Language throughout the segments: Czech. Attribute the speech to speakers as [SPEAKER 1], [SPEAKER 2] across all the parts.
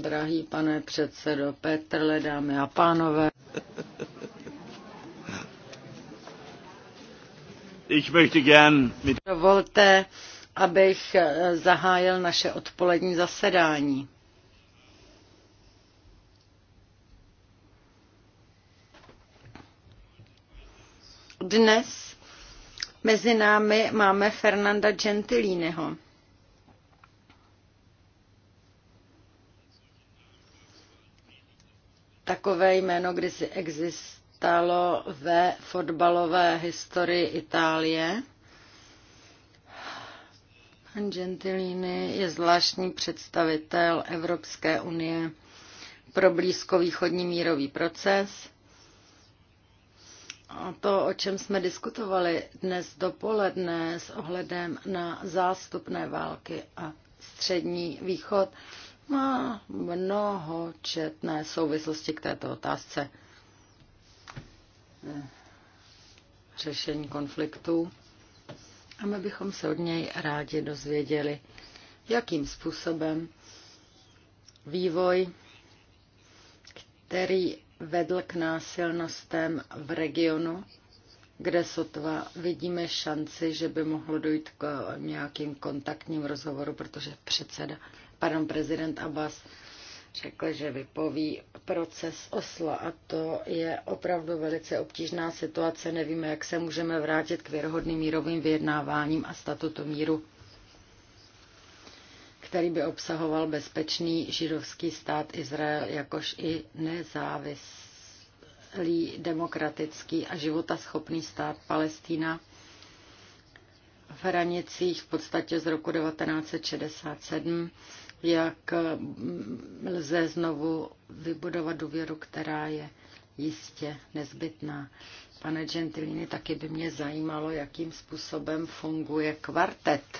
[SPEAKER 1] Drahý pane předsedo Petrle, dámy a pánové.
[SPEAKER 2] Ich möchte gern mit...
[SPEAKER 1] Dovolte, abych eh, zahájil naše odpolední zasedání. Dnes mezi námi máme Fernanda Gentilíneho. Takové jméno kdysi existalo ve fotbalové historii Itálie. Pan Gentilini je zvláštní představitel Evropské unie pro blízkovýchodní mírový proces. A to, o čem jsme diskutovali dnes dopoledne s ohledem na zástupné války a střední východ, má mnohočetné souvislosti k této otázce eh, řešení konfliktů a my bychom se od něj rádi dozvěděli, jakým způsobem vývoj, který vedl k násilnostem v regionu, kde sotva vidíme šanci, že by mohlo dojít k nějakým kontaktním rozhovoru, protože předseda pardon, prezident Abbas řekl, že vypoví proces Osla a to je opravdu velice obtížná situace. Nevíme, jak se můžeme vrátit k věrohodným mírovým vyjednáváním a statutu míru, který by obsahoval bezpečný židovský stát Izrael, jakož i nezávislý demokratický a životaschopný stát Palestína v hranicích v podstatě z roku 1967 jak mm, lze znovu vybudovat důvěru, která je jistě nezbytná. Pane Gentilini, taky by mě zajímalo, jakým způsobem funguje kvartet.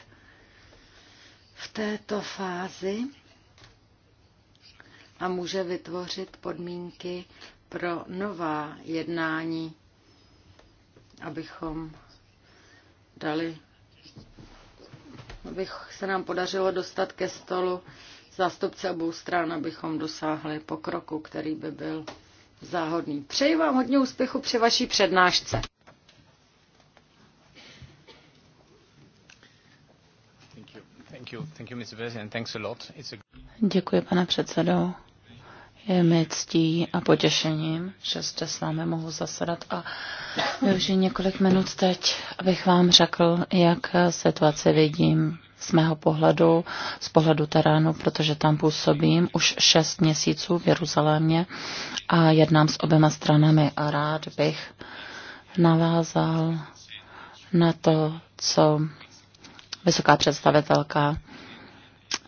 [SPEAKER 1] V této fázi a může vytvořit podmínky pro nová jednání, abychom dali aby se nám podařilo dostat ke stolu zástupce obou stran, abychom dosáhli pokroku, který by byl záhodný. Přeji vám hodně úspěchu při vaší přednášce.
[SPEAKER 2] Děkuji, pane předsedo. Je mi ctí a potěšením, že zde s vámi mohu zasedat a využiji několik minut teď, abych vám řekl, jak situaci vidím z mého pohledu, z pohledu terénu, protože tam působím už šest měsíců v Jeruzalémě a jednám s oběma stranami a rád bych navázal na to, co vysoká představitelka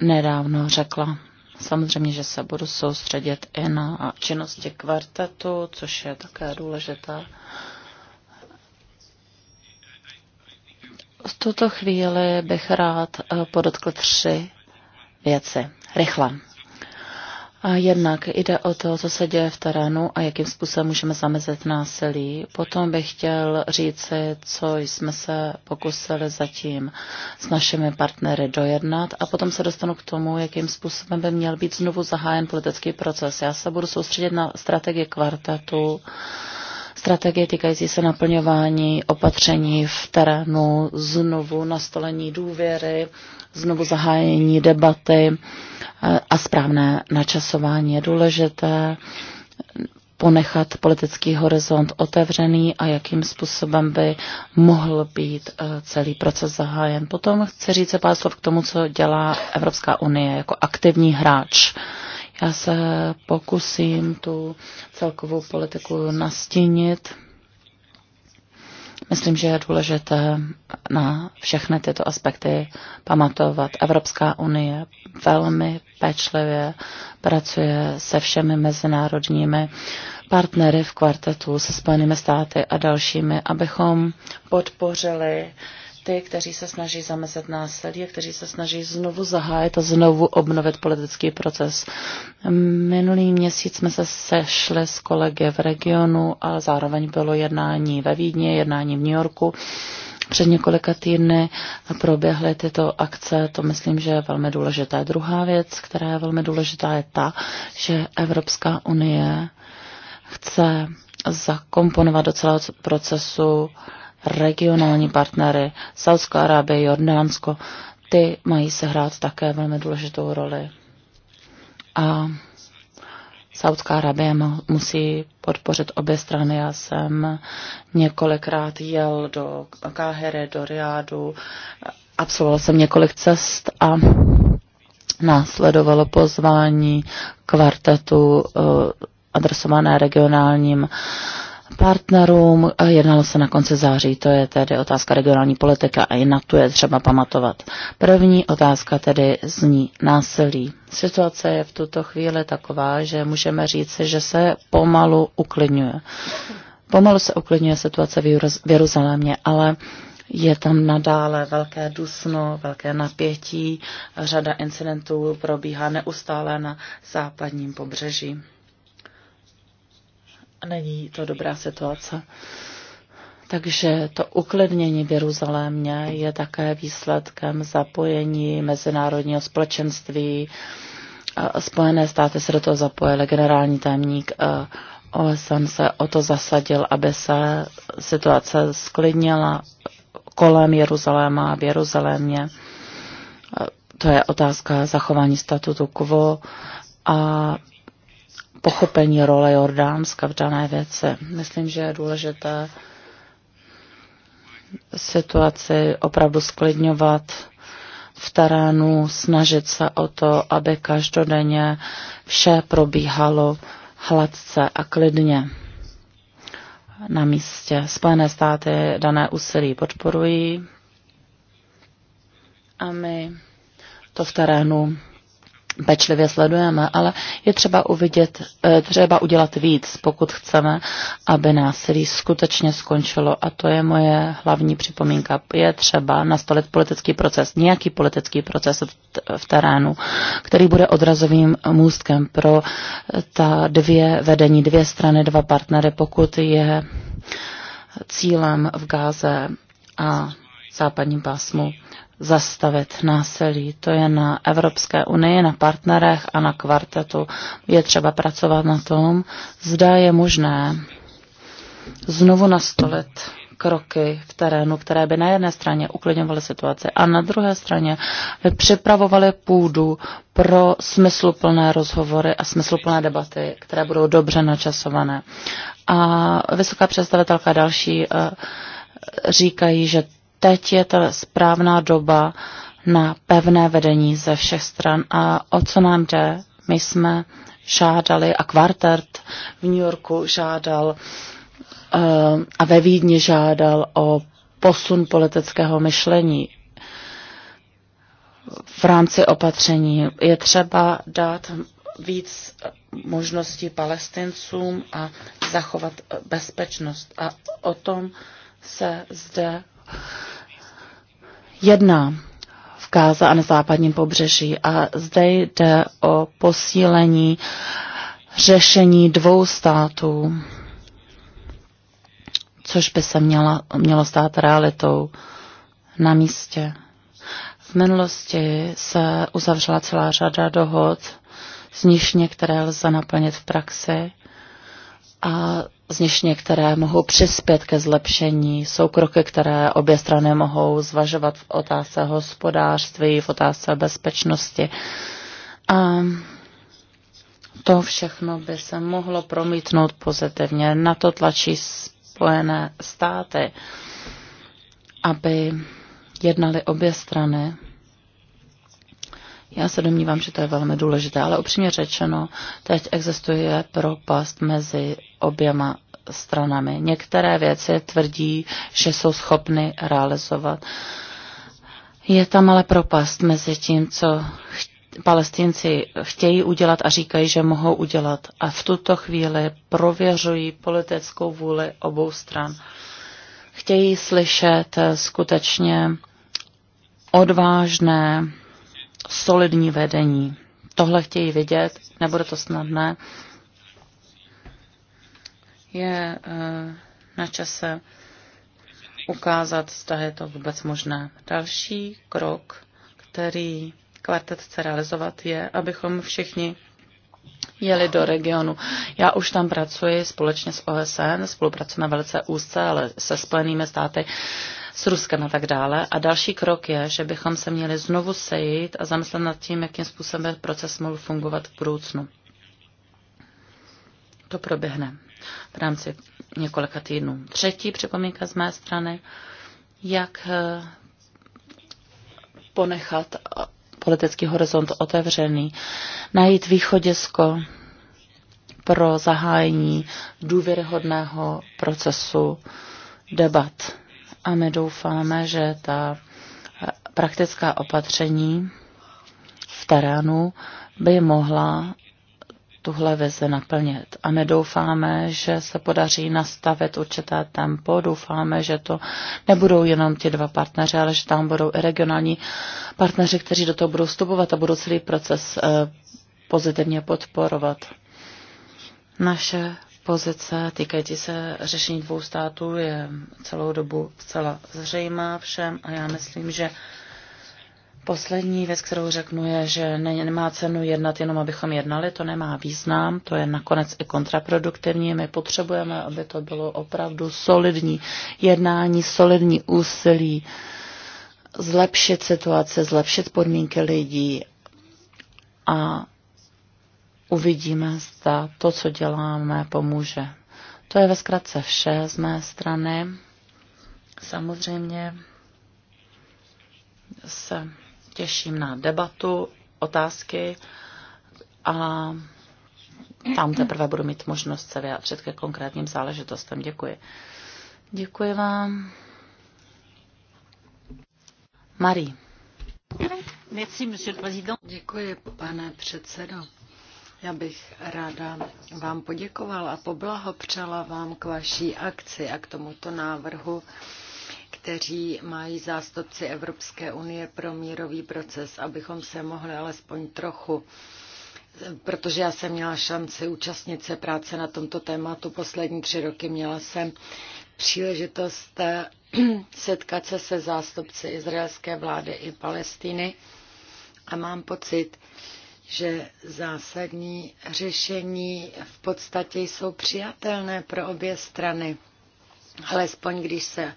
[SPEAKER 2] nedávno řekla Samozřejmě, že se budu soustředit i na činnosti kvartetu, což je také důležité. V tuto chvíli bych rád eh, podotkl tři věci. Rychle. A jednak jde o to, co se děje v terénu a jakým způsobem můžeme zamezit násilí. Potom bych chtěl říci, co jsme se pokusili zatím s našimi partnery dojednat a potom se dostanu k tomu, jakým způsobem by měl být znovu zahájen politický proces. Já se budu soustředit na strategii kvartetu strategie týkající se naplňování opatření v terénu, znovu nastolení důvěry, znovu zahájení debaty eh, a správné načasování je důležité ponechat politický horizont otevřený a jakým způsobem by mohl být eh, celý proces zahájen. Potom chci říct pár slov k tomu, co dělá Evropská unie jako aktivní hráč já se pokusím tu celkovou politiku nastínit. Myslím, že je důležité na všechny tyto aspekty pamatovat. Evropská unie velmi pečlivě pracuje se všemi mezinárodními partnery v kvartetu, se Spojenými státy a dalšími, abychom podpořili ty, kteří se snaží zamezit násilí a kteří se snaží znovu zahájit a znovu obnovit politický proces. Minulý měsíc jsme se sešli s kolegy v regionu a zároveň bylo jednání ve Vídni, jednání v New Yorku. Před několika týdny proběhly tyto akce, to myslím, že je velmi důležité. Druhá věc, která je velmi důležitá, je ta, že Evropská unie chce zakomponovat do celého procesu uh, regionální partnery, Saudská Arábie, Jordánsko, ty mají se hrát také velmi důležitou roli. A Saudská Arábie musí podpořit obě strany. Já jsem několikrát jel do Káhery, do Riádu, absolvoval jsem několik cest a následovalo pozvání kvartetu eh, adresované regionálním partnerům. Jednalo se na konci září, to je tedy otázka regionální politika a i na tu je třeba pamatovat. První otázka tedy zní násilí. Situace je v tuto chvíli taková, že můžeme říci, že se pomalu uklidňuje. Pomalu se uklidňuje situace v Jeruzalémě, ale je tam nadále velké dusno, velké napětí, řada incidentů probíhá neustále na západním pobřeží. Není to dobrá situace. Takže to uklidnění v Jeruzalémě je také výsledkem zapojení mezinárodního společenství. Spojené státy se do toho zapojily, generální tajemník eh, OSN se o to zasadil, aby se situace sklidnila kolem Jeruzaléma a v Jeruzalémě. Eh, to je otázka zachování statutu quo a pochopení role Jordánska v dané věci. Myslím, že je důležité situaci opravdu sklidňovat v terénu, snažit se o to, aby každodenně vše probíhalo hladce a klidně na místě. Spojené státy dané úsilí podporují a my to v terénu pečlivě sledujeme, ale je třeba uvidět, eh, třeba udělat víc, pokud chceme, aby násilí skutečně skončilo. A to je moje hlavní připomínka. Je třeba nastolit politický proces, nějaký politický proces v terénu, který bude odrazovým můstkem pro eh, ta dvě vedení, dvě strany, dva partnery, pokud je cílem v Gáze a západním pásmu zastavit násilí. To je na Evropské unii, na partnerech a na kvartetu. Je třeba pracovat na tom, zda je možné znovu nastolit kroky v terénu, které by na jedné straně uklidňovaly situaci a na druhé straně by připravovaly půdu pro smysluplné rozhovory a smysluplné debaty, které budou dobře načasované. A vysoká představitelka další eh, říkají, že teď je ta správná doba na pevné vedení ze všech stran. A o co nám jde? My jsme žádali a kvartet v New Yorku žádal eh, a ve Vídni žádal o posun politického myšlení v rámci opatření. Je třeba dát víc možností palestincům a zachovat bezpečnost. A o tom se zde jedna v Káze a na západním pobřeží. A zde jde o posílení řešení dvou států, což by se mělo mělo stát realitou na místě. V minulosti se uzavřela celá řada dohod, z nich některé lze naplnit v praxi a z nich některé mohou přispět ke zlepšení. Jsou kroky, které obě strany mohou zvažovat v otázce hospodářství, v otázce bezpečnosti. A to všechno by se mohlo promítnout pozitivně. Na to tlačí Spojené státy, aby jednali obě strany já se domnívám, že to je velmi důležité, ale upřímně řečeno, teď existuje propast mezi oběma stranami. Některé věci tvrdí, že jsou schopny realizovat. Je tam ale propast mezi tím, co palestinci chtějí udělat a říkají, že mohou udělat. A v tuto chvíli prověřují politickou vůli obou stran. Chtějí slyšet eh, skutečně odvážné solidní vedení. Tohle chtějí vidět, nebude to snadné. Je eh, na čase ukázat, zda je to vůbec možné. Další krok, který kvartet chce realizovat, je, abychom všichni jeli do regionu. Já už tam pracuji společně s OSN, spolupracujeme velice úzce, ale se Spojenými státy s Ruskem a tak dále. A další krok je, že bychom se měli znovu sejít a zamyslet nad tím, jakým způsobem proces mohl fungovat v budoucnu. To proběhne v rámci několika týdnů. Třetí připomínka z mé strany, jak eh, ponechat politický horizont otevřený, najít východisko pro zahájení důvěryhodného procesu debat a my doufáme, že ta eh, praktická opatření v terénu by mohla tuhle vizi naplnit. A my doufáme, že se podaří nastavit určité tempo, doufáme, že to nebudou jenom ti dva partneři, ale že tam budou i regionální partneři, kteří do toho budou vstupovat a budou celý proces eh, pozitivně podporovat. Naše pozice týkající se řešení dvou států je celou dobu zcela zřejmá všem a já myslím, že poslední věc, kterou řeknu, je, že ne, nemá cenu jednat jenom, abychom jednali, to nemá význam, to je nakonec i kontraproduktivní. My potřebujeme, aby to bylo opravdu solidní jednání, solidní úsilí zlepšit situace, zlepšit podmínky lidí a uvidíme, zda to, co děláme, pomůže. To je ve zkratce vše z mé strany. Samozřejmě se těším na debatu, otázky a tam teprve budu mít možnost se vyjádřit ke konkrétním záležitostem. Děkuji. Děkuji vám. Marie.
[SPEAKER 1] Merci, Děkuji, pane předsedo. Já bych ráda vám poděkovala a poblahopřála vám k vaší akci a k tomuto návrhu, kteří mají zástupci Evropské unie pro mírový proces, abychom se mohli alespoň trochu protože já jsem měla šanci účastnit se práce na tomto tématu poslední tři roky. Měla jsem příležitost setkat se se zástupci izraelské vlády i Palestiny a mám pocit, že zásadní řešení v podstatě jsou přijatelné pro obě strany, alespoň když se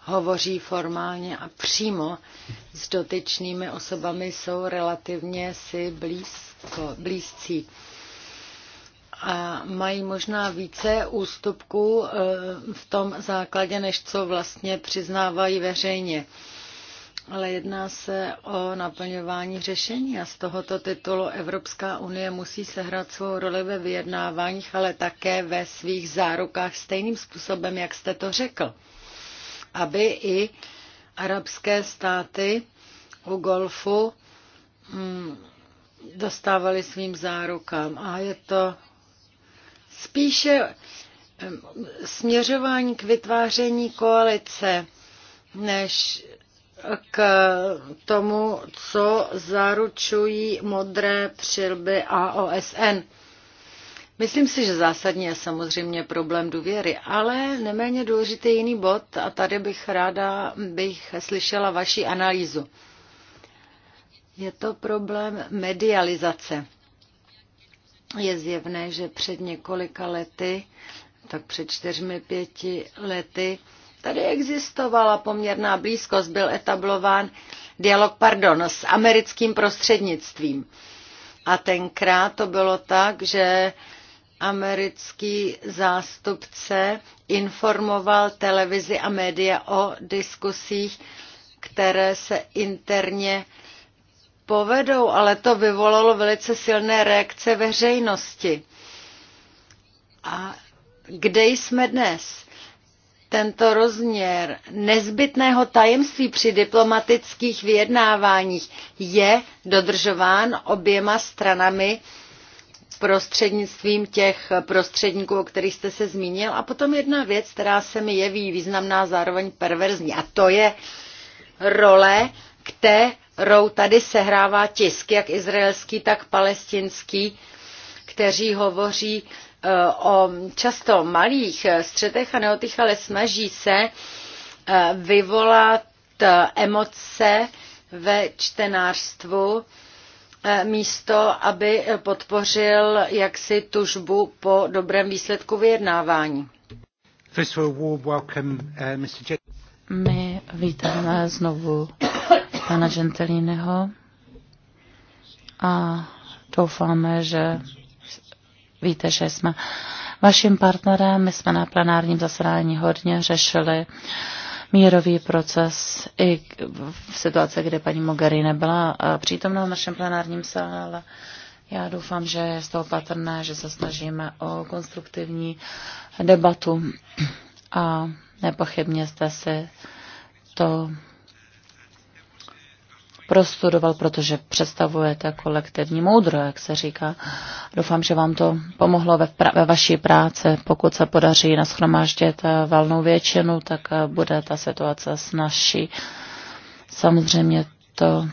[SPEAKER 1] hovoří formálně a přímo s dotyčnými osobami jsou relativně si blízko, blízcí. A mají možná více ústupků eh, v tom základě, než co vlastně přiznávají veřejně ale jedná se o naplňování řešení a z tohoto titulu Evropská unie musí sehrát svou roli ve vyjednáváních, ale také ve svých zárukách stejným způsobem, jak jste to řekl. Aby i arabské státy u Golfu mm, dostávali svým zárukám. A je to spíše mm, směřování k vytváření koalice, než k tomu, co zaručují modré přilby a OSN. Myslím si, že zásadní je samozřejmě problém důvěry, ale neméně důležitý jiný bod a tady bych ráda bych slyšela vaši analýzu. Je to problém medializace. Je zjevné, že před několika lety, tak před čtyřmi, pěti lety, Tady existovala poměrná blízkost, byl etablován dialog, pardon, s americkým prostřednictvím. A tenkrát to bylo tak, že americký zástupce informoval televizi a média o diskusích, které se interně povedou, ale to vyvolalo velice silné reakce veřejnosti. A kde jsme dnes? tento rozměr nezbytného tajemství při diplomatických vyjednáváních je dodržován oběma stranami prostřednictvím těch prostředníků, o kterých jste se zmínil. A potom jedna věc, která se mi jeví významná, zároveň perverzní, a to je role, kterou tady sehrává tisk, jak izraelský, tak palestinský, kteří hovoří o často malých střetech a neotych, ale snaží se eh, vyvolat eh, emoce ve čtenářstvu, eh, místo aby podpořil jaksi tužbu po dobrém výsledku vyjednávání.
[SPEAKER 2] Uh, My vítáme znovu pana Gentilineho a doufáme, že Víte, že jsme vaším partnerem, my jsme na plenárním zasedání hodně řešili mírový proces i v situaci, kdy paní Mogary nebyla eh, přítomná v našem plenárním sále. Já doufám, že je z toho patrné, že se snažíme o konstruktivní debatu a nepochybně jste si to prostudoval, protože představujete jako kolektivní moudro, jak se říká. Doufám, že vám to pomohlo ve, pra- ve vaší práci. Pokud se podaří nashromáždět eh, valnou většinu, tak eh, bude ta situace snažší. Samozřejmě to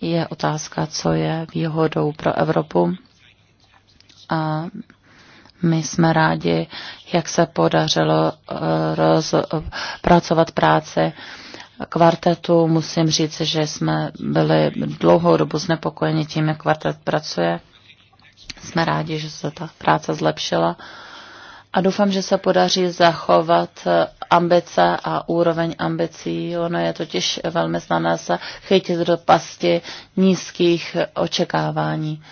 [SPEAKER 2] je otázka, co je výhodou pro Evropu. A my jsme rádi, jak se podařilo eh, rozpracovat práce kvartetu. Musím říct, že jsme byli dlouhou dobu znepokojeni tím, jak kvartet pracuje. Jsme rádi, že se ta práce zlepšila a doufám, že se podaří zachovat ambice a úroveň ambicí. Ono je totiž velmi snané se chytit do pasti nízkých očekávání.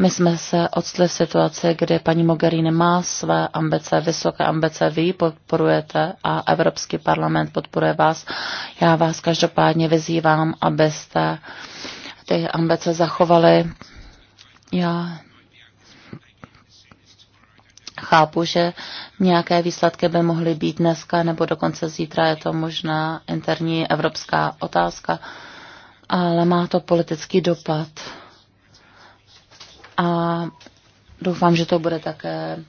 [SPEAKER 2] My jsme se odstli v situaci, kdy paní Mogherini má své ambice, vysoké ambice, vy ji podporujete a Evropský parlament podporuje vás. Já vás každopádně vyzývám, abyste ty ambice zachovali. Já chápu, že nějaké výsledky by mohly být dneska nebo dokonce zítra, je to možná interní evropská otázka, ale má to politický dopad a doufám, že to bude také eh,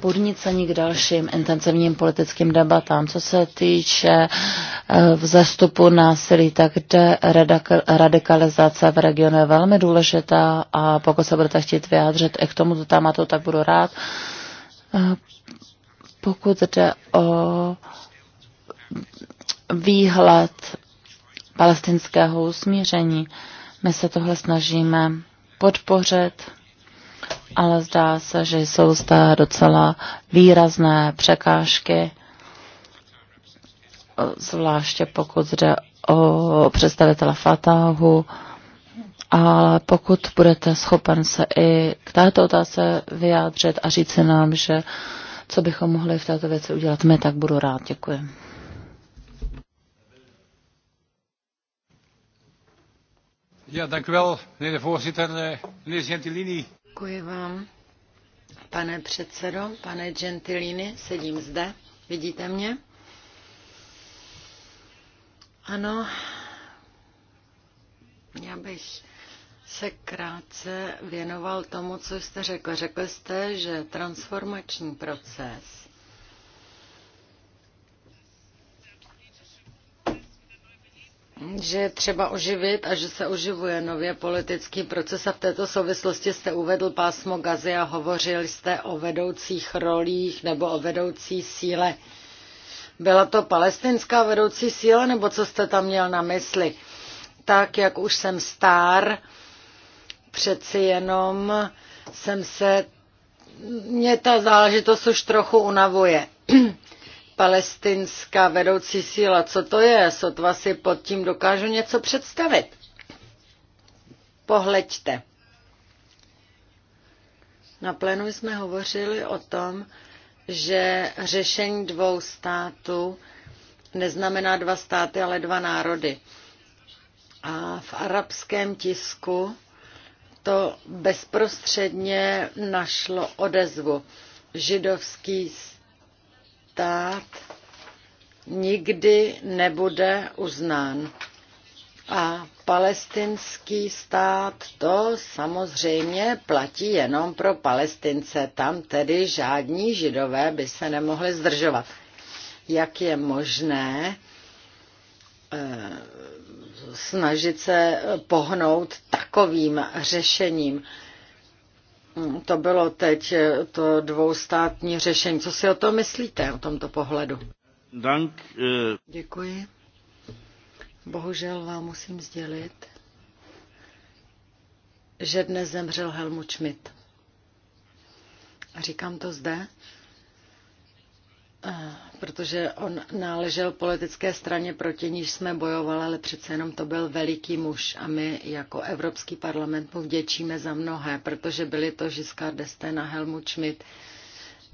[SPEAKER 2] podnicení k dalším intenzivním politickým debatám. Co se týče eh, vzestupu násilí, tak jde radikalizace v regionu je velmi důležitá a pokud se budete chtít vyjádřit i k tomuto tématu, tak budu rád. Eh, pokud jde o výhled palestinského usmíření, my se tohle snažíme podpořit, ale zdá se, že jsou zde docela výrazné překážky, zvláště pokud jde o představitele Fatahu, ale pokud budete schopen se i k této otázce vyjádřit a říct si nám, že co bychom mohli v této věci udělat my, tak budu rád. Děkuji. Eh,
[SPEAKER 1] Děkuji vám. Pane předsedo, pane Gentilini, sedím zde. Vidíte mě? Ano, já bych se krátce věnoval tomu, co jste řekl. Řekl jste, že transformační proces že je třeba oživit a že se oživuje nově politický proces a v této souvislosti jste uvedl pásmo Gazy a hovořil jste o vedoucích rolích nebo o vedoucí síle. Byla to palestinská vedoucí síla nebo co jste tam měl na mysli? Tak, jak už jsem star, přeci jenom jsem se, mě ta záležitost už trochu unavuje palestinská vedoucí síla, co to je? Sotva si pod tím dokážu něco představit. Pohleďte. Na plénu jsme hovořili o tom, že řešení dvou států neznamená dva státy, ale dva národy. A v arabském tisku to bezprostředně našlo odezvu. Židovský stát nikdy nebude uznán. A palestinský stát to samozřejmě platí jenom pro palestince. Tam tedy žádní židové by se nemohli zdržovat. Jak je možné eh, snažit se pohnout takovým řešením? Mm, to bylo teď eh, to dvoustátní řešení. Co si o tom myslíte, o tomto pohledu? Dank, uh... Děkuji. Bohužel vám musím sdělit, že dnes zemřel Helmut Schmidt. A říkám to zde, protože on náležel politické straně, proti níž jsme bojovali, ale přece jenom to byl veliký muž a my jako Evropský parlament mu vděčíme za mnohé, protože byli to Žiskard d'Estaing a Helmut Schmidt,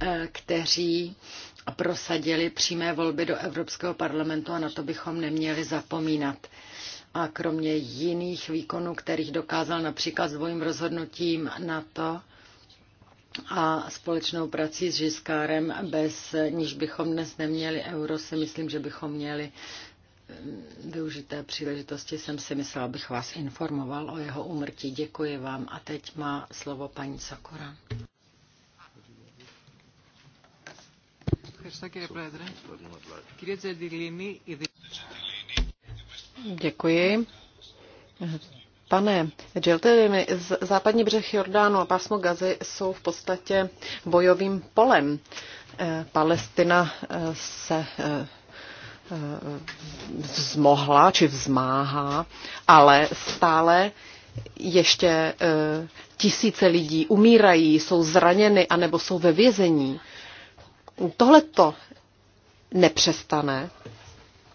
[SPEAKER 1] eh, kteří prosadili přímé volby do Evropského parlamentu a na to bychom neměli zapomínat. A kromě jiných výkonů, kterých dokázal například svým rozhodnutím na to, a společnou prací s Žiskárem, bez níž bychom dnes neměli euro, si myslím, že bychom měli mm, využité příležitosti jsem si myslela, abych vás informoval o jeho úmrtí. Děkuji vám a teď má slovo paní Sakura.
[SPEAKER 3] Děkuji. Pane Gilteri, západní břeh Jordánu a pásmo Gazy jsou v podstatě bojovým polem. Eh, Palestina eh, se vzmohla eh, či vzmáhá, ale stále ještě tisíce lidí umírají, jsou zraněny anebo jsou ve vězení. Tohle to nepřestane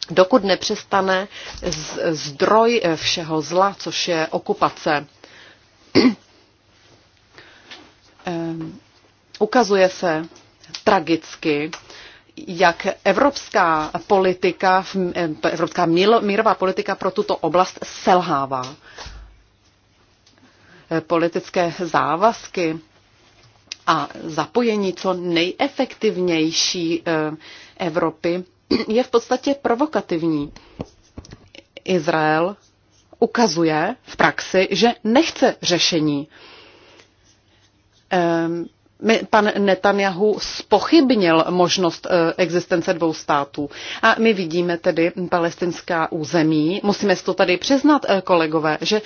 [SPEAKER 3] dokud nepřestane zdroj eh, všeho zla, což je okupace. Ehm, ukazuje se tragicky, jak evropská politika, eh, evropská mírová politika pro tuto oblast selhává. Eh, politické závazky a zapojení co nejefektivnější Evropy je v podstatě provokativní. Izrael ukazuje v praxi, že nechce řešení. Ehm, pan Netanyahu spochybnil možnost eh, existence dvou států. A my vidíme tedy palestinská území. Musíme si to tady přiznat, eh, kolegové, že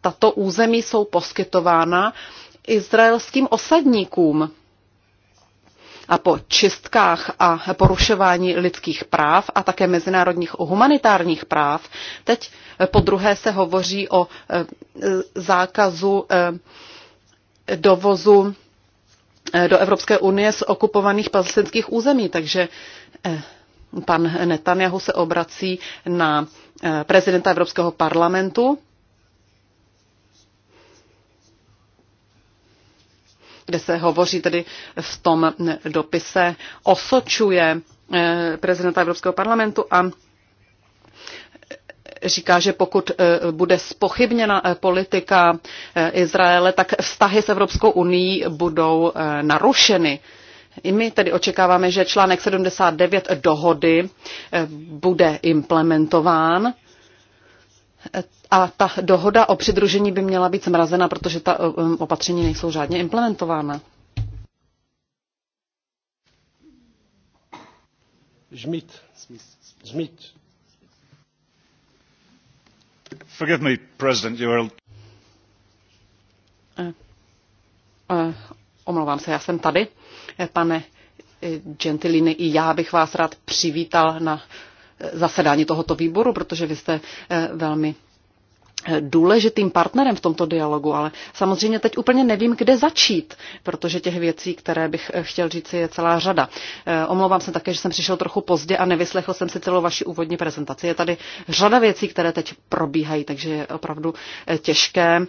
[SPEAKER 3] tato území jsou poskytována izraelským osadníkům a po čistkách a porušování lidských práv a také mezinárodních humanitárních práv. Teď eh, po druhé se hovoří o eh, zákazu eh, dovozu do Evropské unie z okupovaných palestinských území. Takže pan Netanyahu se obrací na prezidenta Evropského parlamentu kde se hovoří tedy v tom dopise, osočuje eh, prezidenta Evropského parlamentu a říká, že pokud eh, bude spochybněna eh, politika Izraele, tak vztahy s Evropskou unii budou narušeny. I my tedy očekáváme, že článek 79 dohody bude implementován a ta dohoda o přidružení by měla být zmrazena, protože ta eh, eh, opatření nejsou řádně implementována. Schmidt. Schmidt.
[SPEAKER 2] Forgive me, President, you are...
[SPEAKER 3] Eh, omlouvám se, já jsem tady. Pane Gentilini, i já bych vás rád přivítal na zasedání tohoto výboru, protože vy jste eh, velmi eh, důležitým partnerem v tomto dialogu, ale samozřejmě teď úplně nevím, kde začít, protože těch věcí, které bych eh, chtěl říct, je celá řada. Omlouvám se také, že jsem přišel trochu pozdě a nevyslechl jsem si celou vaši úvodní prezentaci. Je tady řada věcí, které teď probíhají, takže je opravdu těžké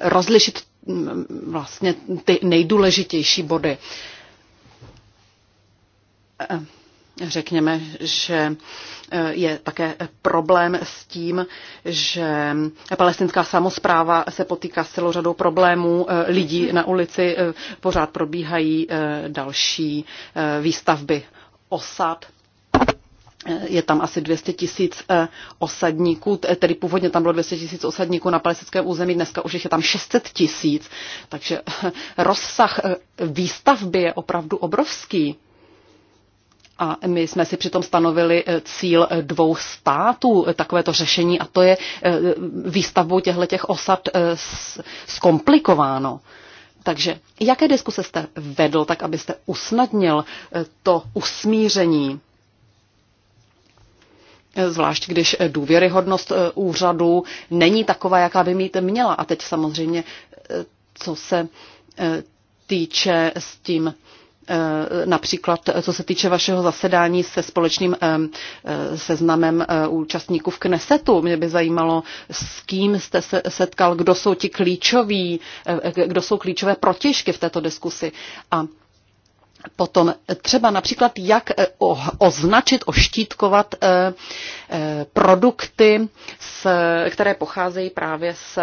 [SPEAKER 3] rozlišit mm, vlastně ty nejdůležitější body řekněme, že e, je také problém s tím, že palestinská samozpráva se potýká s celou řadou problémů. E, lidí na ulici e, pořád probíhají další výstavby osad. Je tam asi 200 tisíc osadníků, tedy původně tam bylo 200 tisíc osadníků na palestinském území, dneska už je tam 600 tisíc, takže rozsah výstavby je opravdu obrovský. A my jsme si přitom stanovili eh, cíl eh, dvou států, eh, takovéto řešení, a to je výstavbou těchto osad zkomplikováno. Takže jaké diskuse jste vedl, tak abyste usnadnil to usmíření? Zvlášť když důvěryhodnost úřadu není taková, jaká by mít měla. A teď samozřejmě, co se týče s tím Eh, například eh, co se týče vašeho zasedání se společným eh, seznamem účastníků v Knesetu. Mě by zajímalo, s kým jste se setkal, kdo jsou ti klíčoví, kdo jsou klíčové protěžky v této diskusi. A Potom třeba například, jak oh, označit, oštítkovat produkty, které pocházejí právě z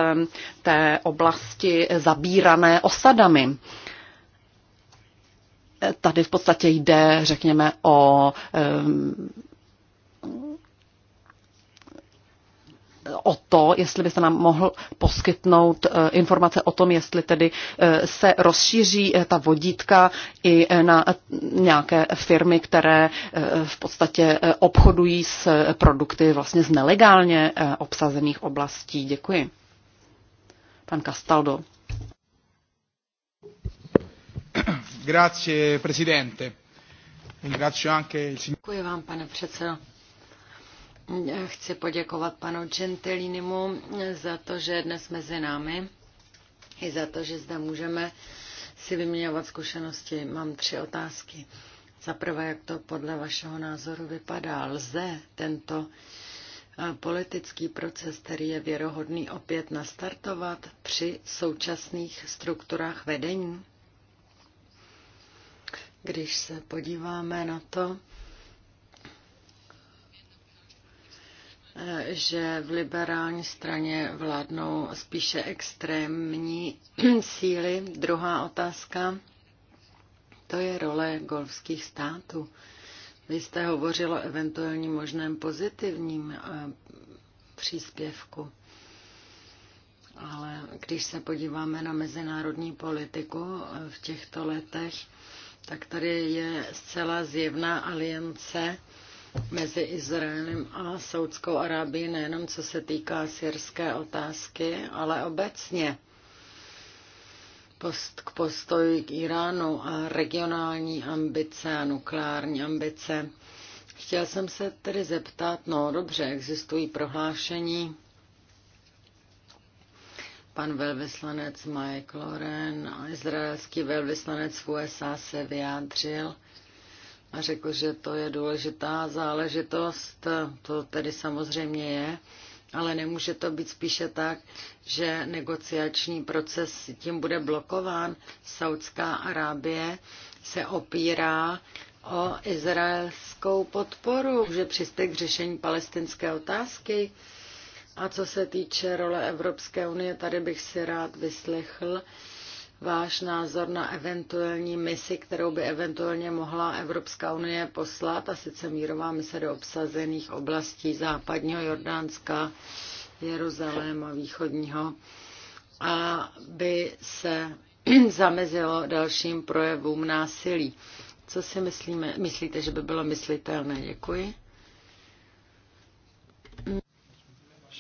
[SPEAKER 3] té oblasti zabírané osadami. Tady v podstatě jde, řekněme, o eh, o to, jestli by se nám mohl poskytnout eh, informace o tom, jestli tedy eh, se rozšíří ta vodítka i na nějaké firmy, které v podstatě obchodují s produkty vlastně z nelegálně obsazených oblastí. Děkuji. Pan Castaldo. Grazie, Presidente. Ringrazio anche il signor... Děkuji vám, pane předsedo.
[SPEAKER 1] Chci poděkovat panu Gentilinimu za to, že je dnes mezi námi i za to, že zde můžeme si vyměňovat zkušenosti. Mám tři otázky. Za prvé, jak to podle vašeho názoru vypadá? Lze tento eh, politický proces, který je věrohodný, opět nastartovat při současných strukturách vedení? Když se podíváme na to, že v liberální straně vládnou spíše extrémní síly. Druhá otázka, to je role golfských států. Vy jste hovořil o eventuálním možném pozitivním eh, příspěvku. Ale když se podíváme na mezinárodní politiku eh, v těchto letech, tak tady je zcela zjevná aliance mezi Izraelem a Saudskou Arábií, nejenom co se týká syrské otázky, ale obecně post, k postoji k Iránu a regionální ambice a nukleární ambice. Chtěl jsem se tedy zeptat, no dobře, existují prohlášení Pan velvyslanec Mike Loren a izraelský velvyslanec v USA se vyjádřil a řekl, že to je důležitá záležitost, to tedy samozřejmě je, ale nemůže to být spíše tak, že negociační proces tím bude blokován. Saudská Arábie se opírá o izraelskou podporu, že přispět k řešení palestinské otázky. A co se týče role Evropské unie, tady bych si rád vyslechl váš názor na eventuální misi, kterou by eventuálně mohla Evropská unie poslat, a sice mírová mise do obsazených oblastí západního Jordánska, Jeruzaléma, východního, a by se zamezilo dalším projevům násilí. Co si myslíme, myslíte, že by bylo myslitelné? Děkuji.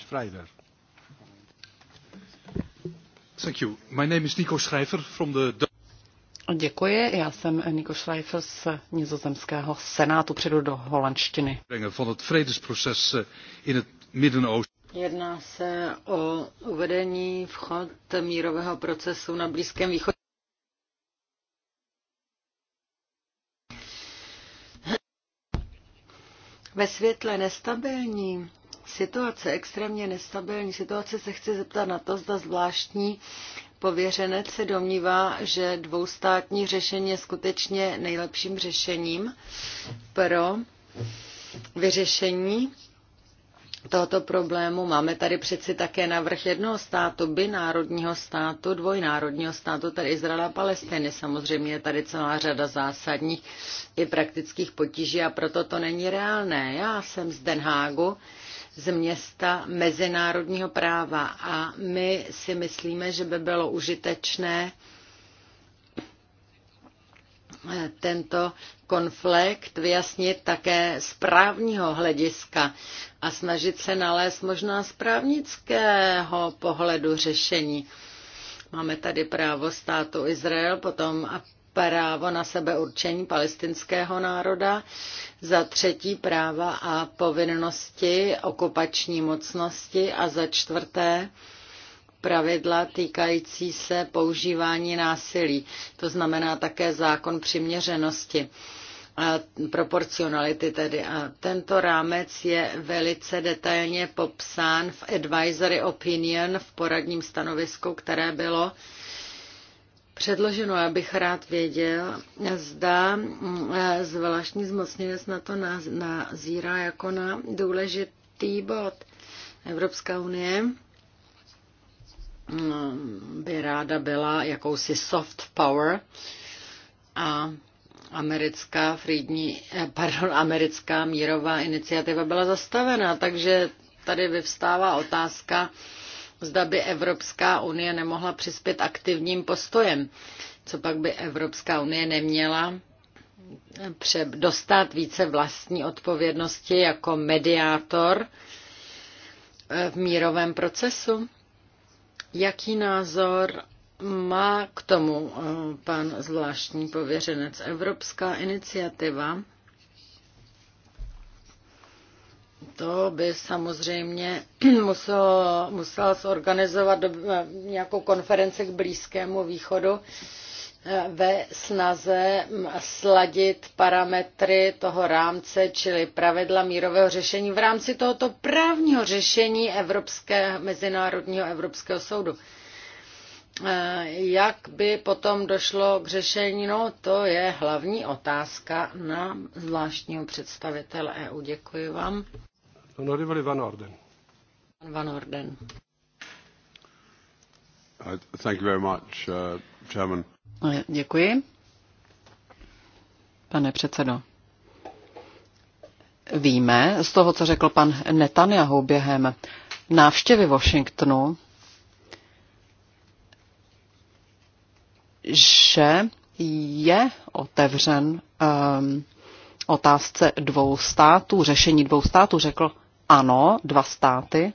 [SPEAKER 3] Schreiber.
[SPEAKER 2] Thank you. My name is Nico Schreiber from the...
[SPEAKER 3] Děkuji, já jsem Nico Schreiber z nizozemského senátu, přijdu do holandštiny.
[SPEAKER 2] Eh,
[SPEAKER 1] Jedná se o uvedení vchod mírového procesu na Blízkém východě. Ve světle nestabilní situace, extrémně nestabilní situace, se chci zeptat na to, zda zvláštní pověřenec se domnívá, že dvoustátní řešení je skutečně nejlepším řešením pro vyřešení tohoto problému. Máme tady přeci také navrh jednoho státu, by národního státu, dvojnárodního státu, tady Izraela a Palestiny. Samozřejmě je tady celá řada zásadních i praktických potíží a proto to není reálné. Já jsem z Den Hágu z města mezinárodního práva a my si myslíme, že by bylo užitečné eh, tento konflikt vyjasnit také z právního hlediska a snažit se nalézt možná z právnického pohledu řešení. Máme tady právo státu Izrael, potom právo na sebeurčení palestinského národa, za třetí práva a povinnosti okupační mocnosti a za čtvrté pravidla týkající se používání násilí, to znamená také zákon přiměřenosti a proporcionality tedy. A tento rámec je velice detailně popsán v Advisory Opinion v poradním stanovisku, které bylo předloženo. Já bych rád věděl, zda mm, eh, zvláštní zmocněnec na to nazírá jako na důležitý bod. Evropská unie mm, by ráda byla jakousi soft power a americká, frídní, eh, pardon, americká mírová iniciativa byla zastavena, takže tady vyvstává otázka, zda by Evropská unie nemohla přispět aktivním postojem. Co pak by Evropská unie neměla dostat více vlastní odpovědnosti jako mediátor eh, v mírovém procesu? Jaký názor má k tomu eh, pan zvláštní pověřenec Evropská iniciativa? To by samozřejmě musel, musel zorganizovat do, eh, nějakou konferenci k Blízkému východu eh, ve snaze mm, sladit parametry toho rámce, čili pravidla mírového řešení v rámci tohoto právního řešení Evropské, Mezinárodního Evropského soudu. Eh, jak by potom došlo k řešení? No, to je hlavní otázka na zvláštního představitele EU. Děkuji vám.
[SPEAKER 2] Onorevole Van Orden.
[SPEAKER 1] Van Orden.
[SPEAKER 2] Uh, thank you very much, uh, Chairman.
[SPEAKER 3] No, děkuji. Pane předsedo, víme z toho, co řekl pan Netanyahu během návštěvy Washingtonu, že je otevřen um, otázce dvou států, řešení dvou států, řekl ano, dva státy,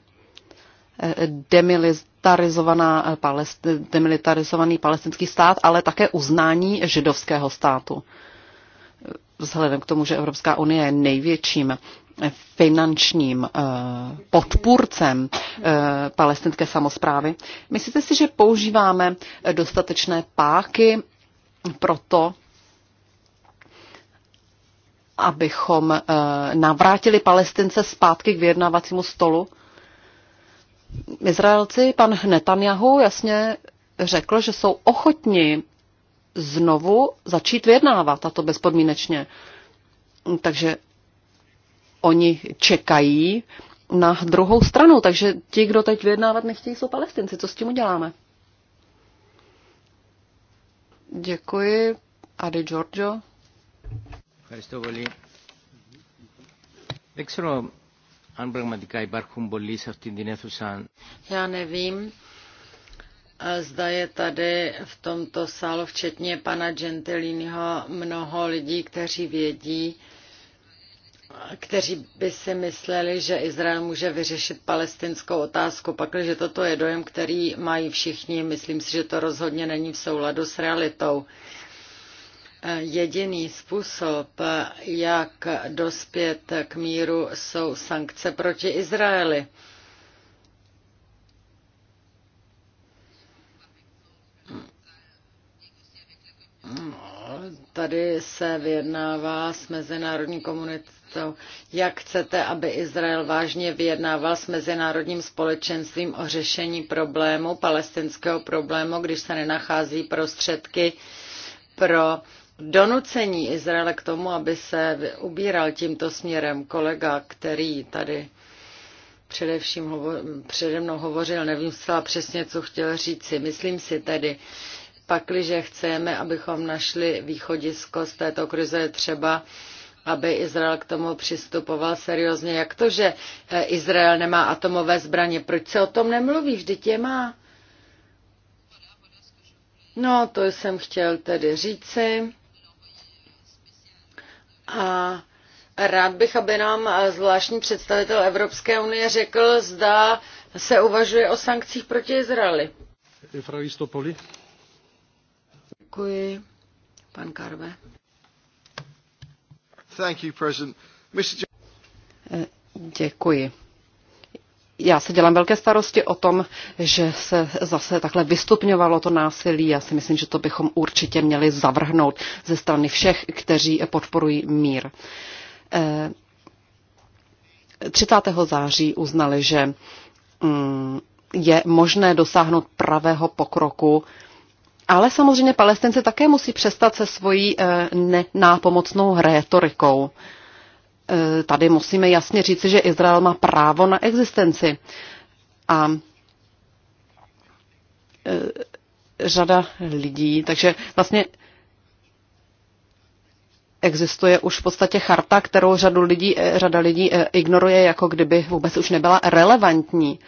[SPEAKER 3] demilitarizovaná, demilitarizovaný palestinský stát, ale také uznání židovského státu. Vzhledem k tomu, že Evropská unie je největším finančním eh, podpůrcem eh, palestinské samozprávy. Myslíte si, že používáme dostatečné páky pro to, abychom eh, navrátili Palestince zpátky k vyjednávacímu stolu? Izraelci, pan Netanyahu jasně řekl, že jsou ochotni znovu začít vyjednávat, a to bezpodmínečně. Takže oni čekají na druhou stranu, takže ti, kdo teď vyjednávat nechtějí, jsou palestinci. Co s tím uděláme? Děkuji, Adi Giorgio. Ευχαριστώ πολύ. Δεν ξέρω
[SPEAKER 1] αν πραγματικά υπάρχουν πολλοί σε αυτήν την αίθουσα. Já nevím, zda je tady v tomto sálu, včetně pana Gentilínyho, mnoho lidí, kteří vědí, kteří by si mysleli, že Izrael může vyřešit palestinskou otázku. Pakliže toto je dojem, který mají všichni, myslím si, že to rozhodně není v souladu s realitou. Jediný způsob, jak dospět k míru, jsou sankce proti Izraeli. Tady se vyjednává s mezinárodní komunitou, jak chcete, aby Izrael vážně vyjednával s mezinárodním společenstvím o řešení problému, palestinského problému, když se nenachází prostředky pro donucení Izraele k tomu, aby se ubíral tímto směrem. Kolega, který tady především hovo- přede mnou hovořil, nevím zcela přesně, co chtěl říci. Myslím si tedy, pakliže chceme, abychom našli východisko z této krize, třeba aby Izrael k tomu přistupoval seriózně. Jak to, že eh, Izrael nemá atomové zbraně? Proč se o tom nemluví? Vždyť je má. No, to jsem chtěl tedy říci. A rád bych, aby nám zvláštní představitel Evropské unie řekl, zda se uvažuje o sankcích proti Izraeli.
[SPEAKER 3] Efraistopoli.
[SPEAKER 1] Děkuji. Pan Karve.
[SPEAKER 3] Thank you, President. Mr. Děkuji já se dělám velké starosti o tom, že se zase takhle vystupňovalo to násilí. Já si myslím, že to bychom určitě měli zavrhnout ze strany všech, kteří podporují mír. 30. Eh, září uznali, že mm, je možné dosáhnout pravého pokroku, ale samozřejmě palestinci také musí přestat se svojí eh, nápomocnou rétorikou. Eh, tady musíme jasně říci, že Izrael má právo na existenci. A eh, řada lidí, takže vlastně existuje už v podstatě charta, kterou řadu lidí, eh, řada lidí ignoruje, jako kdyby vůbec už nebyla relevantní.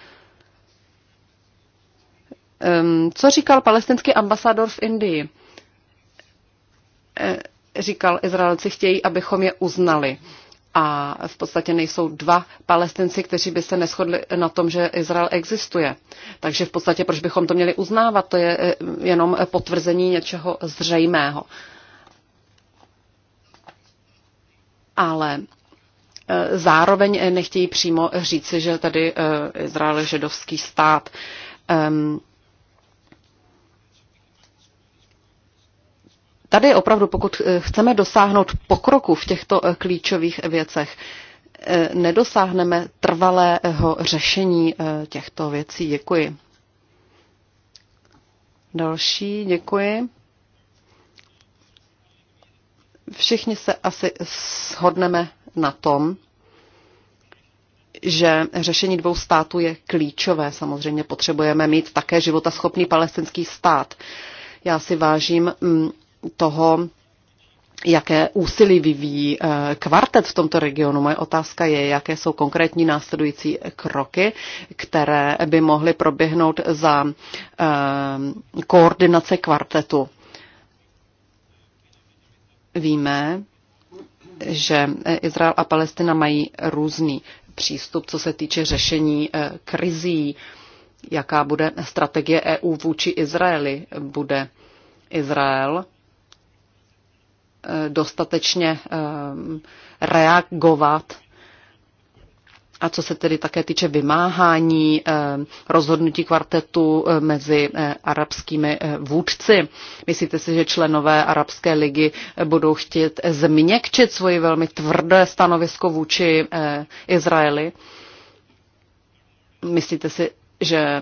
[SPEAKER 3] Ehm, co říkal palestinský ambasador v Indii? Říkal, Izraelci chtějí, abychom je uznali a v podstatě nejsou dva palestinci, kteří by se neschodli na tom, že Izrael existuje. Takže v podstatě proč bychom to měli uznávat? To je eh, jenom potvrzení něčeho zřejmého. Ale eh, zároveň eh, nechtějí přímo říci, že tady Izrael je židovský stát. Ehm, Tady opravdu, pokud eh, chceme dosáhnout pokroku v těchto eh, klíčových věcech, eh, nedosáhneme trvalého řešení těchto věcí. Děkuji. Další, děkuji. Všichni se asi shodneme na tom, že řešení dvou států je klíčové. Samozřejmě potřebujeme mít také životaschopný palestinský stát. Já si vážím mm, toho, jaké úsilí vyvíjí eh, kvartet v tomto regionu. Moje otázka je, jaké jsou konkrétní následující kroky, které by mohly proběhnout za eh, koordinace kvartetu. Víme, že eh, Izrael a Palestina mají různý přístup, co se týče řešení krizí, jaká bude strategie EU vůči Izraeli. Bude Izrael dostatečně eh, reagovat. A co se tedy také týče vymáhání eh, rozhodnutí kvartetu eh, mezi arabskými vůdci, myslíte si, že členové Arabské ligy budou chtít změkčit svoji velmi tvrdé stanovisko vůči Izraeli? Myslíte si, že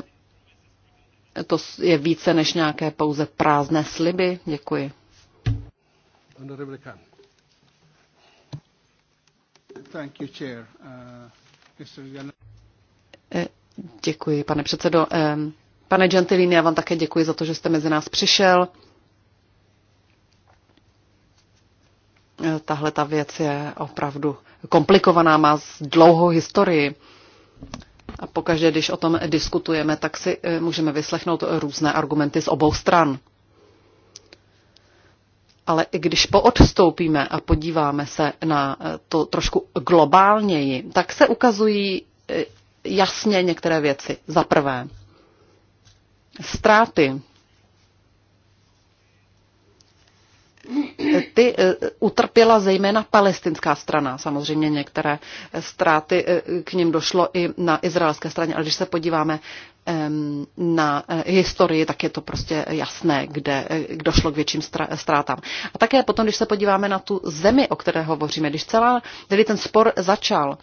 [SPEAKER 3] to je více než nějaké pouze prázdné sliby? Děkuji.
[SPEAKER 2] Honorable Khan. Thank you, Chair. Uh,
[SPEAKER 3] eh, děkuji, pane předsedo. Pane Gentilini, já vám také děkuji za to, že jste mezi nás přišel. Eh, tahle ta věc je opravdu komplikovaná, má dlouhou historii. A pokaždé, když o tom diskutujeme, tak si eh, můžeme vyslechnout různé argumenty z obou stran. Ale i když poodstoupíme a podíváme se na eh, to trošku globálněji, tak se ukazují eh, jasně některé věci. Za prvé, ztráty ty eh, utrpěla zejména palestinská strana. Samozřejmě některé eh, ztráty eh, k ním došlo i na izraelské straně, ale když se podíváme na historii, tak je to prostě jasné, kde došlo k větším ztrátám. A také potom, když se podíváme na tu zemi, o které hovoříme, když celá, tedy ten spor začal,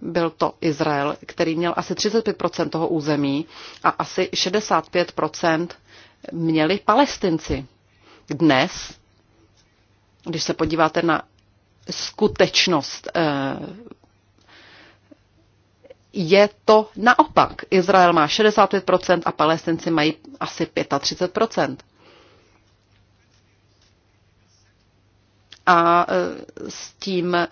[SPEAKER 3] byl to Izrael, který měl asi 35% toho území a asi 65% měli palestinci. Dnes když se podíváte na skutečnost, eh, je to naopak. Izrael má 65% a palestinci mají asi 35%. a e, s tím e,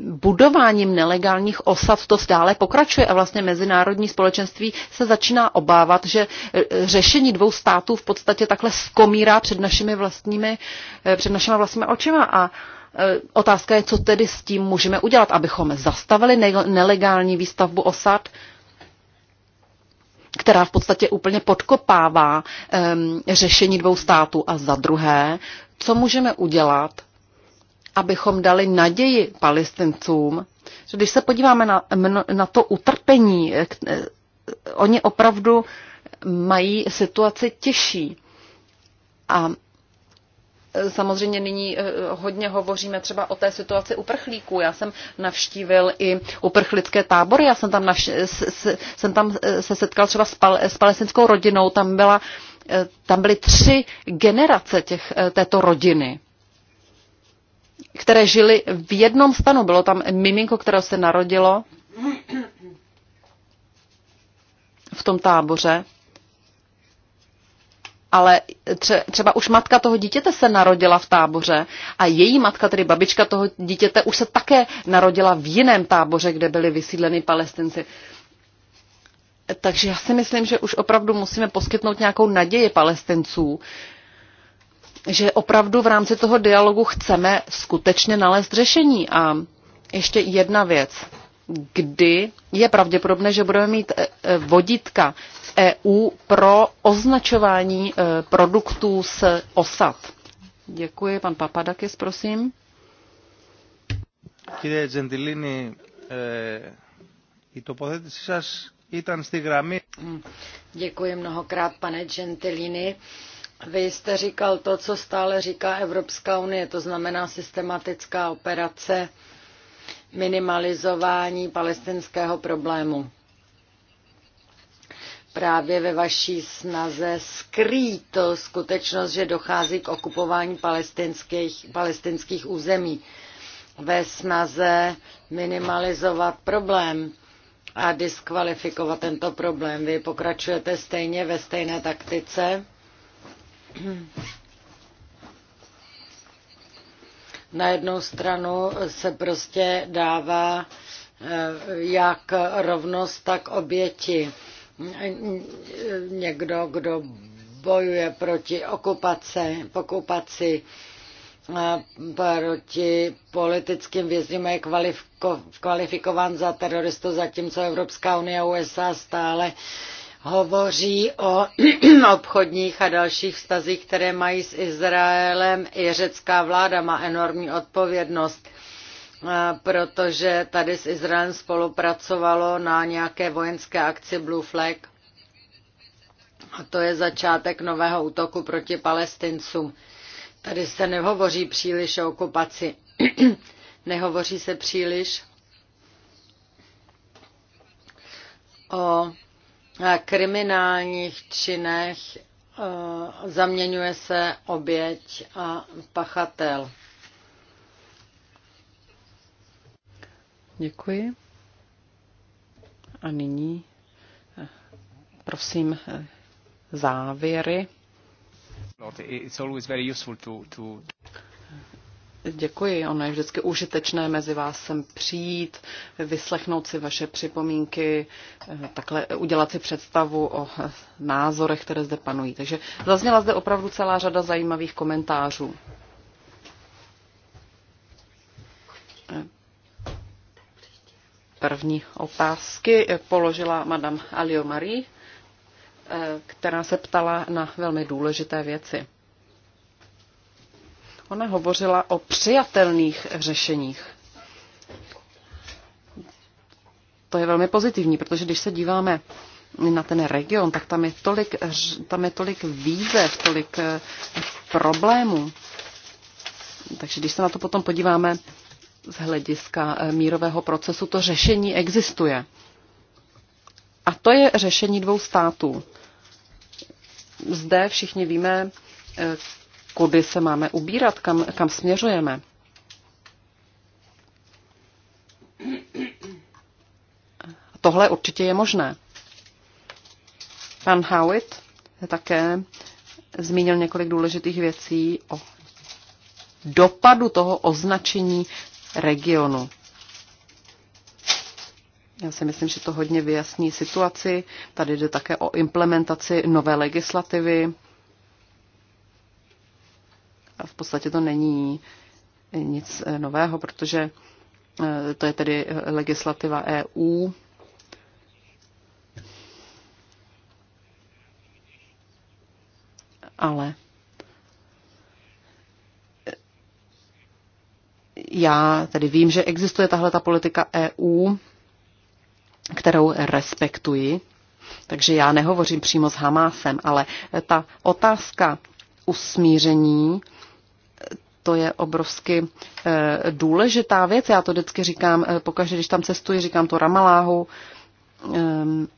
[SPEAKER 3] budováním nelegálních osad to stále pokračuje a vlastně mezinárodní společenství se začíná obávat, že e, řešení dvou států v podstatě takhle skomírá před našimi vlastními, před našimi vlastními očima a Otázka je, co tedy s tím můžeme udělat, abychom zastavili nelegální výstavbu osad, která v podstatě úplně podkopává um, řešení dvou států. A za druhé, co můžeme udělat, abychom dali naději palestincům, že když se podíváme na, na to utrpení, eh, eh, oni opravdu mají situaci těžší. A Samozřejmě nyní eh, hodně hovoříme třeba o té situaci uprchlíků. Já jsem navštívil i uprchlické tábory, já jsem tam, navš- jsem tam eh, se setkal třeba s, pal- s palestinskou rodinou, tam, byla, eh, tam byly tři generace těch, této rodiny které žili v jednom stanu. Bylo tam miminko, které se narodilo v tom táboře ale třeba už matka toho dítěte se narodila v táboře a její matka, tedy babička toho dítěte, už se také narodila v jiném táboře, kde byli vysídleni palestinci. Takže já si myslím, že už opravdu musíme poskytnout nějakou naději palestinců, že opravdu v rámci toho dialogu chceme skutečně nalézt řešení. A ještě jedna věc kdy je pravděpodobné, že budeme mít eh, eh, vodítka z EU pro označování eh, produktů z osad. Děkuji, pan Papadakis, prosím.
[SPEAKER 2] Kyrie Gentilini, η τοποθέτησή mm.
[SPEAKER 1] Děkuji mnohokrát, pane Gentilini. Vy jste říkal to, co stále říká Evropská unie, to znamená systematická operace minimalizování palestinského problému. Právě ve vaší snaze skrýt to skutečnost, že dochází k okupování palestinských, palestinských území, ve snaze minimalizovat problém a diskvalifikovat tento problém. Vy pokračujete stejně ve stejné taktice Na jednu stranu se prostě dává eh, jak rovnost, tak oběti. Někdo, kdo bojuje proti okupace, pokupaci, eh, proti politickým vězním je kvalifikován za teroristu, zatímco Evropská unie a USA stále hovoří o obchodních a dalších vztazích, které mají s Izraelem. I řecká vláda má enormní odpovědnost, eh, protože tady s Izraelem spolupracovalo na nějaké vojenské akci Blue Flag. A to je začátek nového útoku proti palestincům. Tady se nehovoří příliš o okupaci. nehovoří se příliš o kriminálních činech e, zaměňuje se oběť a pachatel.
[SPEAKER 3] Děkuji. A nyní e, prosím e, závěry.
[SPEAKER 2] It's always very useful to, to...
[SPEAKER 3] Děkuji, ono je vždycky užitečné mezi vás sem přijít, vyslechnout si vaše připomínky, eh, takhle udělat si představu o názorech, které zde panují. Takže zazněla zde opravdu celá řada zajímavých komentářů. Eh, první otázky položila madame Alio Marie, eh, která se ptala na velmi důležité věci. Ona hovořila o přijatelných řešeních. To je velmi pozitivní, protože když se díváme na ten region, tak tam je tolik, tam je tolik výzev, tolik eh, problémů. Takže když se na to potom podíváme z hlediska eh, mírového procesu, to řešení existuje. A to je řešení dvou států. Zde všichni víme, eh, kudy se máme ubírat, kam, kam směřujeme. Tohle určitě je možné. Pan Howitt také zmínil několik důležitých věcí o dopadu toho označení regionu. Já si myslím, že to hodně vyjasní situaci. Tady jde také o implementaci nové legislativy v podstatě to není nic eh, nového, protože eh, to je tedy eh, legislativa EU. Ale já tedy vím, že existuje tahle ta politika EU, kterou respektuji, takže já nehovořím přímo s Hamásem, ale ta otázka usmíření to je obrovsky eh, důležitá věc. Já to vždycky říkám, eh, pokaždé, když tam cestuji, říkám to Ramaláhu. Ehm,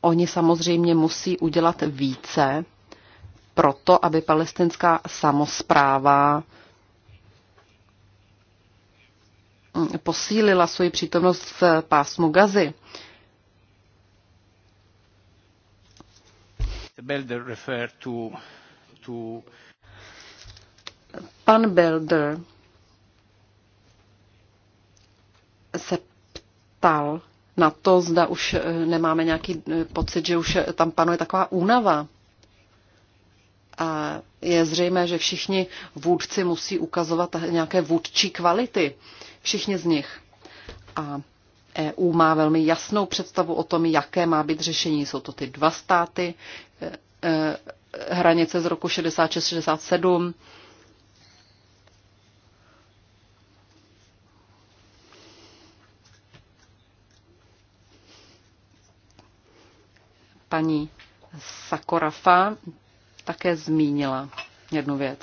[SPEAKER 3] oni samozřejmě musí udělat více proto, aby palestinská samozpráva mm, posílila svoji přítomnost v pásmu Gazy.
[SPEAKER 2] Belder
[SPEAKER 1] refer to, to...
[SPEAKER 3] Pan Belder se ptal na to, zda už eh, nemáme nějaký eh, pocit, že už eh, tam panuje taková únava. A je zřejmé, že všichni vůdci musí ukazovat nějaké vůdčí kvality. Všichni z nich. A EU má velmi jasnou představu o tom, jaké má být řešení. Jsou to ty dva státy, hranice z roku 66-67, paní Sakorafa také zmínila jednu věc.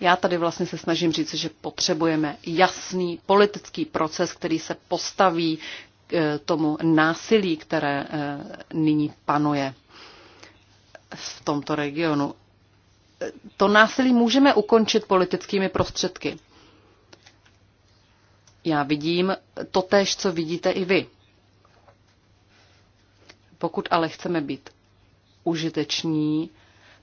[SPEAKER 3] Já tady vlastně se snažím říct, že potřebujeme jasný politický proces, který se postaví k eh, tomu násilí, které eh, nyní panuje v tomto regionu. To násilí můžeme ukončit politickými prostředky. Já vidím to též, co vidíte i vy. Pokud ale chceme být užiteční,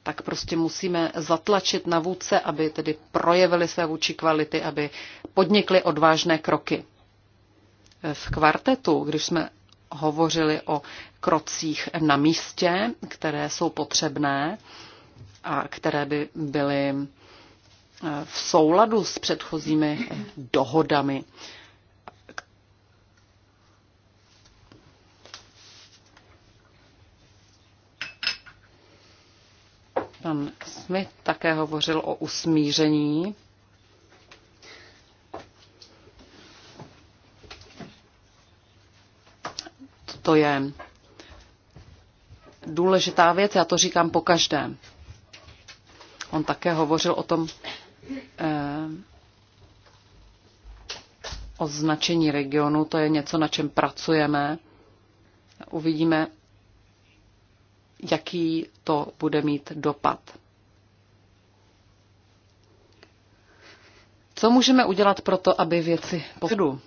[SPEAKER 3] tak prostě musíme zatlačit na vůdce, aby tedy projevili své vůči kvality, aby podnikli odvážné kroky. V kvartetu, když jsme hovořili o krocích na místě, které jsou potřebné a které by byly eh, v souladu s předchozími dohodami. Pan Smith také hovořil o usmíření. To je důležitá věc, já to říkám po každém. On také hovořil o tom eh, označení regionu, to je něco, na čem pracujeme. Uvidíme, jaký to bude mít dopad. Co můžeme udělat pro to, aby věci pochodu?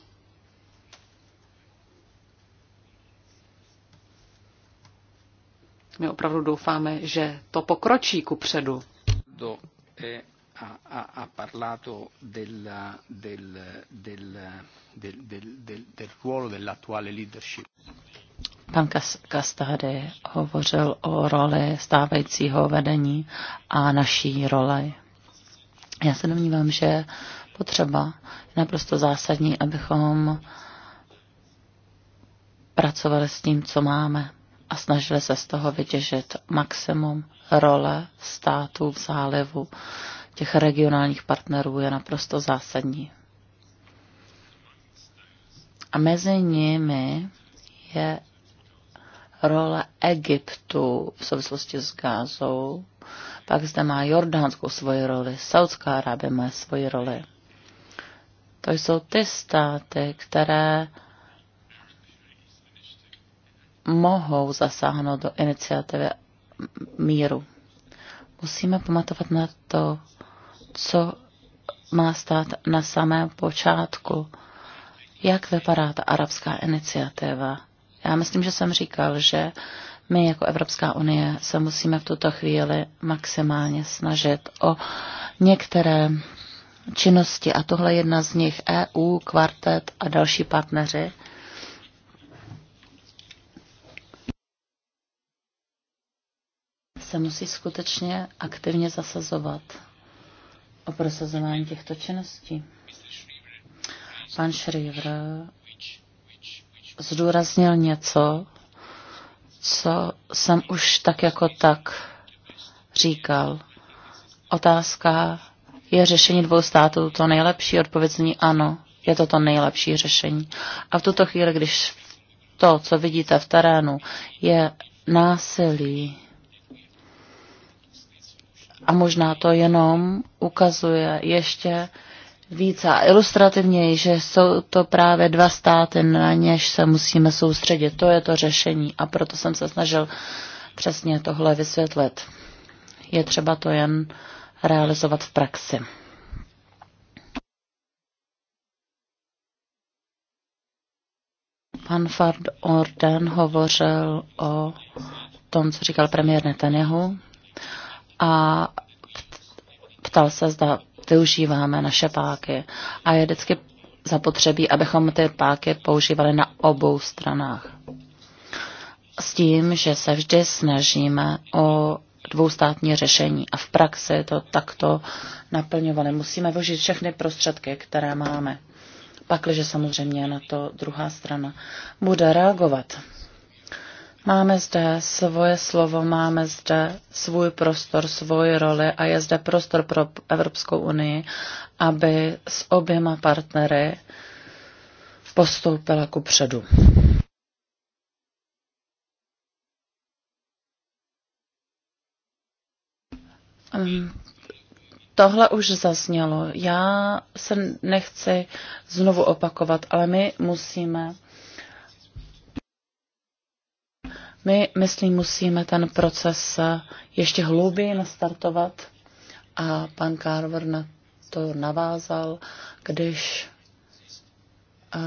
[SPEAKER 3] My opravdu doufáme, že to pokročí ku předu.
[SPEAKER 1] Do, eh, a, a, a parlato della, del, del, del, del, del, del ruolo dell'attuale leadership.
[SPEAKER 2] Pan Kastády hovořil o roli stávajícího vedení a naší roli. Já se domnívám, že potřeba je naprosto zásadní, abychom pracovali s tím, co máme a snažili se z toho vytěžit maximum role států v zálivu těch regionálních partnerů je naprosto zásadní. A mezi nimi je role Egyptu v souvislosti s Gázou, pak zde má Jordánskou svoji roli, Saudská Arábie má svoji roli. To jsou ty státy, které mohou zasáhnout do iniciativy míru. Musíme pamatovat na to, co má stát na samém počátku. Jak vypadá ta arabská iniciativa? Já myslím, že jsem říkal, že my jako Evropská unie se musíme v tuto chvíli maximálně snažit o některé činnosti, a tohle je jedna z nich, EU, kvartet a další partneři. se musí skutečně aktivně zasazovat o prosazování těchto činností. Pan Schriever zdůraznil něco, co jsem už tak jako tak říkal. Otázka je řešení dvou států to nejlepší? Odpověď zní ano, je to to nejlepší řešení. A v tuto chvíli, když to, co vidíte v terénu, je násilí, a možná to jenom ukazuje ještě Víc a ilustrativněji, že jsou to právě dva státy, na něž se musíme soustředit. To je to řešení a proto jsem se snažil přesně tohle vysvětlit. Je třeba to jen realizovat v praxi. Pan Fard Orden hovořil o tom, co říkal premiér Netanyahu a ptal se, zda využíváme naše páky a je vždycky zapotřebí, abychom ty páky používali na obou stranách. S tím, že se vždy snažíme o dvoustátní řešení a v praxi to takto naplňovali. Musíme využít všechny prostředky, které máme. Pakliže samozřejmě na to druhá strana bude reagovat. Máme zde svoje slovo, máme zde svůj prostor, svoji roli a je zde prostor pro Evropskou unii, aby s oběma partnery postoupila ku předu. Tohle už zaznělo. Já se nechci znovu opakovat, ale my musíme My, myslím, musíme ten proces eh, ještě hlouběji nastartovat a pan Carver na to navázal, když eh,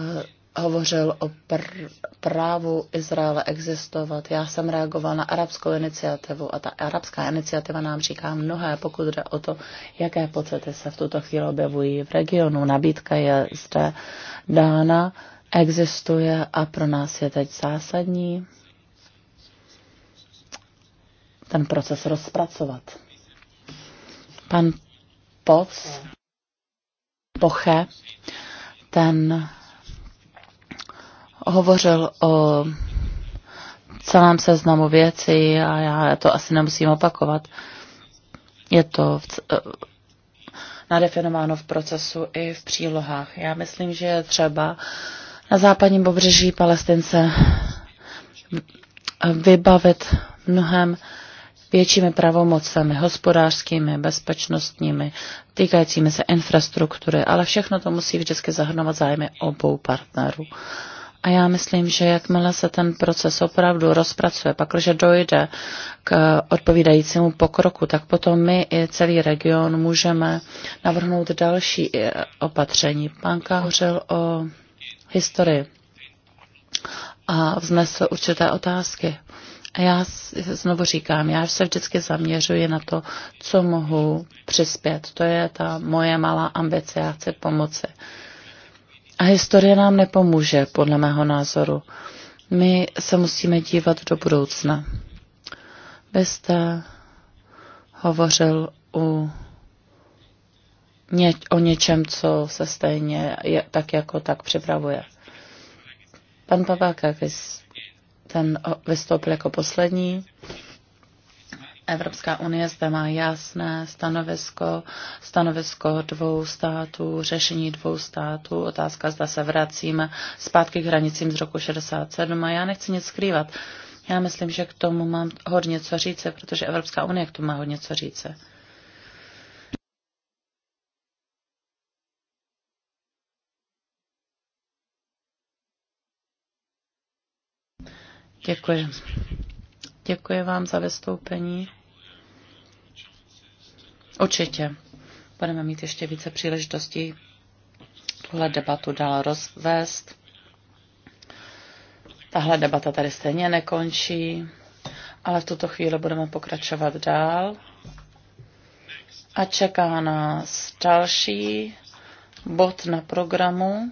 [SPEAKER 2] hovořil o pr- právu Izraele existovat. Já jsem reagoval na arabskou iniciativu a ta arabská iniciativa nám říká mnohé, pokud jde o to, jaké pocity se v tuto chvíli objevují v regionu. Nabídka je zde dána, existuje a pro nás je teď zásadní, ten proces rozpracovat. Pan Poc, Poche, ten hovořil o celém seznamu věcí a já to asi nemusím opakovat. Je to v, eh, nadefinováno v procesu i v přílohách. Já myslím, že je třeba na západním pobřeží Palestince vybavit mnohem většími pravomocemi, hospodářskými, bezpečnostními, týkajícími se infrastruktury, ale všechno to musí vždycky zahrnovat zájmy obou partnerů. A já myslím, že jakmile se ten proces opravdu rozpracuje, když dojde k odpovídajícímu pokroku, tak potom my i celý region můžeme navrhnout další eh, opatření. Pánka hořel o historii a vznesl určité otázky. Já znovu říkám, já se vždycky zaměřuji na to, co mohu přispět. To je ta moje malá ambice, já chci pomoci. A historie nám nepomůže, podle mého názoru. My se musíme dívat do budoucna. Vy jste hovořil u ně, o něčem, co se stejně je, tak jako tak připravuje. Pan jak když ten vystoupil jako poslední. Evropská unie zde má jasné stanovisko, stanovisko dvou států, řešení dvou států, otázka, zda se vracíme zpátky k hranicím z roku 67 a já nechci nic skrývat. Já myslím, že k tomu mám hodně co říct, protože Evropská unie k tomu má hodně co říct. Děkuji. Děkuji vám za vystoupení. Určitě. Budeme mít ještě více příležitostí tuhle debatu dál rozvést. Tahle debata tady stejně nekončí, ale v tuto chvíli budeme pokračovat dál. A čeká nás další bod na programu.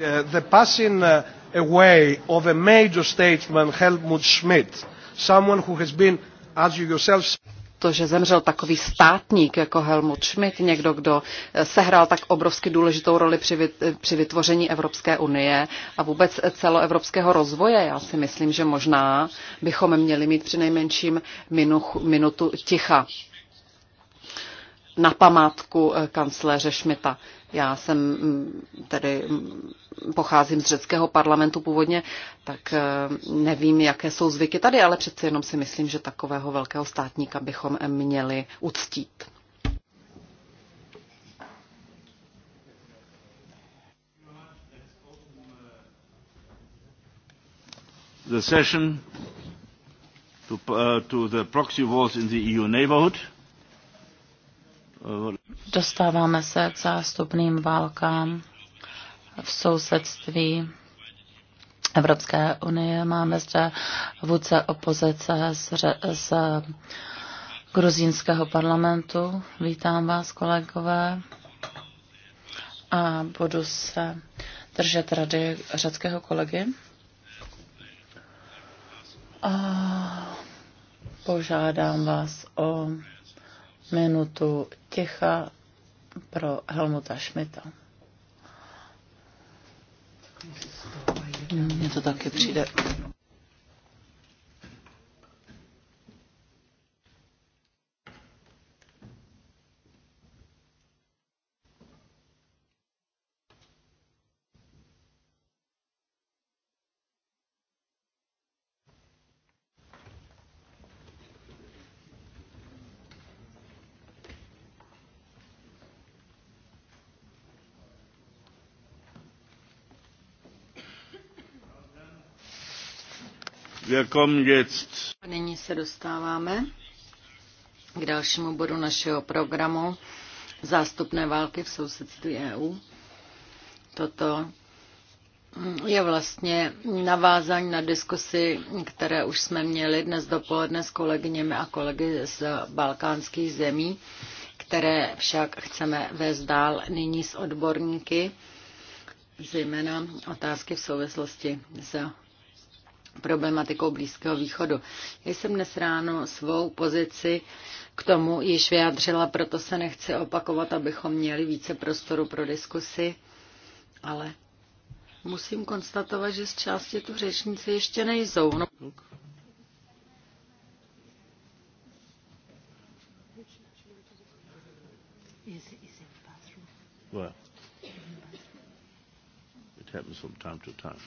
[SPEAKER 3] Uh, the passing uh, away of a major statesman, Helmut Schmidt, someone who has been, as you yourself to, že zemřel takový státník jako Helmut Schmidt, někdo, kdo uh, sehrál tak obrovsky důležitou roli při uh, vytvoření Evropské unie a vůbec celoevropského rozvoje. Já si myslím, že možná bychom měli mít při nejmenším minutu ticha na památku kancléře Schmidta. Já jsem mm, tedy mm, pocházím z řeckého parlamentu původně, tak eh, nevím, jaké jsou zvyky tady, ale přece jenom si myslím, že takového velkého státníka bychom měli uctít.
[SPEAKER 1] The
[SPEAKER 2] session to, uh, to the proxy wars in the EU neighborhood. Uh, Dostáváme se k zástupným válkám v sousedství Evropské unie. Máme zde vůdce opozice z, z gruzínského parlamentu. Vítám vás, kolegové. A budu se držet rady řeckého kolegy. A požádám vás o minutu ticha pro Helmuta Schmidta.
[SPEAKER 1] Mně to taky přijde. Nyní se dostáváme k dalšímu bodu našeho programu zástupné války v sousedství EU. Toto je vlastně navázání na diskusy, které už jsme měli dnes dopoledne s kolegyněmi a kolegy z balkánských zemí, které však chceme vést dál nyní s odborníky, zejména otázky v souvislosti s problematikou Blízkého východu. Já jsem dnes ráno svou pozici k tomu již vyjádřila, proto se nechci opakovat, abychom měli více prostoru pro diskusy, ale musím konstatovat, že z části tu řečníci ještě nejsou. No.
[SPEAKER 3] Well, it happens from time to time.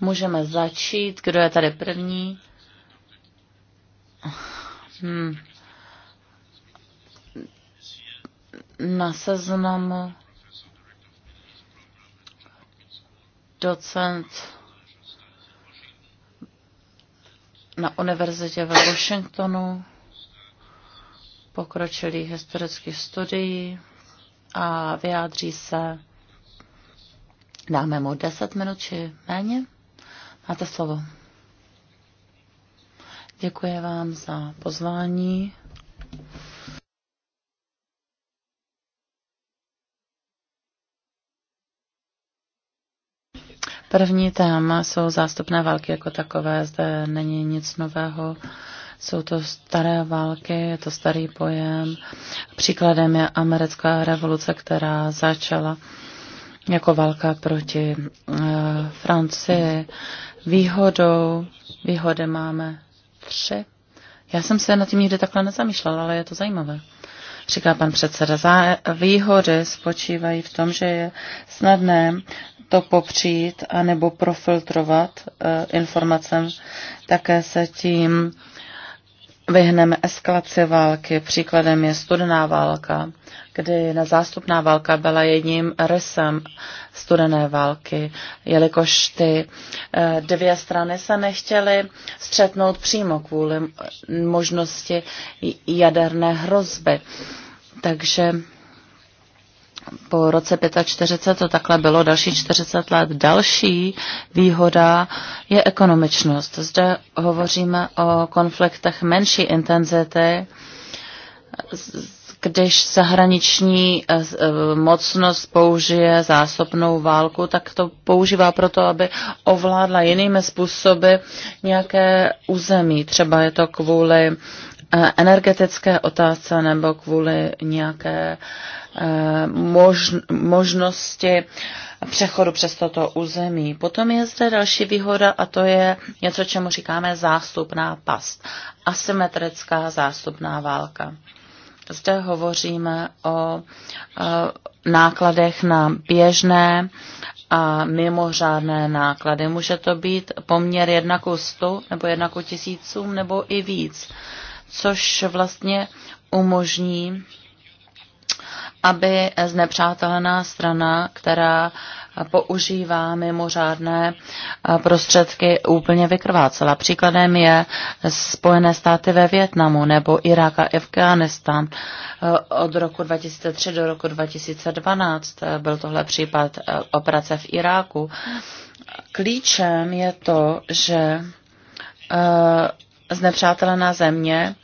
[SPEAKER 2] Můžeme začít. Kdo je tady první? Hmm. Na seznamu docent na univerzitě ve Washingtonu, pokročilých historických studií a vyjádří se. Dáme mu 10 minut či méně. Máte slovo. Děkuji vám za pozvání. První téma jsou zástupné války jako takové. Zde není nic nového. Jsou to staré války, je to starý pojem. Příkladem je americká revoluce, která začala jako válka proti eh, Francii. Výhodou, výhody máme tři. Já jsem se na tím nikdy takhle nezamýšlela, ale je to zajímavé říká pan předseda. Zá, výhody spočívají v tom, že je snadné to popřít anebo profiltrovat uh, informacem. Také se tím vyhneme eskalaci války. Příkladem je studená válka, kdy na zástupná válka byla jedním rysem studené války, jelikož ty eh, dvě strany se nechtěly střetnout přímo kvůli možnosti jaderné hrozby. Takže po roce 45 to takhle bylo, další 40 let. Další výhoda je ekonomičnost. Zde hovoříme o konfliktech menší intenzity, když zahraniční eh, eh, mocnost použije zásobnou válku, tak to používá proto, aby ovládla jinými způsoby nějaké území. Třeba je to kvůli Eh, energetické otázce nebo kvůli nějaké eh, mož, možnosti přechodu přes toto území. Potom je zde další výhoda a to je něco, čemu říkáme zástupná past. Asymetrická zástupná válka. Zde hovoříme o eh, nákladech na běžné a mimořádné náklady. Může to být poměr jednaku 100 nebo jednaku tisícům nebo i víc což vlastně umožní, aby znepřátelená strana, která používá mimořádné eh, prostředky, úplně vykrvácela. Příkladem je Spojené státy ve Větnamu nebo Irák a Afganistán eh, od roku 2003 do roku 2012. Eh, byl tohle případ operace v Iráku. Klíčem je to, že znepřátelená země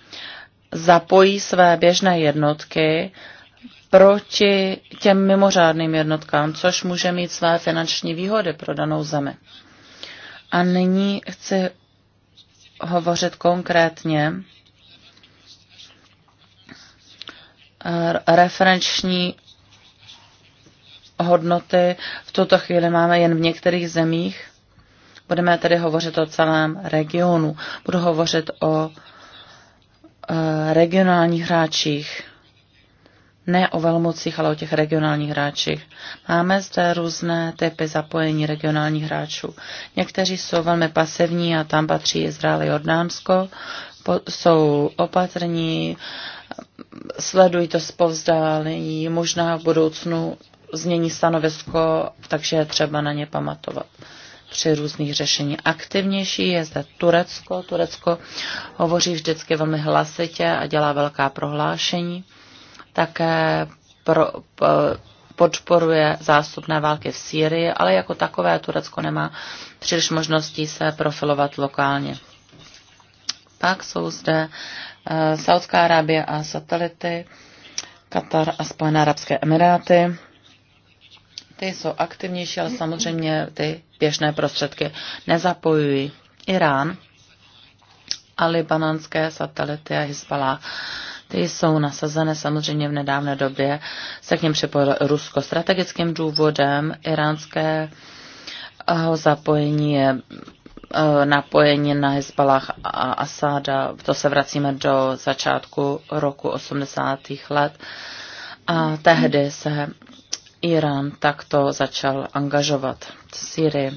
[SPEAKER 2] zapojí své běžné jednotky proti těm mimořádným jednotkám, což může mít své finanční výhody pro danou zemi. A nyní chci hovořit konkrétně eh, referenční hodnoty v tuto chvíli máme jen v některých zemích Budeme tedy hovořit o celém regionu. Budu hovořit o eh, regionálních hráčích. Ne o velmocích, ale o těch regionálních hráčích. Máme zde různé typy zapojení regionálních hráčů. Někteří jsou velmi pasivní a tam patří Izrael i Jordánsko. Po, jsou opatrní, sledují to zpovzdálení, možná v budoucnu změní stanovisko, takže je třeba na ně pamatovat při různých řešení. Aktivnější je zde Turecko. Turecko hovoří vždycky velmi hlasitě a dělá velká prohlášení. Také pro, po, podporuje zástupné války v Sýrii, ale jako takové Turecko nemá příliš možností se profilovat lokálně. Pak jsou zde eh, Saudská Arábie a satelity, Katar a Spojené arabské emiráty ty jsou aktivnější, ale samozřejmě ty běžné prostředky nezapojují. Irán, a Bananské satelity a Hezbollah ty jsou nasazené samozřejmě v nedávné době. Se k něm připojilo Rusko. Strategickým důvodem iránského zapojení je eh, napojení na Hezbalách a Asáda. To se vracíme do začátku roku 80. let. A tehdy se Irán takto začal angažovat Syrii.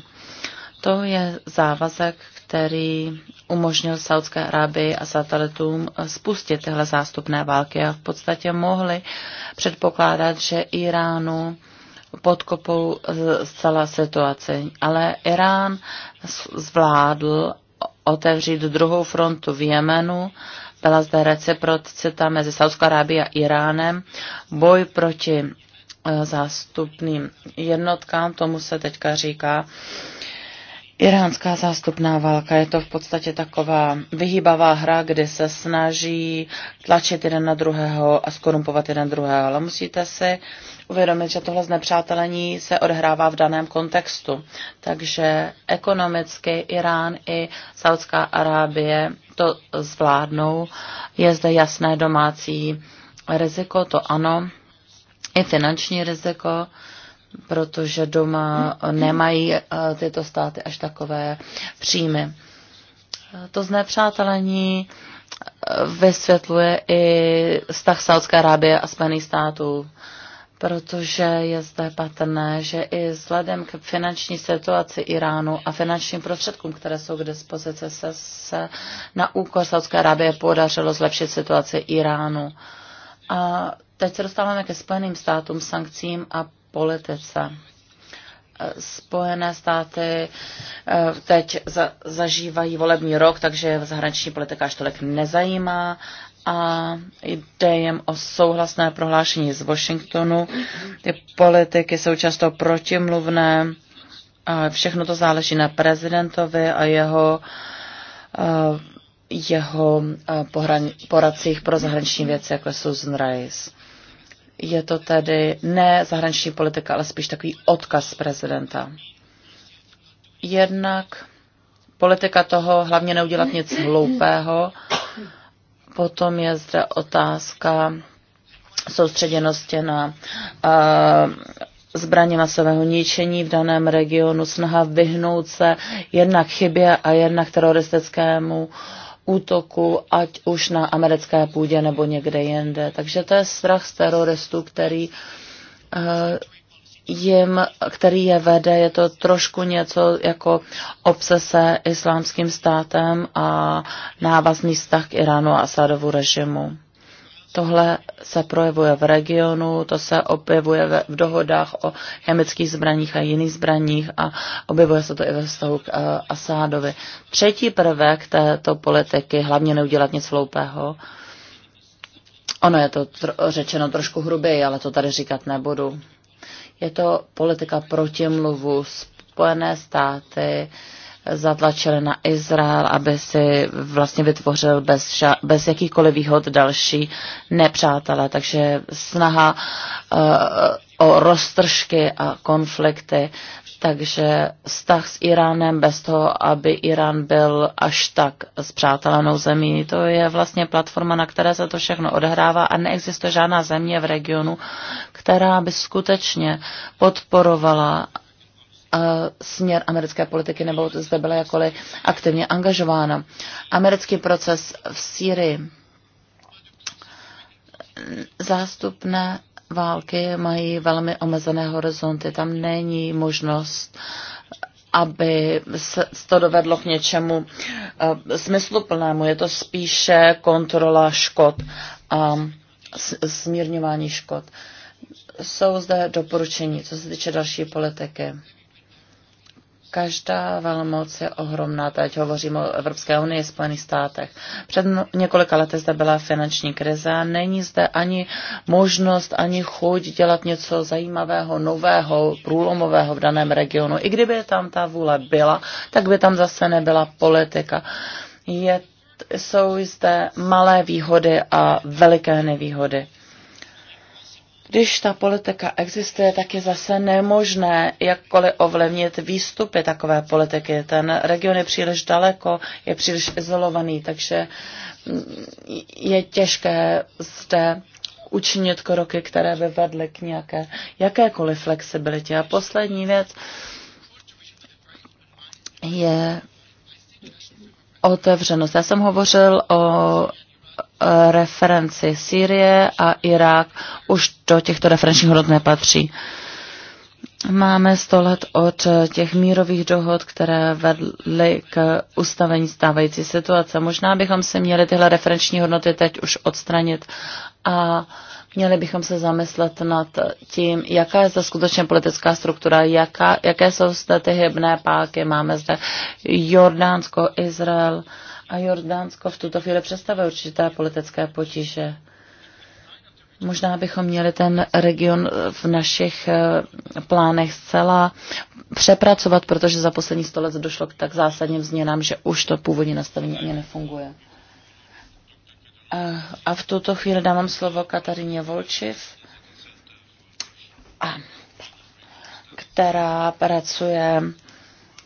[SPEAKER 2] To je závazek, který umožnil Saudské Arábii a satelitům spustit tyhle zástupné války a v podstatě mohli předpokládat, že Iránu podkopou zcela situaci. Ale Irán zvládl otevřít druhou frontu v Jemenu, byla zde reciprocita mezi Saudskou Arábií a Iránem, boj proti zástupným jednotkám, tomu se teďka říká iránská zástupná válka. Je to v podstatě taková vyhýbavá hra, kdy se snaží tlačit jeden na druhého a skorumpovat jeden druhého, ale musíte si uvědomit, že tohle znepřátelení se odehrává v daném kontextu. Takže ekonomicky Irán i Saudská Arábie to zvládnou. Je zde jasné domácí riziko, to ano, i finanční riziko, protože doma nemají eh, tyto státy až takové příjmy. Eh, to znepřátelení eh, vysvětluje i vztah Saudské Arábie a Spojených států, protože je zde patrné, že i vzhledem k finanční situaci Iránu a finančním prostředkům, které jsou k dispozici, se, se na úkor Saudské Arábie podařilo zlepšit situaci Iránu. A Teď se dostáváme ke Spojeným státům, sankcím a politice. Spojené státy eh, teď zažívají volební rok, takže zahraniční politika až tolik nezajímá a jde jim o souhlasné prohlášení z Washingtonu. Ty politiky jsou často protimluvné, a všechno to záleží na prezidentovi a jeho, eh, jeho eh, poradcích pro zahraniční věci, jako je Susan Rice. Je to tedy ne zahraniční politika, ale spíš takový odkaz prezidenta. Jednak politika toho hlavně neudělat nic hloupého. Potom je zde otázka soustředěnosti na uh, zbraně masového ničení v daném regionu, snaha vyhnout se jednak chybě a jednak teroristickému útoku, ať už na americké půdě nebo někde jinde. Takže to je strach z teroristů, který eh, jim, který je vede, je to trošku něco jako obsese islámským státem a návazný vztah k Iránu a Asadovu režimu. Tohle se projevuje v regionu, to se objevuje v dohodách o chemických zbraních a jiných zbraních a objevuje se to i ve vztahu k eh, Asádovi. Třetí prvek této politiky, hlavně neudělat nic hloupého, ono je to tr- řečeno trošku hruběji, ale to tady říkat nebudu. Je to politika protimluvu. Spojené státy uh, zatlačil na Izrael, aby si vlastně vytvořil bez, ža- bez jakýchkoliv výhod další nepřátelé. Takže snaha uh, o roztržky a konflikty. Takže vztah s Iránem bez toho, aby Irán byl až tak zpřátelenou zemí, to je vlastně platforma, na které se to všechno odhrává a neexistuje žádná země v regionu, která by skutečně podporovala Eh, směr americké politiky, nebo zde byla jakoliv aktivně angažována. Americký proces v Sýrii. Zástupné války mají velmi omezené horizonty. Tam není možnost aby se to dovedlo k něčemu eh, smysluplnému. Je to spíše kontrola škod a smírňování škod. Jsou zde doporučení, co se týče další politiky. Každá velmoc je ohromná, teď hovořím o Evropské unii, Spojených státech. Před několika lety zde byla finanční krize, není zde ani možnost, ani chuť dělat něco zajímavého, nového, průlomového v daném regionu. I kdyby tam ta vůle byla, tak by tam zase nebyla politika. Je, jsou zde malé výhody a veliké nevýhody. Když ta politika existuje, tak je zase nemožné jakkoliv ovlivnit výstupy takové politiky. Ten region je příliš daleko, je příliš izolovaný, takže mm, je těžké zde učinit kroky, které by vedly k nějaké jakékoliv flexibilitě. A poslední věc je otevřenost. Já jsem hovořil o referenci Sýrie a Irák už do těchto referenčních hodnot nepatří. Máme 100 let od těch mírových dohod, které vedly k ustavení stávající situace. Možná bychom si měli tyhle referenční hodnoty teď už odstranit a měli bychom se zamyslet nad tím, jaká je zde skutečně politická struktura, jaká, jaké jsou zde ty hybné páky. Máme zde Jordánsko, Izrael, uh, a Jordánsko v tuto chvíli představuje určité politické potíže. Možná bychom měli ten region v našich eh, plánech zcela přepracovat, protože za poslední sto došlo k tak zásadním změnám, že už to původní nastavení ani nefunguje. Eh, a v tuto chvíli dávám slovo Katarině Volčiv, která pracuje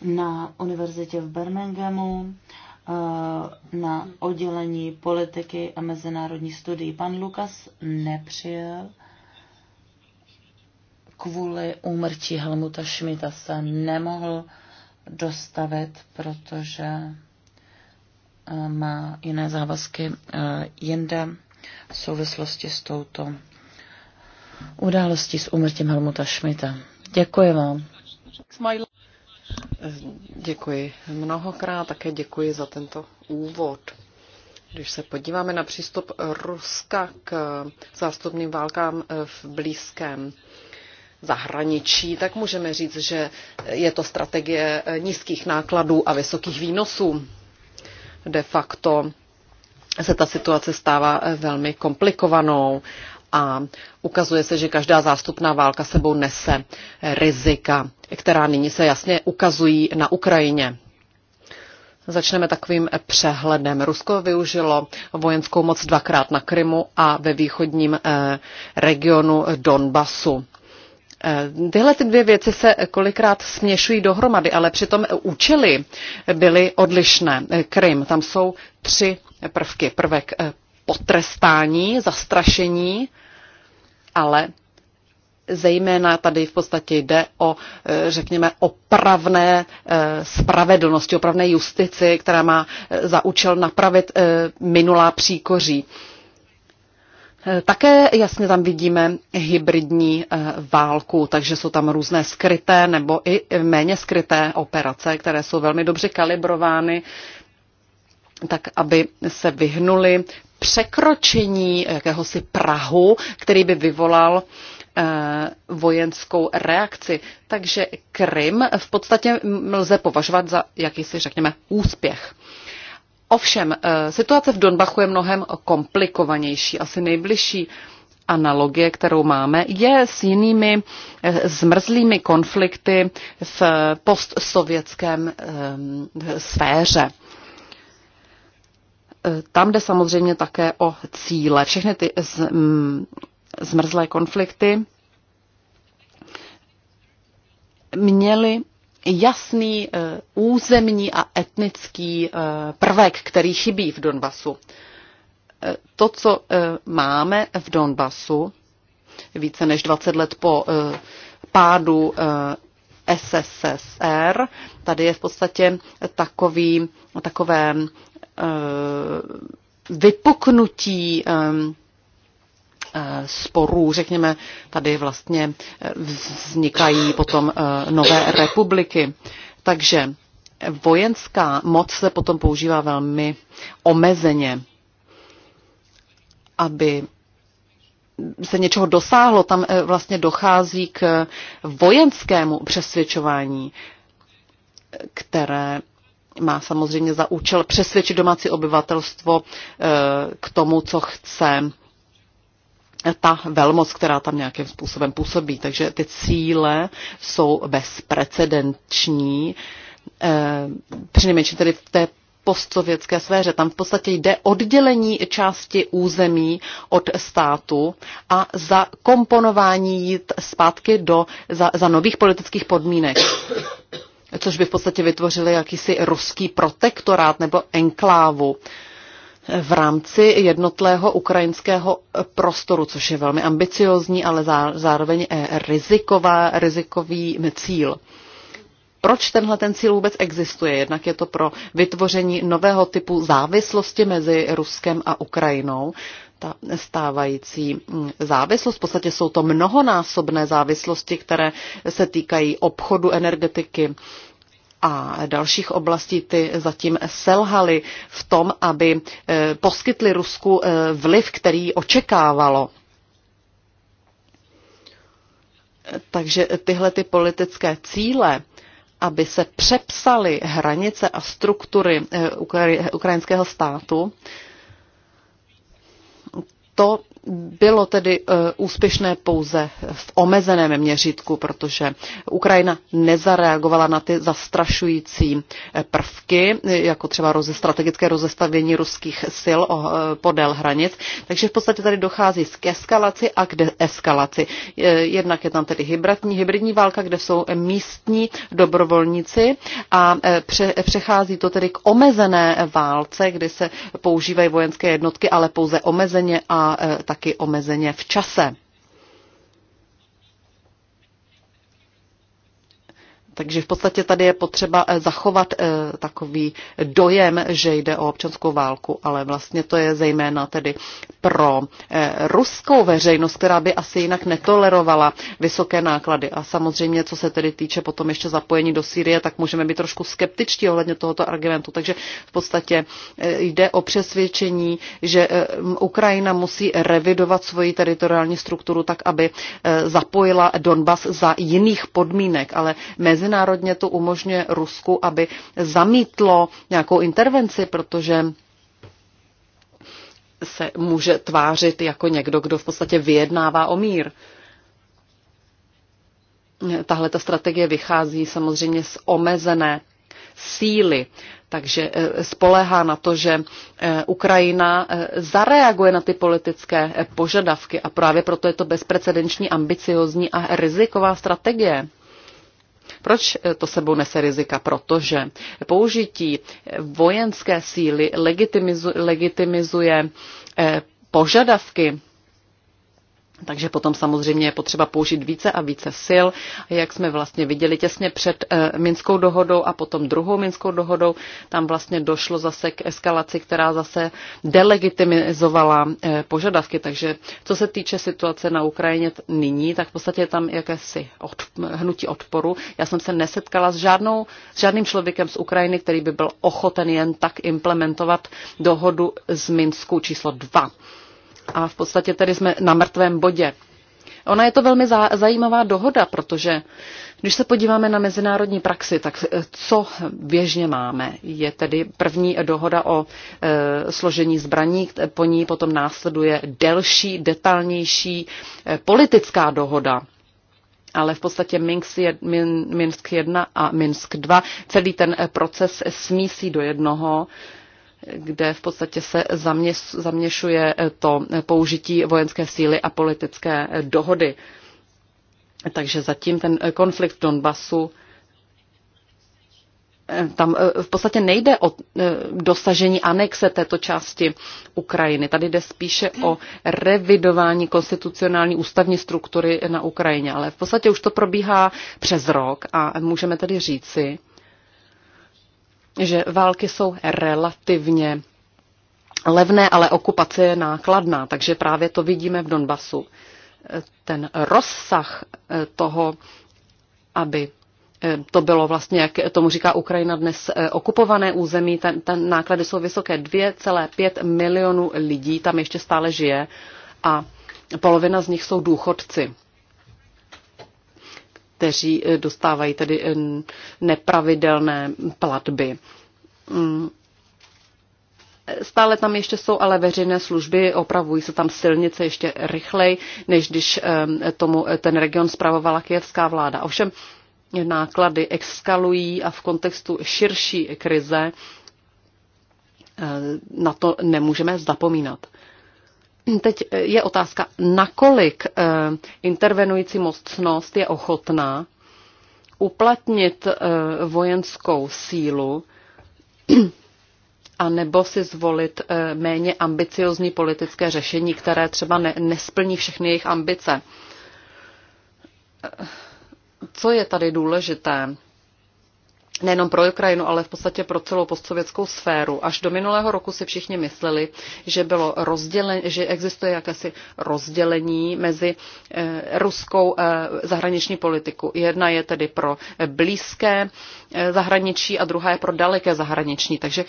[SPEAKER 2] na univerzitě v Birminghamu Eh, na oddělení politiky a mezinárodní studií. Pan Lukas nepřijel kvůli úmrtí Helmuta Schmidta se nemohl dostavit, protože eh, má jiné závazky eh, jinde v souvislosti s touto událostí s úmrtím Helmuta Schmidta. Děkuji
[SPEAKER 3] vám. Děkuji mnohokrát, také děkuji za tento úvod. Když se podíváme na přístup Ruska k zástupným válkám v blízkém zahraničí, tak můžeme říct, že je to strategie nízkých nákladů a vysokých výnosů. De facto se ta situace stává velmi komplikovanou a ukazuje se, že každá zástupná válka sebou nese rizika, která nyní se jasně ukazují na Ukrajině. Začneme takovým přehledem. Rusko využilo vojenskou moc dvakrát na Krymu a ve východním eh, regionu Donbasu. Eh, tyhle ty dvě věci se kolikrát směšují dohromady, ale přitom účely byly odlišné. Eh, Krym, tam jsou tři prvky. Prvek potrestání, zastrašení ale zejména tady v podstatě jde o, eh, řekněme, opravné eh, spravedlnosti, opravné justici, která má eh, za účel napravit minulá příkoří. Také jasně tam vidíme hybridní válku, takže jsou tam různé skryté nebo i méně skryté operace, které jsou velmi dobře kalibrovány, tak aby se vyhnuli překročení jakéhosi Prahu, který by vyvolal eh, vojenskou reakci. Takže Krym v podstatě lze považovat za jakýsi, řekněme, úspěch. Ovšem, eh, situace v Donbachu je mnohem komplikovanější. Asi nejbližší analogie, kterou máme, je s jinými eh, zmrzlými konflikty v postsovětském sféře. E, tam jde samozřejmě také o cíle. Všechny ty zmrzlé konflikty měly jasný e, územní a etnický e, prvek, který chybí v Donbasu. To, co máme v Donbasu, více než 20 let po pádu SSSR. Tady je v podstatě takový, takové Eh, vypuknutí eh, sporů, řekněme, tady vlastně eh, vznikají potom nové republiky. Takže vojenská moc se potom používá velmi omezeně, aby se něčeho dosáhlo, tam vlastně dochází k vojenskému přesvědčování, které má samozřejmě za účel přesvědčit domácí obyvatelstvo eh, k tomu, co chce ta velmoc, která tam nějakým způsobem působí. Takže ty cíle jsou bezprecedenční, eh, přinejmenším tedy v té postsovětské sféře. Tam v podstatě jde oddělení části území od státu a za komponování jít zpátky do, za, za nových politických podmínek což by v podstatě vytvořili jakýsi ruský protektorát nebo enklávu v rámci jednotlého ukrajinského prostoru, což je velmi ambiciozní, ale zároveň e, riziková, rizikový cíl. Proč tenhle ten cíl vůbec existuje? Jednak je to pro vytvoření nového typu závislosti mezi Ruskem a Ukrajinou ta stávající mm, závislost. V podstatě jsou to mnohonásobné závislosti, které se týkají obchodu, energetiky a dalších oblastí. Ty zatím selhaly v tom, aby eh, poskytli Rusku eh, vliv, který očekávalo. Takže tyhle ty politické cíle, aby se přepsaly hranice a struktury eh, ukrajinského státu, to bylo tedy eh, úspěšné pouze v omezeném měřítku, protože Ukrajina nezareagovala na ty zastrašující eh, prvky, jako třeba roze, strategické rozestavění ruských sil eh, podél hranic. Takže v podstatě tady dochází k eskalaci a k deeskalaci. Jednak je tam tedy hybridní, hybridní válka, kde jsou místní dobrovolníci a přechází to tedy k omezené válce, kdy se používají vojenské jednotky, ale pouze omezeně a tak taky omezeně v čase. Takže v podstatě tady je potřeba eh, zachovat eh, takový dojem, že jde o občanskou válku, ale vlastně to je zejména tedy pro eh, ruskou veřejnost, která by asi jinak netolerovala vysoké náklady. A samozřejmě, co se tedy týče potom ještě zapojení do Sýrie, tak můžeme být trošku skeptičtí ohledně tohoto argumentu. Takže v podstatě jde o přesvědčení, že Ukrajina musí revidovat svoji teritoriální strukturu tak, aby zapojila Donbas za jiných podmínek, ale mezi mezinárodně to umožňuje Rusku, aby zamítlo nějakou intervenci, protože se může tvářit jako někdo, kdo v podstatě vyjednává o mír. Tahle ta strategie vychází samozřejmě z omezené síly, takže e, spolehá na to, že e, Ukrajina e, zareaguje na ty politické požadavky a právě proto je to bezprecedenční, ambiciozní a riziková strategie. Proč eh, to sebou nese rizika? Protože použití vojenské síly legitimizuje eh, požadavky takže potom samozřejmě je potřeba použít více a více sil, jak jsme vlastně viděli těsně před eh, Minskou dohodou a potom druhou Minskou dohodou. Tam vlastně došlo zase k eskalaci, která zase delegitimizovala eh, požadavky. Takže co se týče situace na Ukrajině nyní, tak v podstatě je tam jakési od, hnutí odporu. Já jsem se nesetkala s, žádnou, s žádným člověkem z Ukrajiny, který by byl ochoten jen tak implementovat dohodu z Minsku číslo 2 a v podstatě tedy jsme na mrtvém bodě. Ona je to velmi zajímavá dohoda, protože když se podíváme na mezinárodní praxi, tak eh, co běžně máme? Je tedy první dohoda o e, složení zbraní, po ní potom následuje delší, detailnější e, politická dohoda. Ale v podstatě Minsk, je, Min, Minsk 1 a Minsk 2, celý ten proces smísí do jednoho. E, kde v podstatě se zaměšuje to použití vojenské síly a politické dohody. Takže zatím ten konflikt v Donbasu eh, tam eh, v podstatě nejde o eh, dosažení anexe této části Ukrajiny. Tady jde spíše o revidování konstitucionální ústavní struktury na Ukrajině, ale v podstatě už to probíhá přes rok a můžeme tedy říci, že války jsou relativně levné, ale okupace je nákladná, takže právě to vidíme v Donbasu. Ten rozsah eh, toho, aby eh, to bylo vlastně, jak tomu říká Ukrajina dnes, eh, okupované území, ten, ten náklady jsou vysoké, 2,5 milionů lidí tam ještě stále žije a polovina z nich jsou důchodci kteří eh, dostávají tedy eh, nepravidelné platby. Mm. Stále tam ještě jsou ale veřejné služby, opravují se tam silnice ještě rychleji, než když eh, tomu ten region zpravovala kijevská vláda. Ovšem náklady exkalují a v kontextu širší krize na to nemůžeme zapomínat. Teď eh, je otázka, nakolik eh, intervenující mocnost je ochotná uplatnit eh, vojenskou sílu a nebo si zvolit méně ambiciozní politické řešení, které třeba ne, nesplní všechny jejich ambice. Co je tady důležité? nejenom pro Ukrajinu, ale v podstatě pro celou postsovětskou sféru. Až do minulého roku si všichni mysleli, že, bylo rozdělen, že existuje jakési rozdělení mezi eh, ruskou eh, zahraniční politiku. Jedna je tedy pro blízké eh, zahraničí a druhá je pro daleké zahraniční. Takže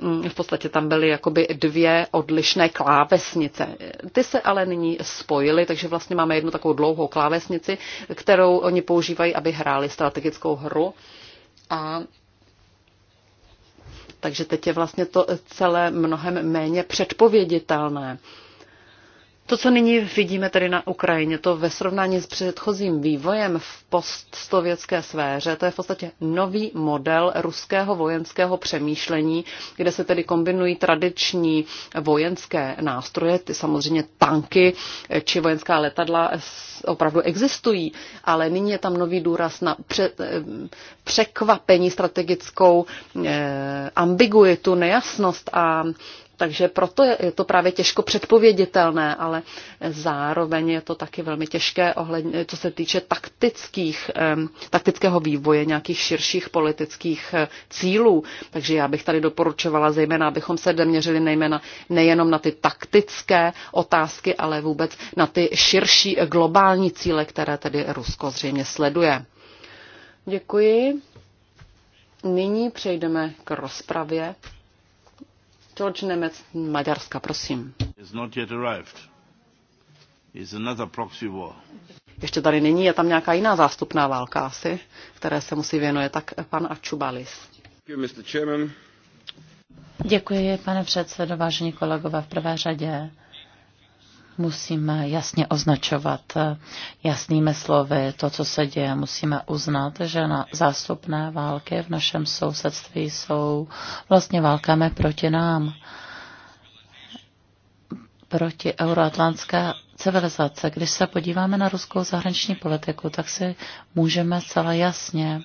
[SPEAKER 3] mm, v podstatě tam byly jakoby dvě odlišné klávesnice. Ty se ale nyní spojily, takže vlastně máme jednu takovou dlouhou klávesnici, kterou oni používají, aby hráli strategickou hru a takže teď je vlastně to celé mnohem méně předpověditelné. To, co nyní vidíme tedy na Ukrajině, to ve srovnání s předchozím vývojem v postsovětské sféře, to je v podstatě nový model ruského vojenského přemýšlení, kde se tedy kombinují tradiční vojenské nástroje, ty samozřejmě tanky či vojenská letadla opravdu existují, ale nyní je tam nový důraz na překvapení strategickou eh, ambiguitu, nejasnost a takže proto je to právě těžko předpověditelné, ale zároveň je to taky velmi těžké, ohledně, co se týče taktických, taktického vývoje nějakých širších politických eh, cílů. Takže já bych tady doporučovala zejména, abychom se deměřili nejména, nejenom na ty taktické otázky, ale vůbec na ty širší eh, globální cíle, které tedy Rusko zřejmě sleduje. Děkuji. Nyní přejdeme k rozpravě. George Nemec, Maďarska, prosím. Ještě tady není, je tam nějaká jiná zástupná válka asi, které se musí věnuje tak pan Ačubalis.
[SPEAKER 2] Děkuji, pane předsedo, vážení kolegové, v prvé řadě Musíme jasně označovat eh, jasnými slovy to, co se děje. Musíme uznat, že na zástupné války v našem sousedství jsou vlastně válkami proti nám proti euroatlantské civilizace. Když se podíváme na ruskou zahraniční politiku, tak si můžeme celá jasně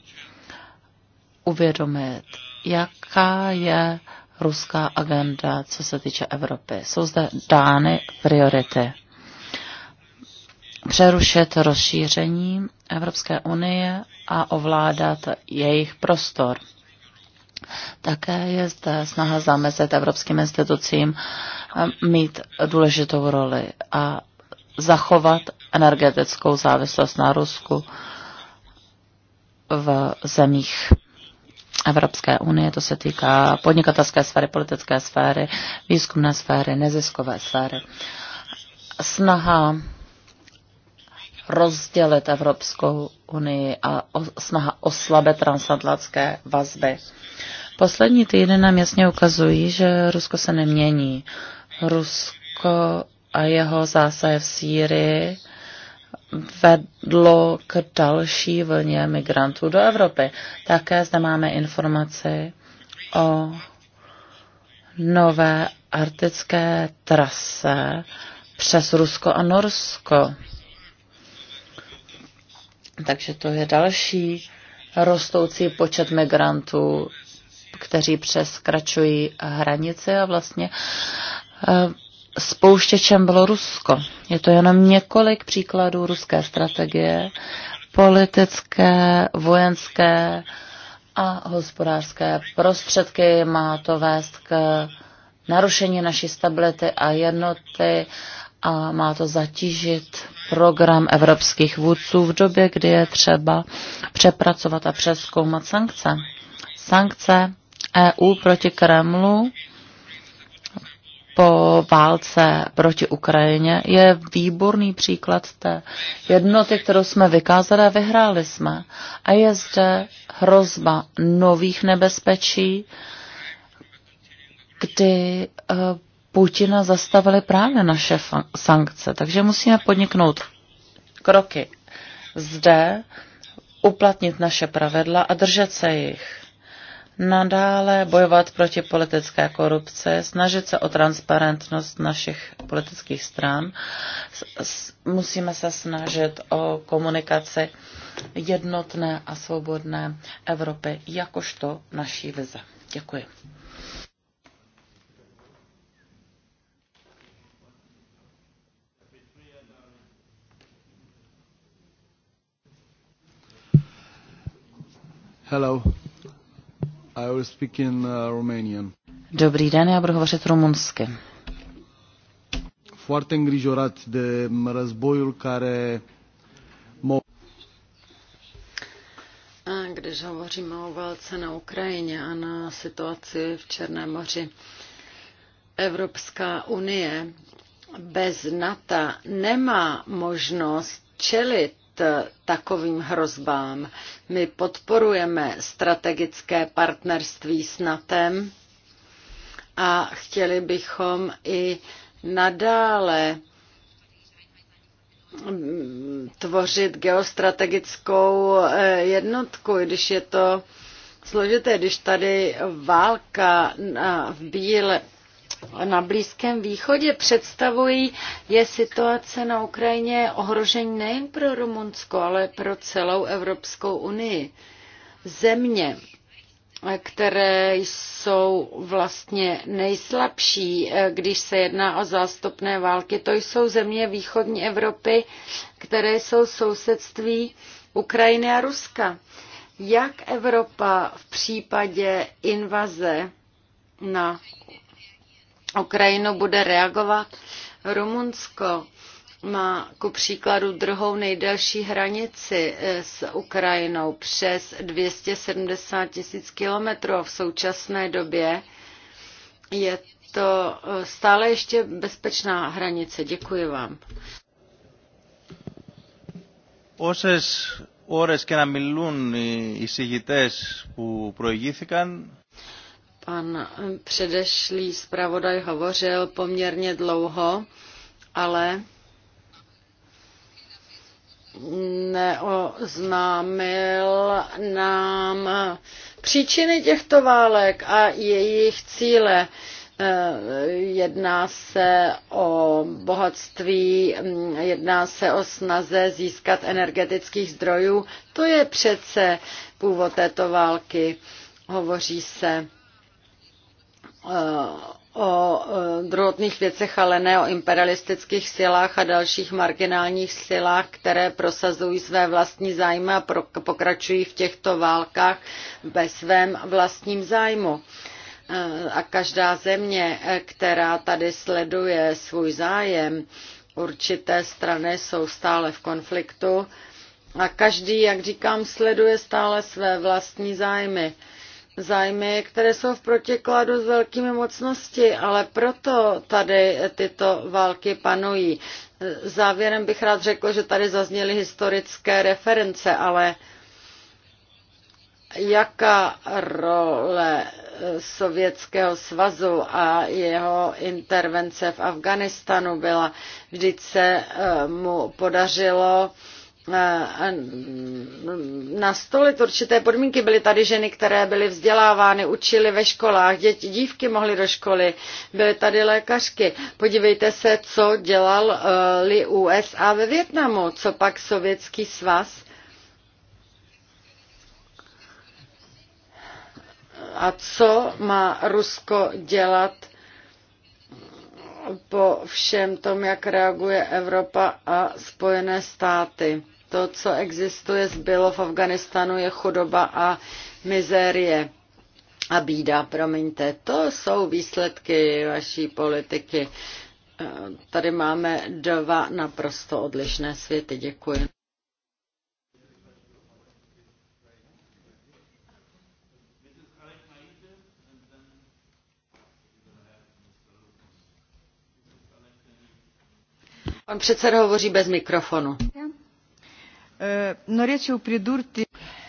[SPEAKER 2] uvědomit, jaká je ruská agenda, co se týče Evropy. Jsou zde dány priority. Přerušit rozšíření Evropské unie a ovládat jejich prostor. Také je zde snaha zamezit evropským institucím eh, mít důležitou roli a zachovat energetickou závislost na Rusku v zemích Evropské unie, to se týká podnikatelské sféry, politické sféry, výzkumné sféry, neziskové sféry. Snaha rozdělit Evropskou unii a snaha oslabit transatlantské vazby. Poslední týdny nám jasně ukazují, že Rusko se nemění. Rusko a jeho zásahy v Sýrii vedlo k další vlně migrantů do Evropy. Také zde máme informaci o nové arktické trase přes Rusko a Norsko. Takže to je další rostoucí počet migrantů, kteří přeskračují hranice a vlastně eh, spouštěčem bylo Rusko. Je to jenom několik příkladů ruské strategie, politické, vojenské a hospodářské prostředky. Má to vést k narušení naší stability a jednoty a má to zatížit program evropských vůdců v době, kdy je třeba přepracovat a přeskoumat sankce. Sankce EU proti Kremlu po válce proti Ukrajině je výborný příklad té jednoty, kterou jsme vykázali a vyhráli jsme. A je zde hrozba nových nebezpečí, kdy eh, Putina zastavili právě naše sankce. Takže musíme podniknout kroky zde, uplatnit naše pravidla a držet se jich nadále bojovat proti politické korupce, snažit se o transparentnost našich politických stran. Musíme se snažit o komunikaci jednotné a svobodné Evropy jakožto naší vize. Děkuji.
[SPEAKER 1] Hello. I will speak in uh, Romanian.
[SPEAKER 2] Dobrý den, já budu hovořit rumunsky.
[SPEAKER 3] Foarte îngrijorat de războiul care
[SPEAKER 1] Když hovoříme o válce na Ukrajině a na situaci v Černém moři, Evropská unie bez NATO nemá možnost čelit takovým hrozbám. My podporujeme strategické partnerství s NATEM a chtěli bychom i nadále tvořit geostrategickou eh, jednotku, když je to složité, když tady válka v Bíle, na Blízkém východě představují, je situace na Ukrajině ohrožení nejen pro Rumunsko, ale pro celou Evropskou unii. Země, které jsou vlastně nejslabší, eh, když se jedná o zástupné války. To jsou země východní Evropy, které jsou sousedství Ukrajiny a Ruska. Jak Evropa v případě invaze na Ukrajinu bude reagovat. Rumunsko má ku příkladu druhou nejdelší hranici eh, s Ukrajinou přes 270 tisíc kilometrů a v současné době je to eh, stále ještě bezpečná hranice. Děkuji vám.
[SPEAKER 2] Όσες ώρες και να μιλούν οι εισηγητές που προηγήθηκαν,
[SPEAKER 1] Pan předešlý zpravodaj hovořil poměrně dlouho, ale neoznámil nám příčiny těchto válek a jejich cíle. Eh, jedná se o bohatství, mm, jedná se o snaze získat energetických zdrojů. To je přece původ této války. Hovoří se o druhotných věcech, ale ne o imperialistických silách a dalších marginálních silách, které prosazují své vlastní zájmy a pokračují v těchto válkách ve svém vlastním zájmu. A každá země, která tady sleduje svůj zájem, určité strany jsou stále v konfliktu a každý, jak říkám, sleduje stále své vlastní zájmy zájmy, které jsou v protikladu s velkými mocnosti, ale proto tady tyto války panují. Závěrem bych rád řekl, že tady zazněly historické reference, ale jaká role Sovětského svazu a jeho intervence v Afganistanu byla, vždyť se eh, mu podařilo nastolit určité podmínky. Byly tady ženy, které byly vzdělávány, učily ve školách, děti, dívky mohly do školy, byly tady lékařky. Podívejte se, co dělali eh, USA ve Větnamu, co pak Sovětský svaz. A co má Rusko dělat po všem tom, jak reaguje Evropa a Spojené státy? to, co existuje, zbylo v Afganistánu, je chudoba a mizérie a bída, promiňte. To jsou výsledky vaší politiky. Tady máme dva naprosto odlišné světy. Děkuji. Pan předseda hovoří bez mikrofonu.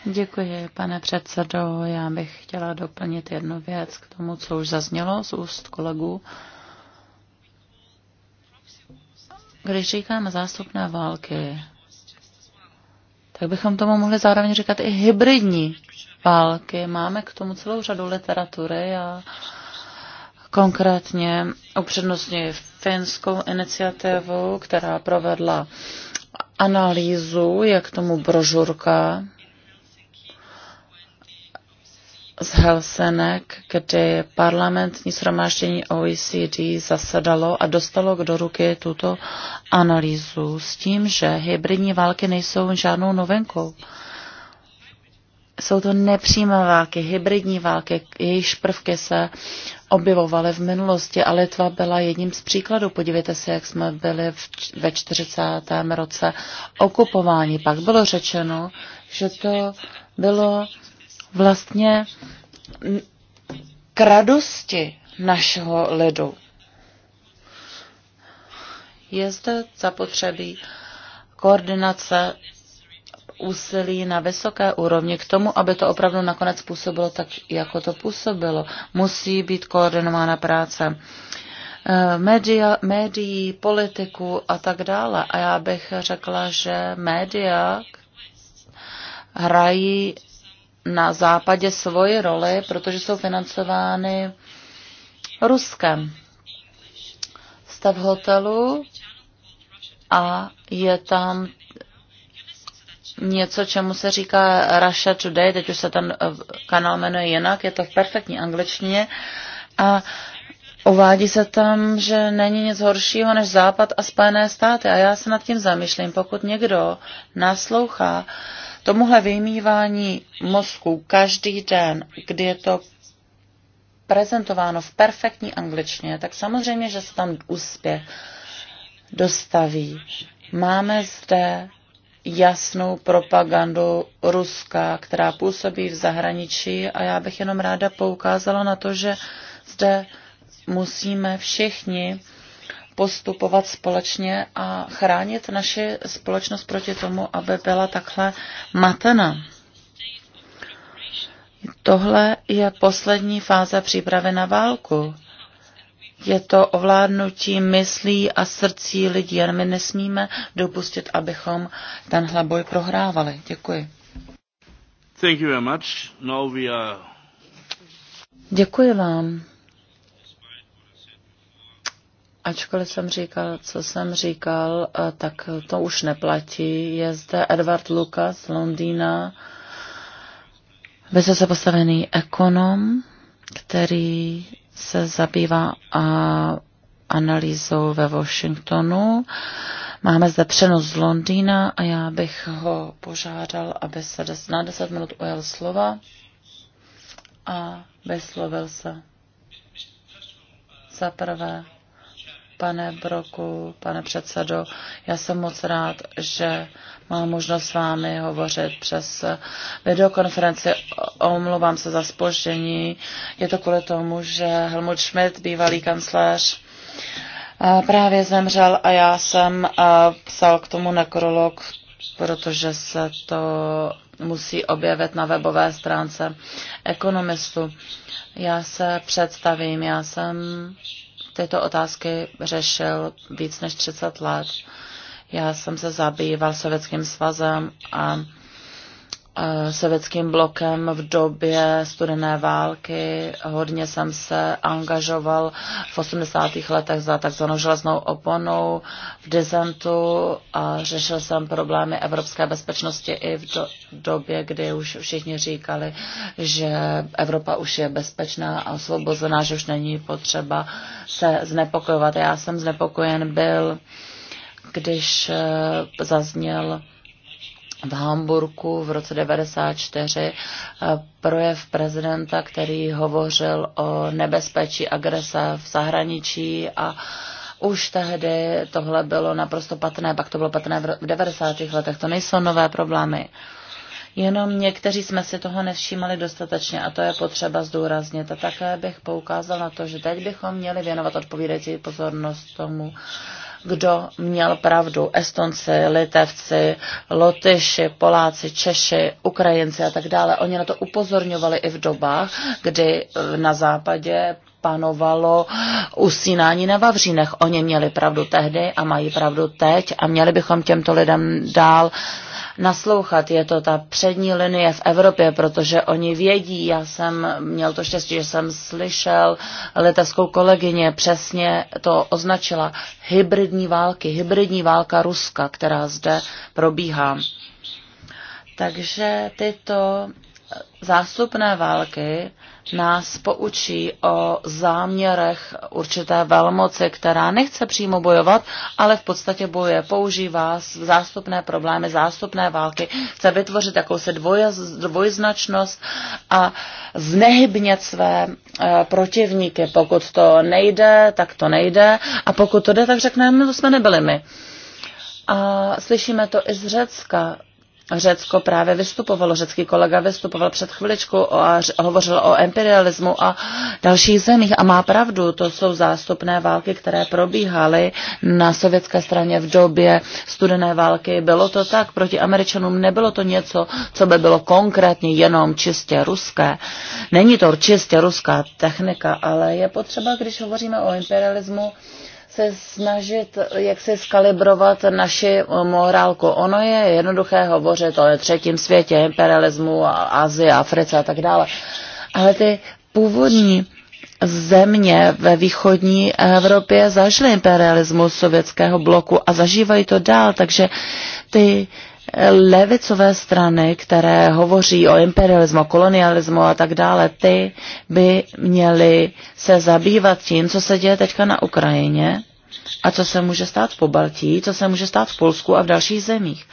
[SPEAKER 3] Děkuji,
[SPEAKER 2] pane předsedo. Já bych chtěla doplnit jednu věc k tomu, co už zaznělo z úst kolegů. Když říkáme zástupné války, tak bychom tomu mohli zároveň říkat i hybridní války. Máme k tomu celou řadu literatury a konkrétně upřednostňuji finskou iniciativu, která provedla analýzu, jak tomu brožurka z Helsenek, kdy parlamentní shromáždění OECD zasedalo a dostalo k do ruky tuto analýzu s tím, že hybridní války nejsou žádnou novinkou. Jsou to nepřímé války, hybridní války, jejichž prvky se objevovaly v minulosti a Litva byla jedním z příkladů. Podívejte se, jak jsme byli v, ve 40. roce okupováni. Pak bylo řečeno, že to bylo vlastně k radosti našeho lidu. Je zde zapotřebí koordinace úsilí na vysoké úrovni k tomu, aby to opravdu nakonec působilo tak, jako to působilo. Musí být koordinována práce eh, média, médií, politiku a tak dále. A já bych řekla, že média hrají na západě svoji roli, protože jsou financovány Ruskem. Stav hotelu a je tam něco, čemu se říká Russia Today, teď už se ten eh, kanál jmenuje jinak, je to v perfektní angličtině a Uvádí se tam, že není nic horšího než Západ a Spojené státy. A já se nad tím zamýšlím, pokud někdo naslouchá tomuhle vymývání mozku každý den, kdy je to prezentováno v perfektní angličtině, tak samozřejmě, že se tam úspěch dostaví. Máme zde jasnou propagandu Ruska, která působí v zahraničí a já bych jenom ráda poukázala na to, že zde musíme všichni postupovat společně a chránit naši společnost proti tomu, aby byla takhle matena. Tohle je poslední fáze přípravy na válku. Je to ovládnutí myslí a srdcí lidí a my nesmíme dopustit, abychom tenhle boj prohrávali. Děkuji. Thank you very much. Now we are... Děkuji vám. Ačkoliv jsem říkal, co jsem říkal, eh, tak to už neplatí. Je zde Edward Lucas z Londýna, vysoce postavený ekonom, který se zabývá a analýzou ve Washingtonu. Máme zde přenos z Londýna a já bych ho požádal, aby se na 10 minut ujel slova a vyslovil se. Za prvé, pane Broku, pane předsedo, já jsem moc rád, že mám možnost s vámi hovořit přes videokonferenci. Omlouvám se za spoždění. Je to kvůli tomu, že Helmut Schmidt, bývalý kancléř, právě zemřel a já jsem psal k tomu nekrolog, protože se to musí objevit na webové stránce ekonomistu. Já se představím, já jsem tyto otázky řešil víc než 30 let. Já jsem se zabýval Sovětským svazem a sovětským blokem v době studené války. Hodně jsem se angažoval v 80. letech za takzvanou železnou oponou v dizentu a řešil jsem problémy evropské bezpečnosti i v do- době, kdy už všichni říkali, že Evropa už je bezpečná a osvobozená, že už není potřeba se znepokojovat. Já jsem znepokojen byl když eh, zazněl v Hamburku v roce 1994 eh, projev prezidenta, který hovořil o nebezpečí agresa v zahraničí a už tehdy tohle bylo naprosto patné, pak to bylo patné v 90. letech. To nejsou nové problémy. Jenom někteří jsme si toho nevšímali dostatečně a to je potřeba zdůraznit. A také bych poukázal na to, že teď bychom měli věnovat odpovídající pozornost tomu, kdo měl pravdu. Estonci, Litevci, Lotyši, Poláci, Češi, Ukrajinci a tak dále. Oni na to upozorňovali i v dobách, kdy na západě panovalo usínání na Vavřínech. Oni měli pravdu tehdy a mají pravdu teď a měli bychom těmto lidem dál naslouchat. Je to ta přední linie v Evropě, protože oni vědí, já jsem měl to štěstí, že jsem slyšel leteckou kolegyně, přesně to označila, hybridní války, hybridní válka Ruska, která zde probíhá. Takže tyto zástupné války nás poučí o záměrech určité velmoci, která nechce přímo bojovat, ale v podstatě boje, používá zástupné problémy, zástupné války, chce vytvořit jakousi dvojznačnost a znehybnět své e, protivníky. Pokud to nejde, tak to nejde a pokud to jde, tak řekneme, no, to jsme nebyli my. A slyšíme to i z Řecka. Řecko právě vystupovalo, řecký kolega vystupoval před chviličkou a hovořil o imperialismu a dalších zemích a má pravdu, to jsou zástupné války, které probíhaly na sovětské straně v době studené války. Bylo to tak, proti Američanům nebylo to něco, co by bylo konkrétně jenom čistě ruské. Není to čistě ruská technika, ale je potřeba, když hovoříme o imperialismu, se snažit, jak se skalibrovat naši morálku. Ono je jednoduché hovořit o třetím světě, imperialismu, Azii, Africe a tak dále. Ale ty původní země ve východní Evropě zažily imperialismus sovětského bloku a zažívají to dál, takže ty levicové strany, které hovoří o imperialismu, kolonialismu a tak dále, ty by měly se zabývat tím, co se děje teďka na Ukrajině a co se může stát v Pobaltí, co se může stát v Polsku a v dalších zemích.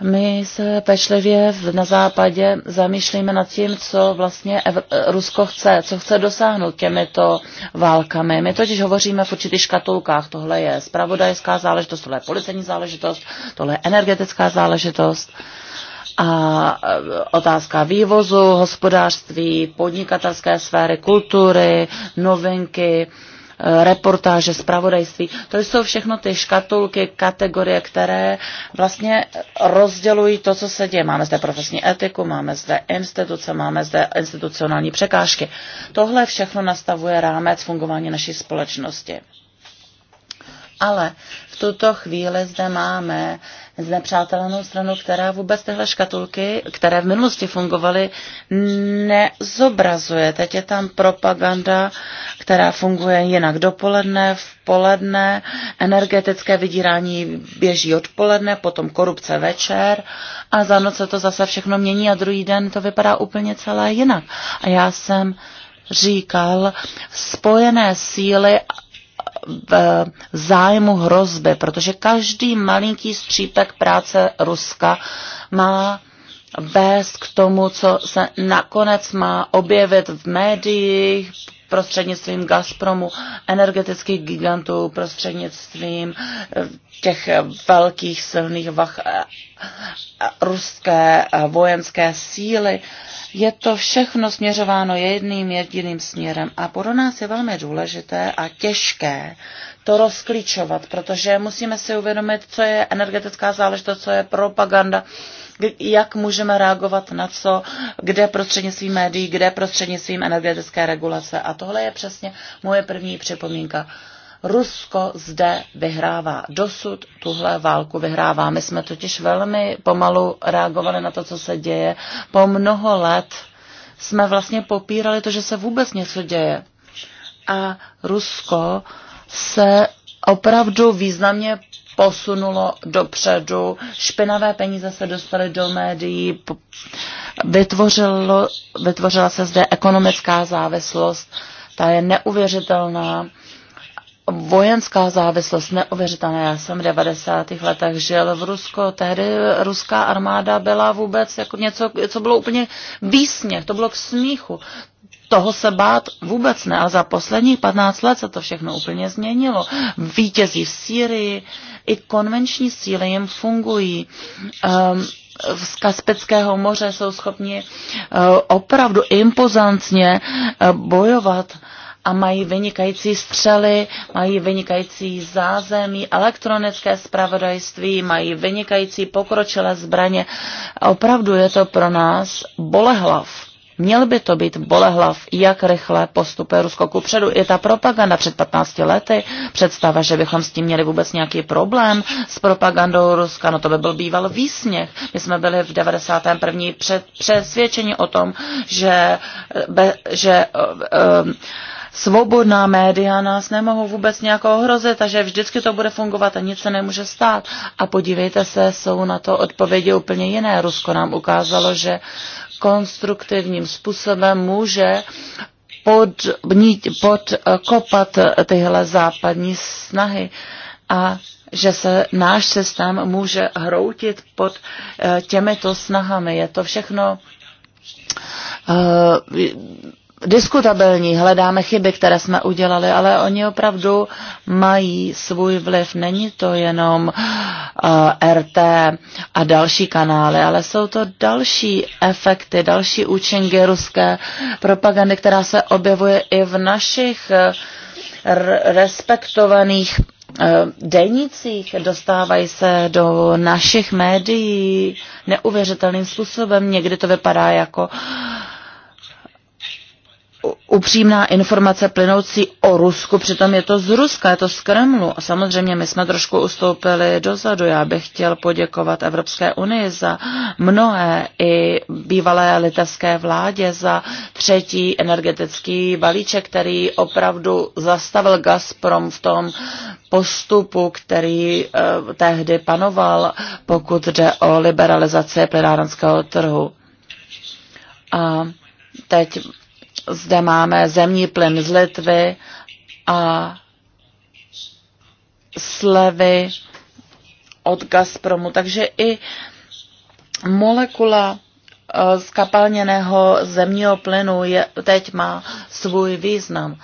[SPEAKER 2] My se pečlivě na západě zamýšlíme nad tím, co vlastně Rusko chce, co chce dosáhnout těmito válkami. My totiž hovoříme v určitých škatulkách. Tohle je spravodajská záležitost, tohle je policejní záležitost, tohle je energetická záležitost. A e, otázka vývozu, hospodářství, podnikatelské sféry, kultury, novinky, Eh, reportáže, zpravodajství. To jsou všechno ty škatulky, kategorie, které vlastně rozdělují to, co se děje. Máme zde profesní etiku, máme zde instituce, máme zde institucionální překážky. Tohle všechno nastavuje rámec fungování naší společnosti. Ale v tuto chvíli zde máme znepřátelenou stranu, která vůbec tyhle škatulky, které v minulosti fungovaly, nezobrazuje. Teď je tam propaganda, která funguje jinak dopoledne, v poledne, energetické vydírání běží odpoledne, potom korupce večer a za noc se to zase všechno mění a druhý den to vypadá úplně celé jinak. A já jsem říkal, spojené síly v zájmu hrozby, protože každý malinký střípek práce Ruska má vést k tomu, co se nakonec má objevit v médiích, prostřednictvím Gazpromu, energetických gigantů, prostřednictvím eh, těch velkých silných vach, eh, ruské eh, vojenské síly. Je to všechno směřováno jedným jediným směrem a pro nás je velmi důležité a těžké to rozklíčovat, protože musíme si uvědomit, co je energetická záležitost, co je propaganda, jak můžeme reagovat na co, kde prostřednictvím médií, kde prostřednictvím energetické regulace. A tohle je přesně moje první připomínka. Rusko zde vyhrává. Dosud tuhle válku vyhrává. My jsme totiž velmi pomalu reagovali na to, co se děje. Po mnoho let jsme vlastně popírali to, že se vůbec něco děje. A Rusko se opravdu významně posunulo dopředu, špinavé peníze se dostaly do médií, vytvořilo, vytvořila se zde ekonomická závislost, ta je neuvěřitelná vojenská závislost neuvěřitelná. Já jsem v 90. letech žil v Rusku, tehdy ruská armáda byla vůbec jako něco, co bylo úplně výsměch, to bylo k smíchu. Toho se bát vůbec ne, ale za posledních 15 let se to všechno úplně změnilo. Vítězí v Sýrii, i konvenční síly jim fungují. Um, z Kaspického moře jsou schopni eh, opravdu impozantně eh, bojovat a mají vynikající střely, mají vynikající zázemí, elektronické spravodajství, mají vynikající pokročilé zbraně. Opravdu je to pro nás bolehlav Měl by to být bolehlav, jak rychle postupuje Rusko ku předu. I ta propaganda před 15 lety, představa, že bychom s tím měli vůbec nějaký problém s propagandou Ruska, no to by byl býval výsměch. My jsme byli v 91. Před, přesvědčeni o tom, že, be, že um, svobodná média nás nemohou vůbec nějak ohrozit a že vždycky to bude fungovat a nic se nemůže stát. A podívejte se, jsou na to odpovědi úplně jiné. Rusko nám ukázalo, že konstruktivním způsobem může podkopat pod, kopat tyhle západní snahy a že se náš systém může hroutit pod eh, těmito snahami. Je to všechno eh, diskutabilní, hledáme chyby, které jsme udělali, ale oni opravdu mají svůj vliv. Není to jenom uh, eh, RT a další kanály, ale jsou to další efekty, další účinky ruské propagandy, která se objevuje i v našich eh, respektovaných eh, denících, dostávají se do našich médií neuvěřitelným způsobem. Někdy to vypadá jako uh, upřímná informace plynoucí o Rusku, přitom je to z Ruska, je to z Kremlu. A samozřejmě my jsme trošku ustoupili dozadu. Já bych chtěl poděkovat Evropské unii za mnohé i bývalé litevské vládě za třetí energetický balíček, který opravdu zastavil Gazprom v tom postupu, který eh, tehdy panoval, pokud jde o liberalizaci plynárenského trhu. A teď zde máme zemní plyn z Litvy a slevy od Gazpromu. Takže i molekula eh, skapalněného zemního plynu je, teď má svůj význam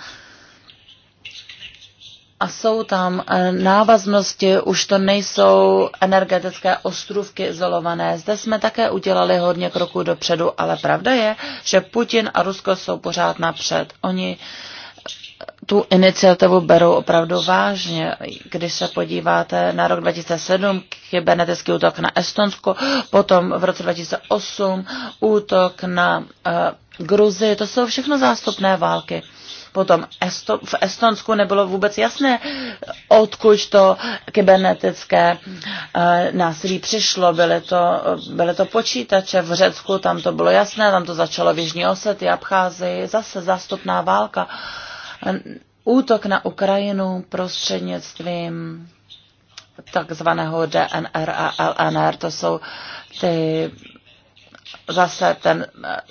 [SPEAKER 2] a jsou tam eh, návaznosti, už to nejsou energetické ostrůvky izolované. Zde jsme také udělali hodně kroků dopředu, ale pravda je, že Putin a Rusko jsou pořád napřed. Oni eh, tu iniciativu berou opravdu vážně. Když se podíváte na rok 2007, kybernetický útok na Estonsko, potom v roce 2008 útok na uh, eh, Gruzi, to jsou všechno zástupné války. Potom Esto, v Estonsku nebylo vůbec jasné, odkud to kybernetické eh, násilí přišlo. Byly to, byly to počítače v Řecku, tam to bylo jasné, tam to začalo v Jižní Osety, Abcházy, zase zástupná válka. Eh, útok na Ukrajinu prostřednictvím takzvaného DNR a LNR, to jsou ty zase ten eh,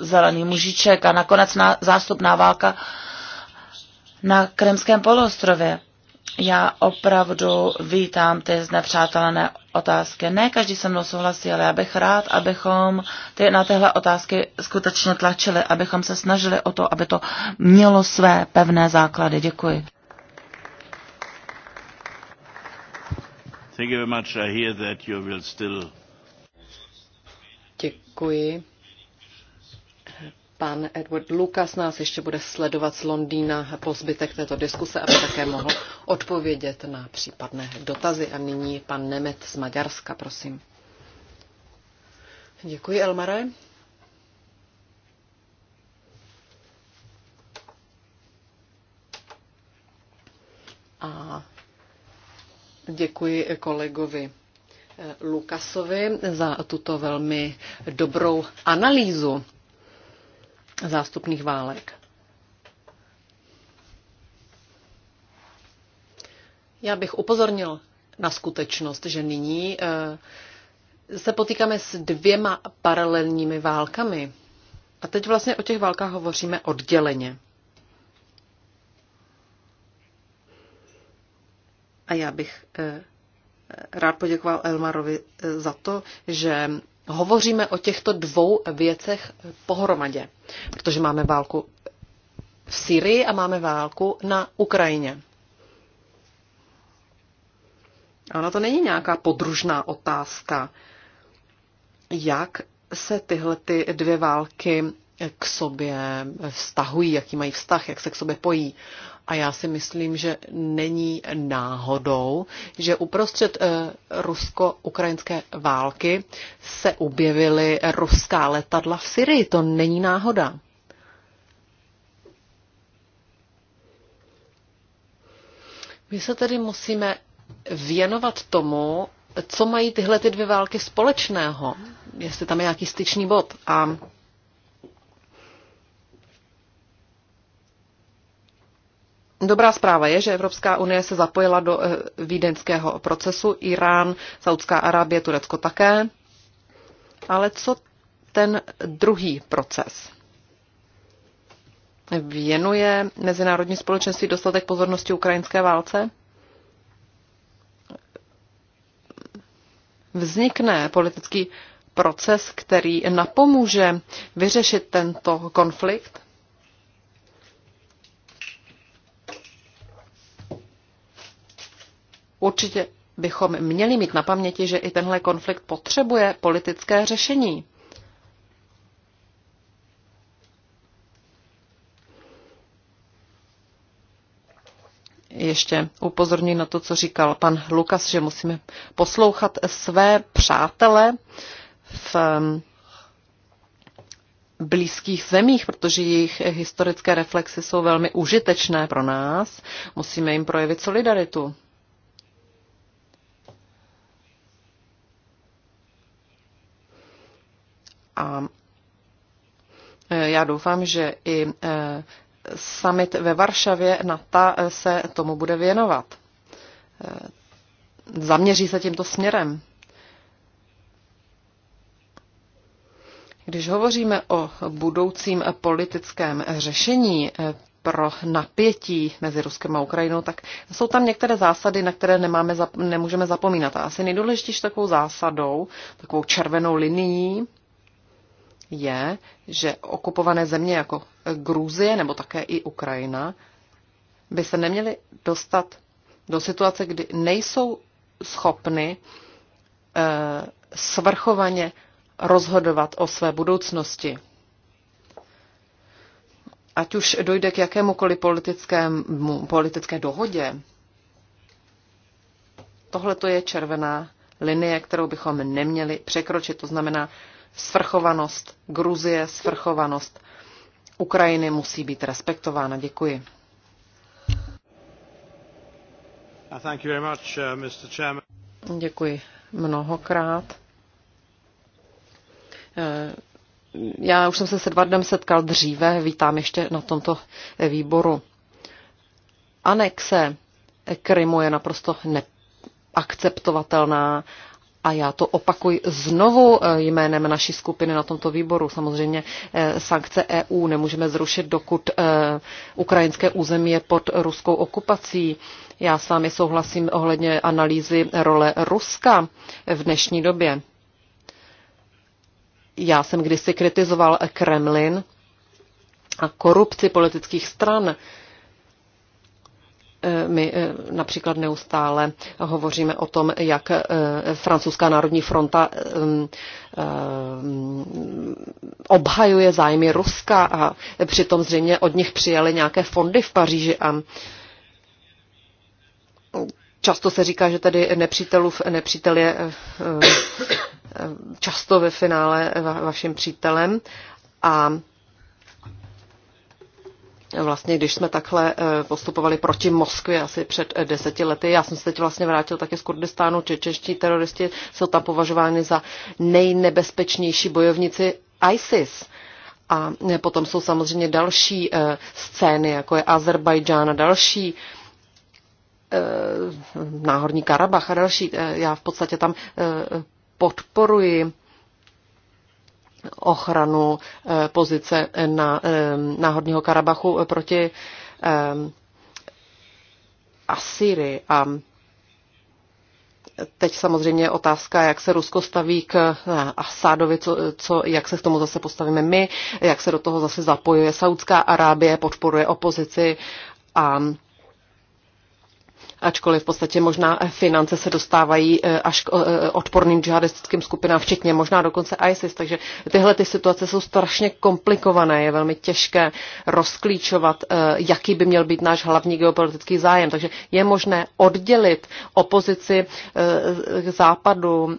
[SPEAKER 2] zelený mužiček a nakonec na, zástupná válka na Krymském poloostrově. Já opravdu vítám ty znepřátelené otázky. Ne každý se mnou souhlasí, ale já bych rád, abychom ty, na tyhle otázky skutečně tlačili, abychom se snažili o to, aby to mělo své pevné základy. Děkuji.
[SPEAKER 3] Děkuji. Pan Edward Lucas nás ještě bude sledovat z Londýna po zbytek této diskuse, aby také mohl odpovědět na případné dotazy. A nyní pan Nemet z Maďarska, prosím. Děkuji, Elmare. A děkuji kolegovi eh, Lukasovi za tuto velmi dobrou analýzu zástupných válek. Já bych upozornil na skutečnost, že nyní eh, se potýkáme s dvěma paralelními válkami. A teď vlastně o těch válkách hovoříme odděleně. A já bych eh, rád poděkoval Elmarovi eh, za to, že hovoříme o těchto dvou věcech pohromadě, protože máme válku v Syrii a máme válku na Ukrajině. A to není nějaká podružná otázka, jak se tyhle ty dvě války k sobě vztahují, jaký mají vztah, jak se k sobě pojí. A já si myslím, že není náhodou, že uprostřed eh, rusko-ukrajinské války se objevily ruská letadla v Syrii. To není náhoda. My se tedy musíme věnovat tomu, co mají tyhle ty dvě války společného, jestli tam je nějaký styčný bod. A Dobrá zpráva je, že Evropská unie se zapojila do eh, vídeňského procesu, Irán, Saudská Arábie, Turecko také. Ale co ten druhý proces? Věnuje mezinárodní společenství dostatek pozornosti ukrajinské válce? Vznikne politický proces, který napomůže vyřešit tento konflikt? Určitě bychom měli mít na paměti, že i tenhle konflikt potřebuje politické řešení. Ještě upozorňuji na to, co říkal pan Lukas, že musíme poslouchat své přátele v blízkých zemích, protože jejich historické reflexy jsou velmi užitečné pro nás. Musíme jim projevit solidaritu. A e, já doufám, že i e, summit ve Varšavě NATO e, se tomu bude věnovat. Zaměří se tímto směrem. Když hovoříme o budoucím politickém řešení pro napětí mezi Ruskem a Ukrajinou, tak jsou tam některé zásady, na které nemáme, nemůžeme zapomínat. A asi nejdůležitější takovou zásadou, takovou červenou linií, je, že okupované země jako Gruzie nebo také i Ukrajina by se neměly dostat do situace, kdy nejsou schopny eh, svrchovaně rozhodovat o své budoucnosti. Ať už dojde k jakémukoliv politickému, politické dohodě, tohle to je červená linie, kterou bychom neměli překročit. To znamená, svrchovanost Gruzie, svrchovanost Ukrajiny musí být respektována. Děkuji. Uh, uh, Děkuji mnohokrát. Uh, já už jsem se s Edwardem setkal dříve, vítám ještě na tomto výboru. Anexe Krymu je naprosto neakceptovatelná a já to opakuji znovu eh, jménem naší skupiny na tomto výboru. Samozřejmě eh, sankce EU nemůžeme zrušit, dokud eh, ukrajinské území je pod ruskou okupací. Já s vámi souhlasím ohledně analýzy role Ruska v dnešní době. Já jsem kdysi kritizoval Kremlin a korupci politických stran. My eh, například neustále hovoříme o tom, jak eh, francouzská národní fronta ehm, ehm, obhajuje zájmy Ruska a přitom zřejmě od nich přijali nějaké fondy v Paříži a často se říká, že tady nepřítelův nepřítel je eh, často ve finále vaším přítelem a vlastně, když jsme takhle eh, postupovali proti Moskvě asi před eh, deseti lety, já jsem se teď vlastně vrátil také z Kurdistánu, či čeští teroristi jsou tam považováni za nejnebezpečnější bojovníci ISIS. A eh, potom jsou samozřejmě další scény, jako je Azerbajdžán a další náhorní Karabach a další. Já v podstatě tam podporuji ochranu eh, pozice eh, na eh, náhodního Karabachu proti Asyrii a Teď samozřejmě je otázka, jak se Rusko staví k Asádovi, co, co, jak se k tomu zase postavíme my, jak se do toho zase zapojuje Saudská Arábie, podporuje opozici a ačkoliv v podstatě možná finance se dostávají eh, až k eh, odporným džihadistickým skupinám, včetně možná dokonce ISIS. Takže tyhle ty situace jsou strašně komplikované, je velmi těžké rozklíčovat, eh, jaký by měl být náš hlavní geopolitický zájem. Takže je možné oddělit opozici západu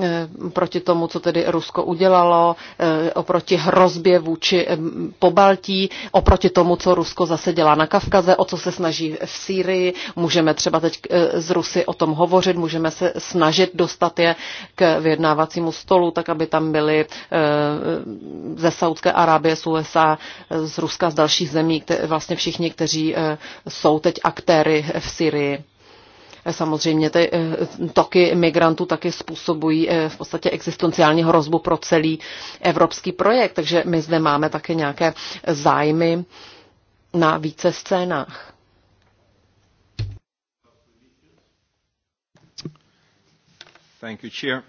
[SPEAKER 3] Eh, proti tomu, co tedy Rusko udělalo, eh, oproti hrozbě vůči eh, pobaltí, oproti tomu, co Rusko zase dělá na Kavkaze, o co se snaží v Sýrii. Můžeme třeba teď z Rusy o tom hovořit, můžeme se snažit dostat je k vyjednávacímu stolu, tak aby tam byli ze Saudské Arábie, z USA, z Ruska, z dalších zemí, vlastně všichni, kteří jsou teď aktéry v Syrii. Samozřejmě ty eh, toky migrantů taky způsobují eh, v podstatě existenciální hrozbu pro celý evropský projekt, takže my zde máme také nějaké zájmy na více scénách. Thank you, Chair.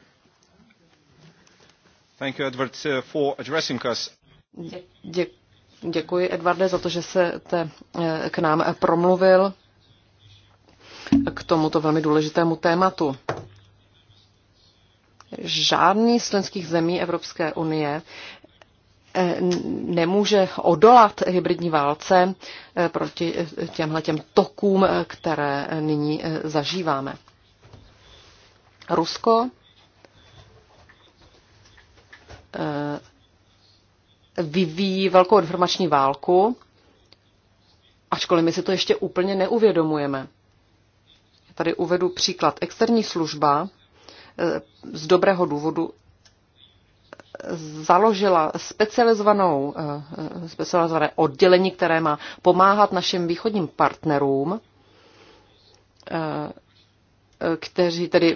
[SPEAKER 3] Thank you, Edward, eh, for addressing us. Děkuji, Edvarde, za to, že se te k nám promluvil k tomuto velmi důležitému tématu. Žádný z členských zemí Evropské unie eh, nemůže odolat hybridní válce eh, proti eh, těmhle těm tokům, které nyní zažíváme. Rusko vyvíjí velkou informační válku, ačkoliv my si to ještě úplně neuvědomujeme. Tady uvedu příklad. Externí služba eh, z dobrého důvodu založila specializovanou, eh, eh, specializované oddělení, které má pomáhat našim východním partnerům, kteří tedy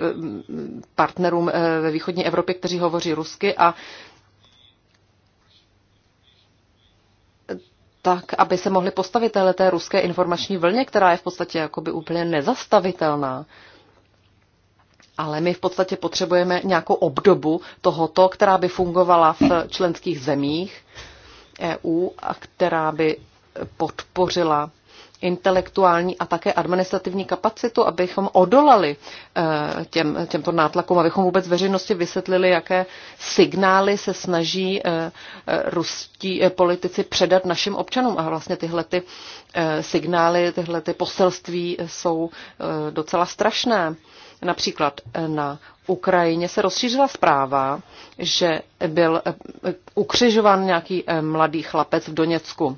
[SPEAKER 3] partnerům ve východní Evropě, kteří hovoří rusky a tak, aby se mohli postavit téhle té ruské informační vlně, která je v podstatě jakoby úplně nezastavitelná. Ale my v podstatě potřebujeme nějakou obdobu tohoto, která by fungovala v členských zemích EU a která by podpořila intelektuální a také administrativní kapacitu, abychom odolali eh, těm, těmto nátlakům, abychom vůbec veřejnosti vysvětlili, jaké signály se snaží eh, eh, ruští politici předat našim občanům. A vlastně tyhle ty signály, tyhle ty poselství jsou docela strašné. Například na Ukrajině se rozšířila zpráva, že byl ukřižován nějaký mladý chlapec v Doněcku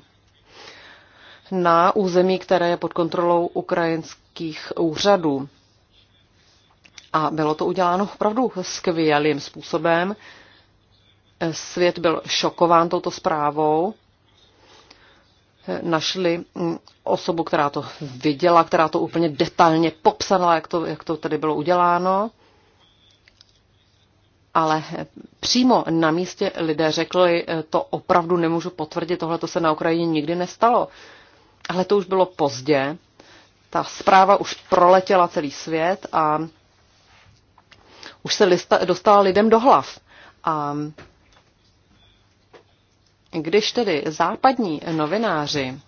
[SPEAKER 3] na území, které je pod kontrolou ukrajinských úřadů. A bylo to uděláno opravdu skvělým způsobem. Svět byl šokován touto zprávou. Našli mm, osobu, která to viděla, která to úplně detailně popsala, jak to, jak to tady bylo uděláno. Ale přímo na místě lidé řekli, to opravdu nemůžu potvrdit, tohle to se na Ukrajině nikdy nestalo ale to už bylo pozdě. Ta zpráva už proletěla celý svět a už se lista, dostala lidem do hlav. A když tedy západní novináři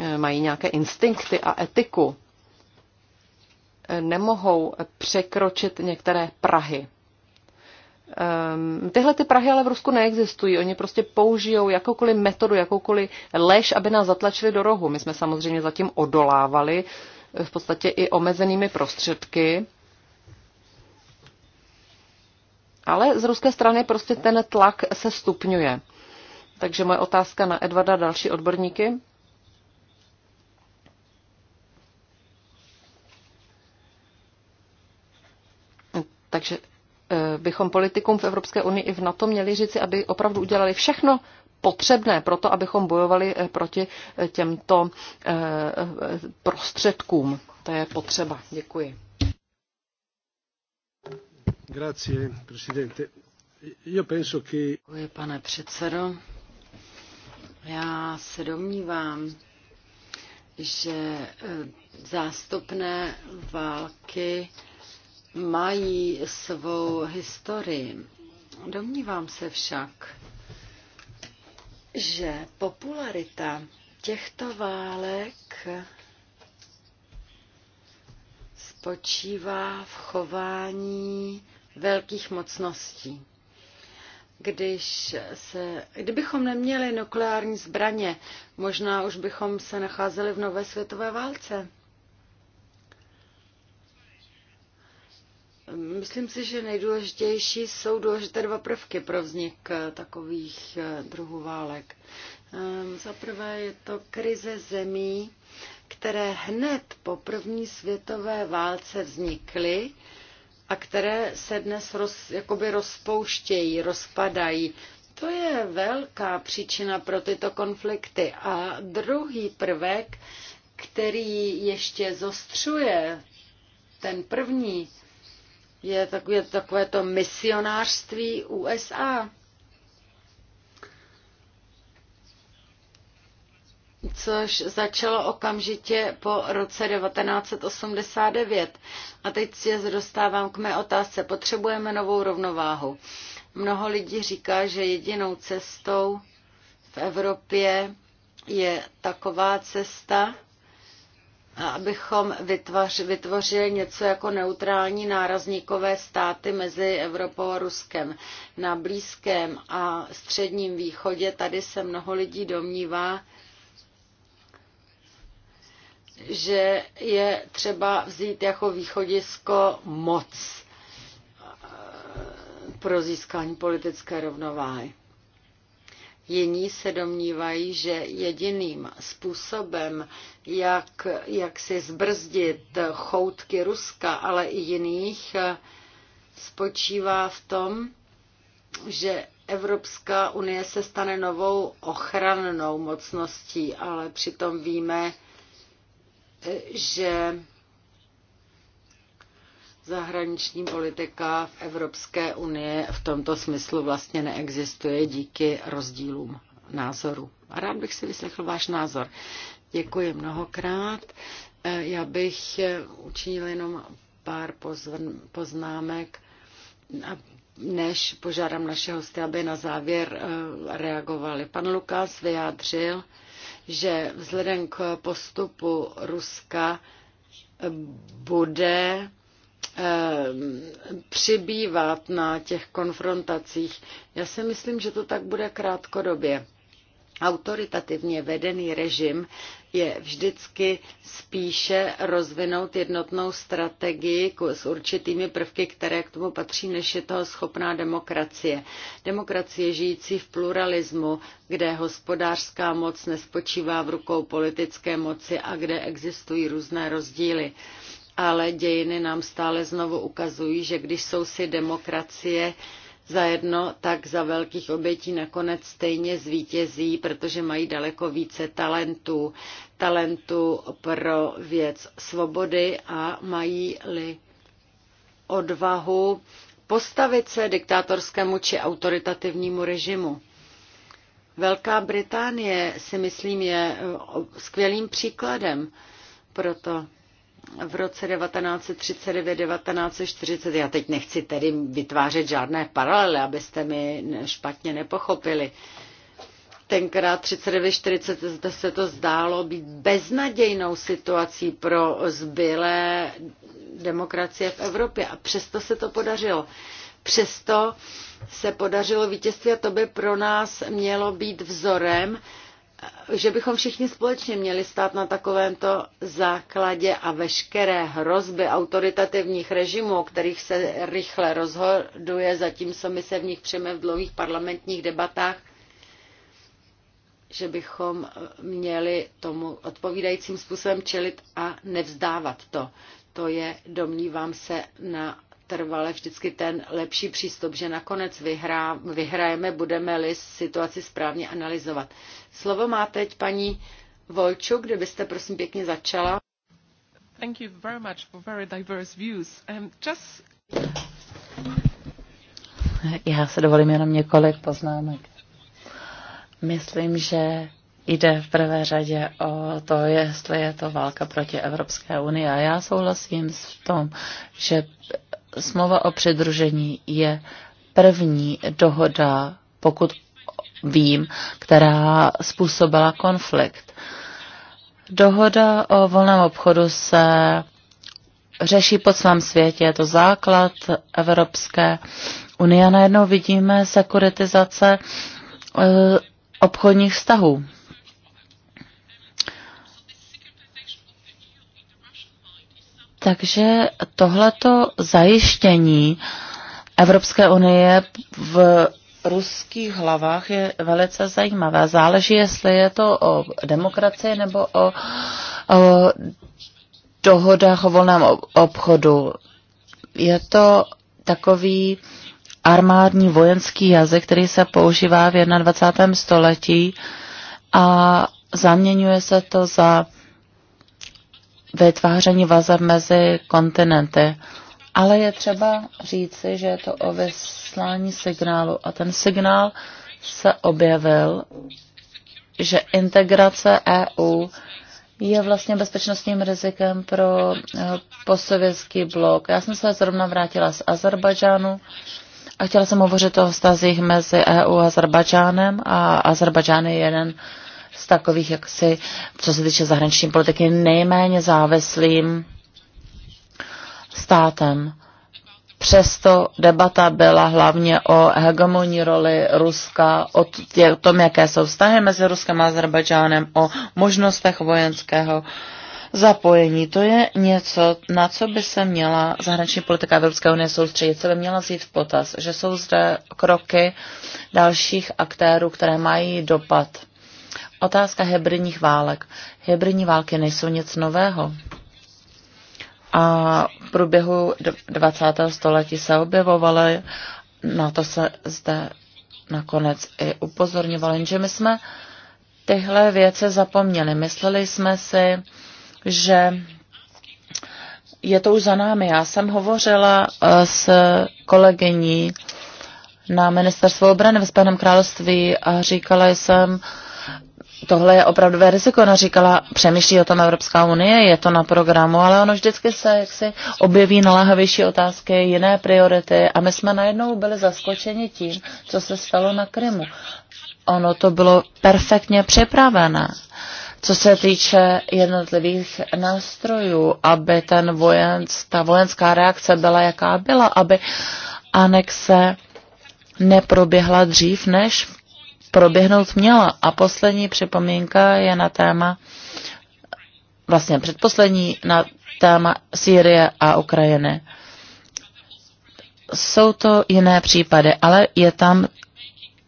[SPEAKER 3] eh, mají nějaké instinkty a etiku, eh, nemohou překročit některé Prahy. Um, tyhle ty Prahy ale v Rusku neexistují. Oni prostě použijou jakoukoliv metodu, jakoukoliv lež, aby nás zatlačili do rohu. My jsme samozřejmě zatím odolávali eh, v podstatě i omezenými prostředky. Ale z ruské strany prostě ten tlak se stupňuje. Takže moje otázka na Edvarda další odborníky. Takže Eh, bychom politikům v Evropské unii i v NATO měli říci, aby opravdu udělali všechno potřebné pro to, abychom bojovali eh, proti eh, těmto prostředkům. To je potřeba. Děkuji. Grazie, presidente. Io penso che... Děkuji, pane předsedo.
[SPEAKER 1] Já se domnívám, že zástupné války mají svou historii. Domnívám se však, že popularita těchto válek spočívá v chování velkých mocností. Když se, kdybychom neměli nukleární zbraně, možná už bychom se nacházeli v nové světové válce. Myslím si, že nejdůležitější jsou důležité dva prvky pro vznik eh, takových eh, druhů válek. Ehm, za prvé je to krize zemí, které hned po první světové válce vznikly a které se dnes roz, jakoby rozpouštějí, rozpadají. To je velká příčina pro tyto konflikty. A druhý prvek, který ještě zostřuje ten první, je takové, takové to misionářství USA. což začalo okamžitě po roce 1989. A teď se dostávám k mé otázce. Potřebujeme novou rovnováhu. Mnoho lidí říká, že jedinou cestou v Evropě je taková cesta, abychom vytvoř, vytvořili něco jako neutrální nárazníkové státy mezi Evropou a Ruskem. Na Blízkém a Středním východě tady se mnoho lidí domnívá, že je třeba vzít jako východisko moc eh, pro získání politické rovnováhy. Jiní se domnívají, že jediným způsobem, jak, jak si zbrzdit choutky Ruska, ale i jiných, spočívá v tom, že Evropská unie se stane novou ochrannou mocností, ale přitom víme, že zahraniční politika v Evropské unii v tomto smyslu vlastně neexistuje díky rozdílům názoru. A rád bych si vyslechl váš názor. Děkuji mnohokrát. Eh, já bych eh, učinil jenom pár poznámek, než požádám naše hosty, aby na závěr eh, reagovali. Pan Lukas vyjádřil, že vzhledem k postupu Ruska bude Ehm, přibývat na těch konfrontacích. Já si myslím, že to tak bude krátkodobě. Autoritativně vedený režim je vždycky spíše rozvinout jednotnou strategii s určitými prvky, které k tomu patří, než je toho schopná demokracie. Demokracie žijící v pluralismu, kde hospodářská moc nespočívá v rukou politické moci a kde existují různé rozdíly ale dějiny nám stále znovu ukazují, že když jsou si demokracie zajedno, tak za velkých obětí nakonec stejně zvítězí, protože mají daleko více talentů, talentů pro věc svobody a mají-li odvahu postavit se diktátorskému či autoritativnímu režimu. Velká Británie si myslím je skvělým příkladem proto v roce 1939-1940. Já teď nechci tedy vytvářet žádné paralely, abyste mi špatně nepochopili. Tenkrát 39-40 se to zdálo být beznadějnou situací pro zbylé demokracie v Evropě a přesto se to podařilo. Přesto se podařilo vítězství a to by pro nás mělo být vzorem, že bychom všichni společně měli stát na takovémto základě a veškeré hrozby autoritativních režimů, o kterých se rychle rozhoduje, zatímco my se v nich přeme v dlouhých parlamentních debatách, že bychom měli tomu odpovídajícím způsobem čelit a nevzdávat to. To je, domnívám se, na trvale vždycky ten lepší přístup, že nakonec vyhrá, vyhrajeme, budeme-li situaci správně analyzovat. Slovo má teď paní Volču, byste prosím pěkně začala.
[SPEAKER 3] Thank you very much for very diverse views. Um, just...
[SPEAKER 2] Já se dovolím jenom několik poznámek. Myslím, že jde v prvé řadě o to, jestli je to válka proti Evropské unii. A já souhlasím s tom, že smlouva o přidružení je první dohoda, pokud vím, která způsobila konflikt. Dohoda o volném obchodu se řeší po celém světě. Je to základ Evropské unie. A najednou vidíme sekuritizace eh, obchodních vztahů. Takže tohleto zajištění Evropské unie v ruských hlavách je velice zajímavé. Záleží, jestli je to o demokracii nebo o, o dohodách o volném obchodu. Je to takový armádní vojenský jazyk, který se používá v 21. století a zaměňuje se to za vytváření vazeb mezi kontinenty. Ale je třeba říci, že je to o vyslání signálu. A ten signál se objevil, že integrace EU je vlastně bezpečnostním rizikem pro eh, posovětský blok. Já jsem se zrovna vrátila z Azerbajdžánu a chtěla jsem hovořit o vztazích mezi EU a Azerbajdžánem a Azerbajdžán je jeden z takových, jak si, co se týče zahraniční politiky, nejméně závislým státem. Přesto debata byla hlavně o hegemonní roli Ruska, o tom, jaké jsou vztahy mezi Ruskem a Azerbajdžánem, o možnostech vojenského zapojení. To je něco, na co by se měla zahraniční politika Evropské unie soustředit, co by měla vzít v potaz, že jsou zde kroky dalších aktérů, které mají dopad Otázka hybridních válek. Hybridní války nejsou nic nového. A v průběhu 20. století se objevovaly, na to se zde nakonec i upozorňovali, že my jsme tyhle věci zapomněli. Mysleli jsme si, že je to už za námi. Já jsem hovořila eh, s kolegyní na ministerstvu obrany ve Spojeném království a říkala jsem, tohle je opravdové riziko. Ona říkala, přemýšlí o tom Evropská unie, je to na programu, ale ono vždycky se jaksi objeví naléhavější otázky, jiné priority a my jsme najednou byli zaskočeni tím, co se stalo na Krymu. Ono to bylo perfektně připravené co se týče jednotlivých nástrojů, aby ten vojensk, ta vojenská reakce byla jaká byla, aby anexe neproběhla dřív než v proběhnout měla. A poslední připomínka je na téma, vlastně předposlední, na téma Sýrie a Ukrajiny. Jsou to jiné případy, ale je tam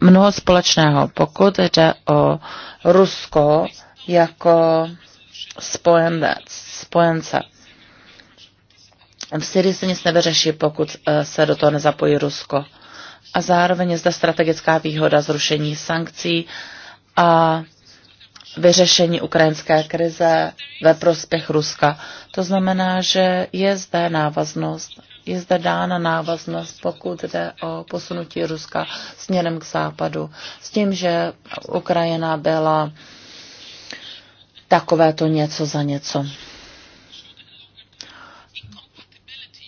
[SPEAKER 2] mnoho společného. Pokud jde o Rusko jako spojenec, spojence. V Syrii se nic nevyřeší, pokud eh, se do toho nezapojí Rusko a zároveň je zde strategická výhoda zrušení sankcí a vyřešení ukrajinské krize ve prospěch Ruska. To znamená, že je zde návaznost, je zde dána návaznost, pokud jde o posunutí Ruska směrem k západu, s tím, že Ukrajina byla takovéto něco za něco.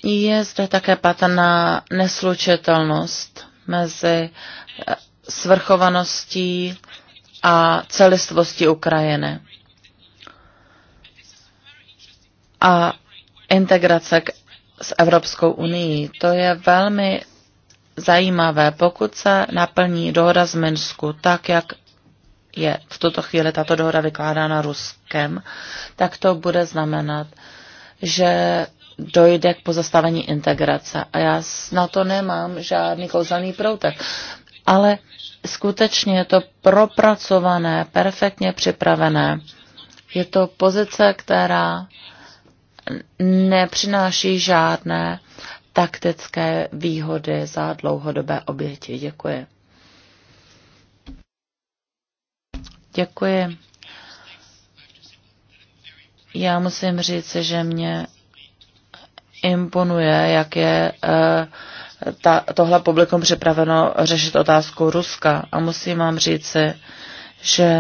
[SPEAKER 2] Je zde také patrná neslučitelnost mezi svrchovaností a celistvosti Ukrajiny. A integrace k, s Evropskou unii. To je velmi zajímavé, pokud se naplní dohoda z Minsku tak, jak je v tuto chvíli tato dohoda vykládána Ruskem, tak to bude znamenat, že dojde k pozastavení integrace. A já na to nemám žádný kouzelný proutek. Ale skutečně je to propracované, perfektně připravené. Je to pozice, která nepřináší žádné taktické výhody za dlouhodobé oběti. Děkuji. Děkuji. Já musím říct, že mě imponuje, jak je eh, ta, tohle publikum připraveno řešit otázku Ruska. A musím vám říci, že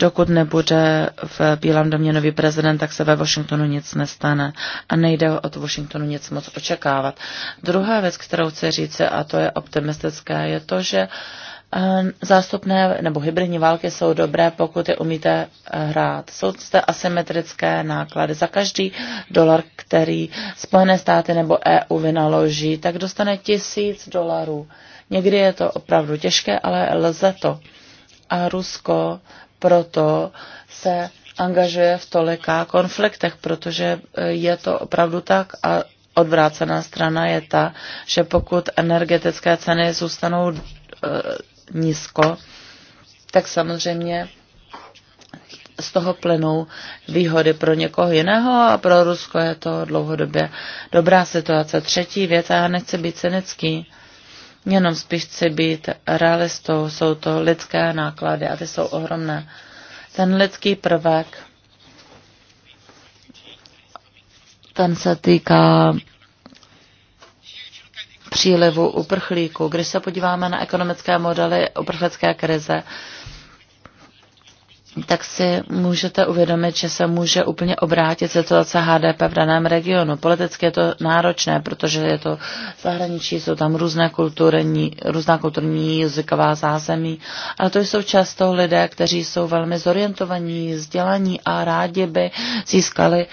[SPEAKER 2] dokud nebude v Bílém domě nový prezident, tak se ve Washingtonu nic nestane. A nejde od Washingtonu nic moc očekávat. Druhá věc, kterou chci říci, a to je optimistické, je to, že Zástupné nebo hybridní války jsou dobré, pokud je umíte hrát. Jsou zde asymetrické náklady. Za každý dolar, který Spojené státy nebo EU vynaloží, tak dostane tisíc dolarů. Někdy je to opravdu těžké, ale lze to. A Rusko proto se angažuje v tolika konfliktech, protože je to opravdu tak a odvrácená strana je ta, že pokud energetické ceny zůstanou eh, nízko, tak samozřejmě z toho plynou výhody pro někoho jiného a pro Rusko je to dlouhodobě dobrá situace. Třetí věc, já nechci být cynický, jenom spíš chci být realistou, jsou to lidské náklady a ty jsou ohromné. Ten lidský prvek, ten se týká přílivu uprchlíků. Když se podíváme na ekonomické modely uprchlické krize, tak si můžete uvědomit, že se může úplně obrátit situace HDP v daném regionu. Politicky je to náročné, protože je to zahraničí, jsou tam různé kulturní, různá kulturní jazyková zázemí, ale to jsou často lidé, kteří jsou velmi zorientovaní, vzdělaní a rádi by získali uh,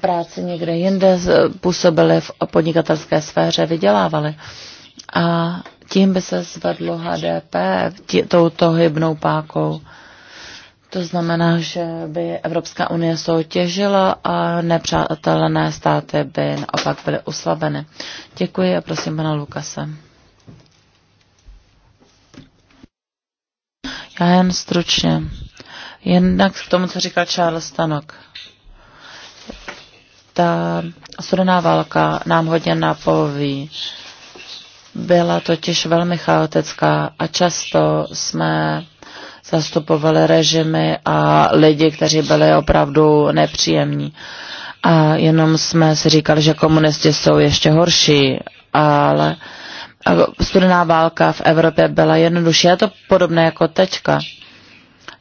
[SPEAKER 2] práci někde jinde, působili v podnikatelské sféře, vydělávali. A tím by se zvedlo HDP tě, touto hybnou pákou. To znamená, že by Evropská unie soutěžila a nepřátelné státy by naopak byly uslabeny. Děkuji a prosím pana Lukase. Já jen stručně. Jednak k tomu, co říkal Charles Stanok ta studená válka nám hodně napoví. Byla totiž velmi chaotická a často jsme zastupovali režimy a lidi, kteří byli opravdu nepříjemní. A jenom jsme si říkali, že komunisti jsou ještě horší, ale studená válka v Evropě byla jednodušší. Je to podobné jako teďka.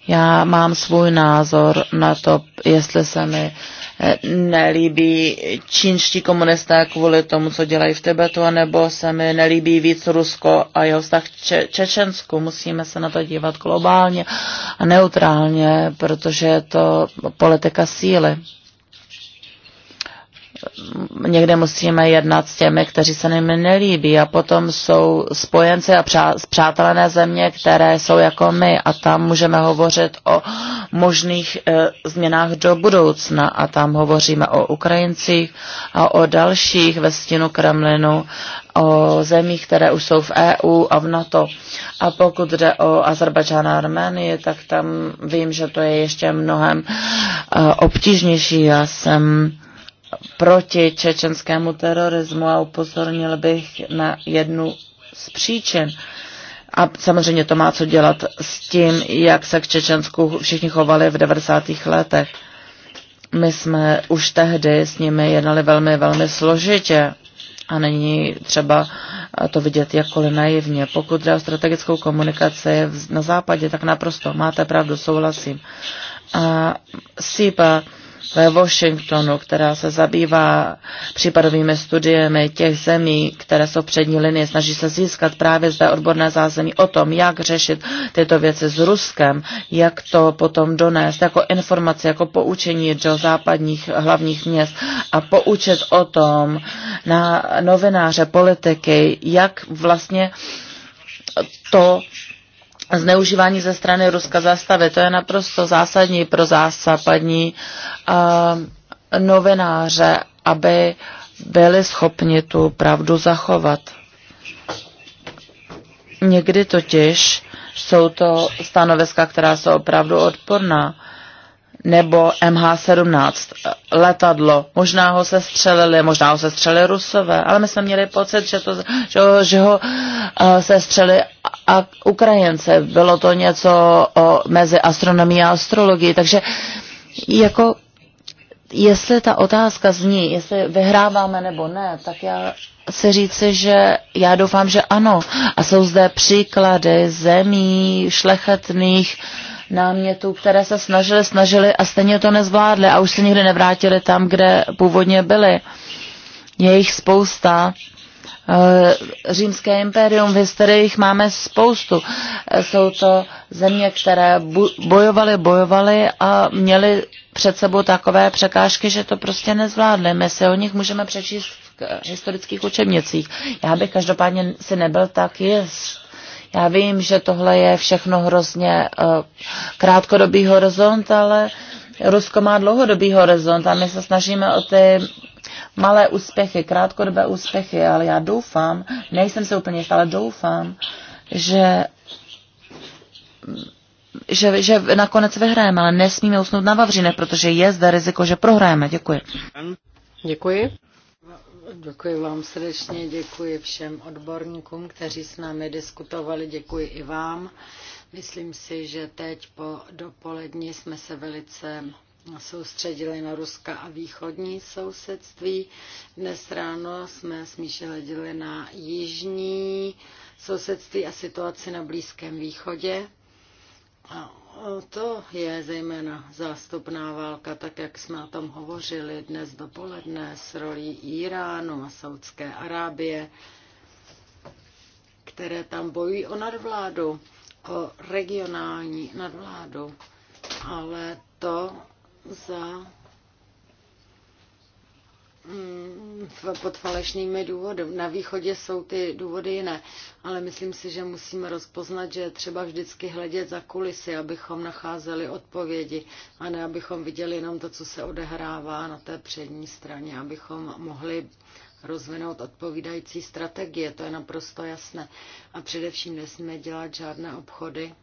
[SPEAKER 2] Já mám svůj názor na to, jestli se mi Eh, nelíbí čínští komunisté kvůli tomu, co dělají v Tibetu, nebo se mi nelíbí víc Rusko a jeho vztah Če- Čečensku. Musíme se na to dívat globálně a neutrálně, protože je to politika síly někde musíme jednat s těmi, kteří se nimi nelíbí a potom jsou spojenci a přá, země, které jsou jako my a tam můžeme hovořit o možných e, změnách do budoucna a tam hovoříme o Ukrajincích a o dalších ve stínu Kremlinu, o zemích, které už jsou v EU a v NATO. A pokud jde o Azerbajdžán a Arménii, tak tam vím, že to je ještě mnohem e, obtížnější. Já jsem proti čečenskému terorismu a upozornil bych na jednu z příčin. A samozřejmě to má co dělat s tím, jak se k Čečensku všichni chovali v 90. letech. My jsme už tehdy s nimi jednali velmi, velmi složitě a není třeba to vidět jakkoliv naivně. Pokud jde o strategickou komunikaci na západě, tak naprosto máte pravdu, souhlasím. A SIPA ve Washingtonu, která se zabývá případovými studiemi těch zemí, které jsou přední linie, snaží se získat právě zde odborné zázemí o tom, jak řešit tyto věci s Ruskem, jak to potom donést jako informace, jako poučení do západních hlavních měst a poučit o tom na novináře, politiky, jak vlastně to zneužívání ze strany Ruska zastavit. To je naprosto zásadní pro zásadní uh, novináře, aby byli schopni tu pravdu zachovat. Někdy totiž jsou to stanoviska, která jsou opravdu odporná nebo MH17 letadlo. Možná ho se střelili, možná ho se střelili Rusové, ale my jsme měli pocit, že, to, že, ho, že ho eh, se střeli a Ukrajince. Bylo to něco o, eh, mezi astronomií a astrologií, takže jako jestli ta otázka zní, jestli vyhráváme nebo ne, tak já se říci, že já doufám, že ano. A jsou zde příklady zemí šlechetných, uh, námětů, které se snažili, snažili a stejně to nezvládli a už se nikdy nevrátili tam, kde původně byli. Je jich spousta. Eh, Římské impérium, v jich máme spoustu. Eh, jsou to země, které bojovaly, bojovaly a měly před sebou takové překážky, že to prostě nezvládly. My si o nich můžeme přečíst v historických učebnicích. Já bych každopádně si nebyl tak jist já vím, že tohle je všechno hrozně eh, krátkodobý horizont, ale Rusko má dlouhodobý horizont a my se snažíme o ty malé úspěchy, krátkodobé úspěchy, ale já doufám, nejsem se úplně jistá, ale doufám, že že, že nakonec vyhrajeme, ale nesmíme usnout na Vavřinech, protože je zde riziko, že prohráme. Děkuji.
[SPEAKER 3] Děkuji.
[SPEAKER 1] Děkuji vám srdečně, děkuji všem odborníkům, kteří s námi diskutovali, děkuji i vám. Myslím si, že teď po dopolední jsme se velice soustředili na Ruska a východní sousedství. Dnes ráno jsme smíše hleděli na jižní sousedství a situaci na Blízkém východě. A to je zejména zástupná válka, tak jak jsme o tom hovořili dnes dopoledne s rolí Iránu a Saudské Arábie, které tam bojují o nadvládu, o regionální nadvládu, ale to za Mm, pod falešnými důvody. Na východě jsou ty důvody jiné, ale myslím si, že musíme rozpoznat, že třeba vždycky hledět za kulisy, abychom nacházeli odpovědi a ne abychom viděli jenom to, co se odehrává na té přední straně, abychom mohli rozvinout odpovídající strategie, to je naprosto jasné. A především nesmíme dělat žádné obchody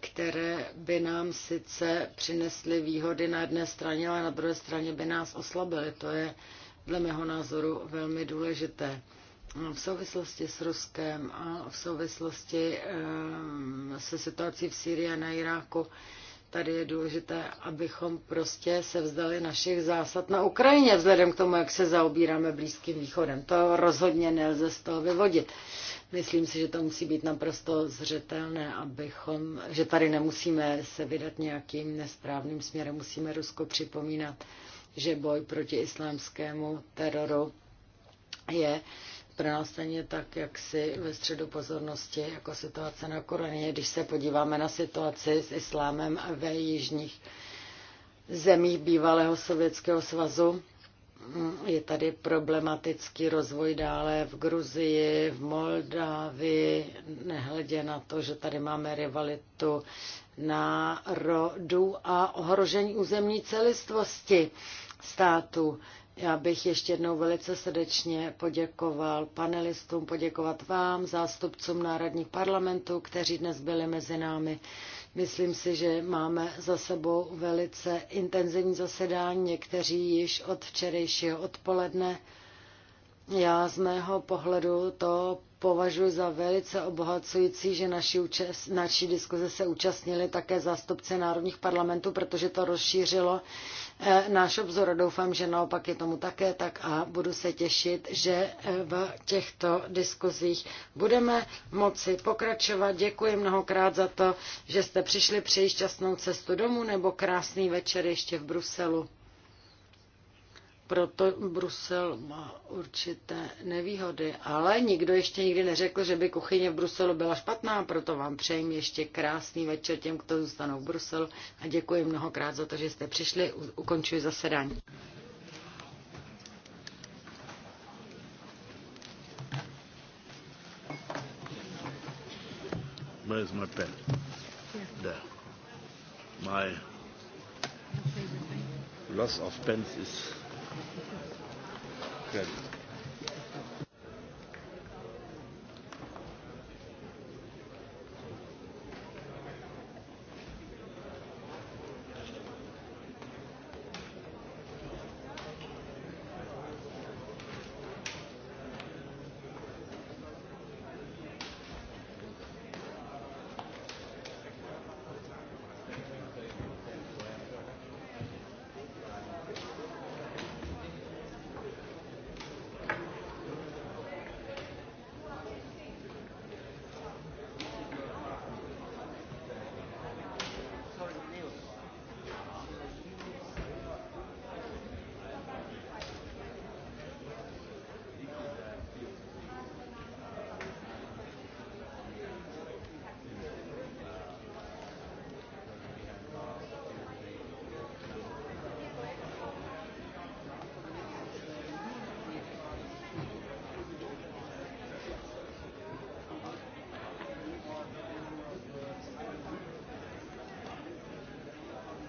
[SPEAKER 1] které by nám sice přinesly výhody na jedné straně, ale na druhé straně by nás oslabily. To je dle mého názoru velmi důležité. V souvislosti s Ruskem a v souvislosti ehm, se situací v Syrii a na Iráku tady je důležité, abychom prostě se vzdali našich zásad na Ukrajině, vzhledem k tomu, jak se zaobíráme Blízkým východem. To rozhodně nelze z toho vyvodit. Myslím si, že to musí být naprosto zřetelné, abychom, že tady nemusíme se vydat nějakým nesprávným směrem, musíme Rusko připomínat, že boj proti islámskému teroru je Izrael stejně tak, jak si ve středu pozornosti, jako situace na Koreně, když se podíváme na situaci s islámem ve jižních zemích bývalého Sovětského svazu. Je tady problematický rozvoj dále v Gruzii, v Moldávii, nehledě na to, že tady máme rivalitu národů a ohrožení územní celistvosti státu. Já bych ještě jednou velice srdečně poděkoval panelistům, poděkovat vám, zástupcům národních parlamentů, kteří dnes byli mezi námi. Myslím si, že máme za sebou velice intenzivní zasedání, někteří již od včerejšího odpoledne. Já z mého pohledu to považuji za velice obohacující, že naší účast, diskuze se účastnili také zástupci národních parlamentů, protože to rozšířilo eh, náš obzor a doufám, že naopak je tomu také tak a budu se těšit, že eh, v těchto diskuzích budeme moci pokračovat. Děkuji mnohokrát za to, že jste přišli přeji šťastnou cestu domů nebo krásný večer ještě v Bruselu proto Brusel má určité nevýhody. Ale nikdo ještě nikdy neřekl, že by kuchyně v Bruselu byla špatná, proto vám přeji ještě krásný večer těm, kdo zůstanou v Bruselu a děkuji mnohokrát za to, že jste přišli. Ukončuji zasedání. Where's my pen? Here. There. My loss of
[SPEAKER 2] pens is Credit.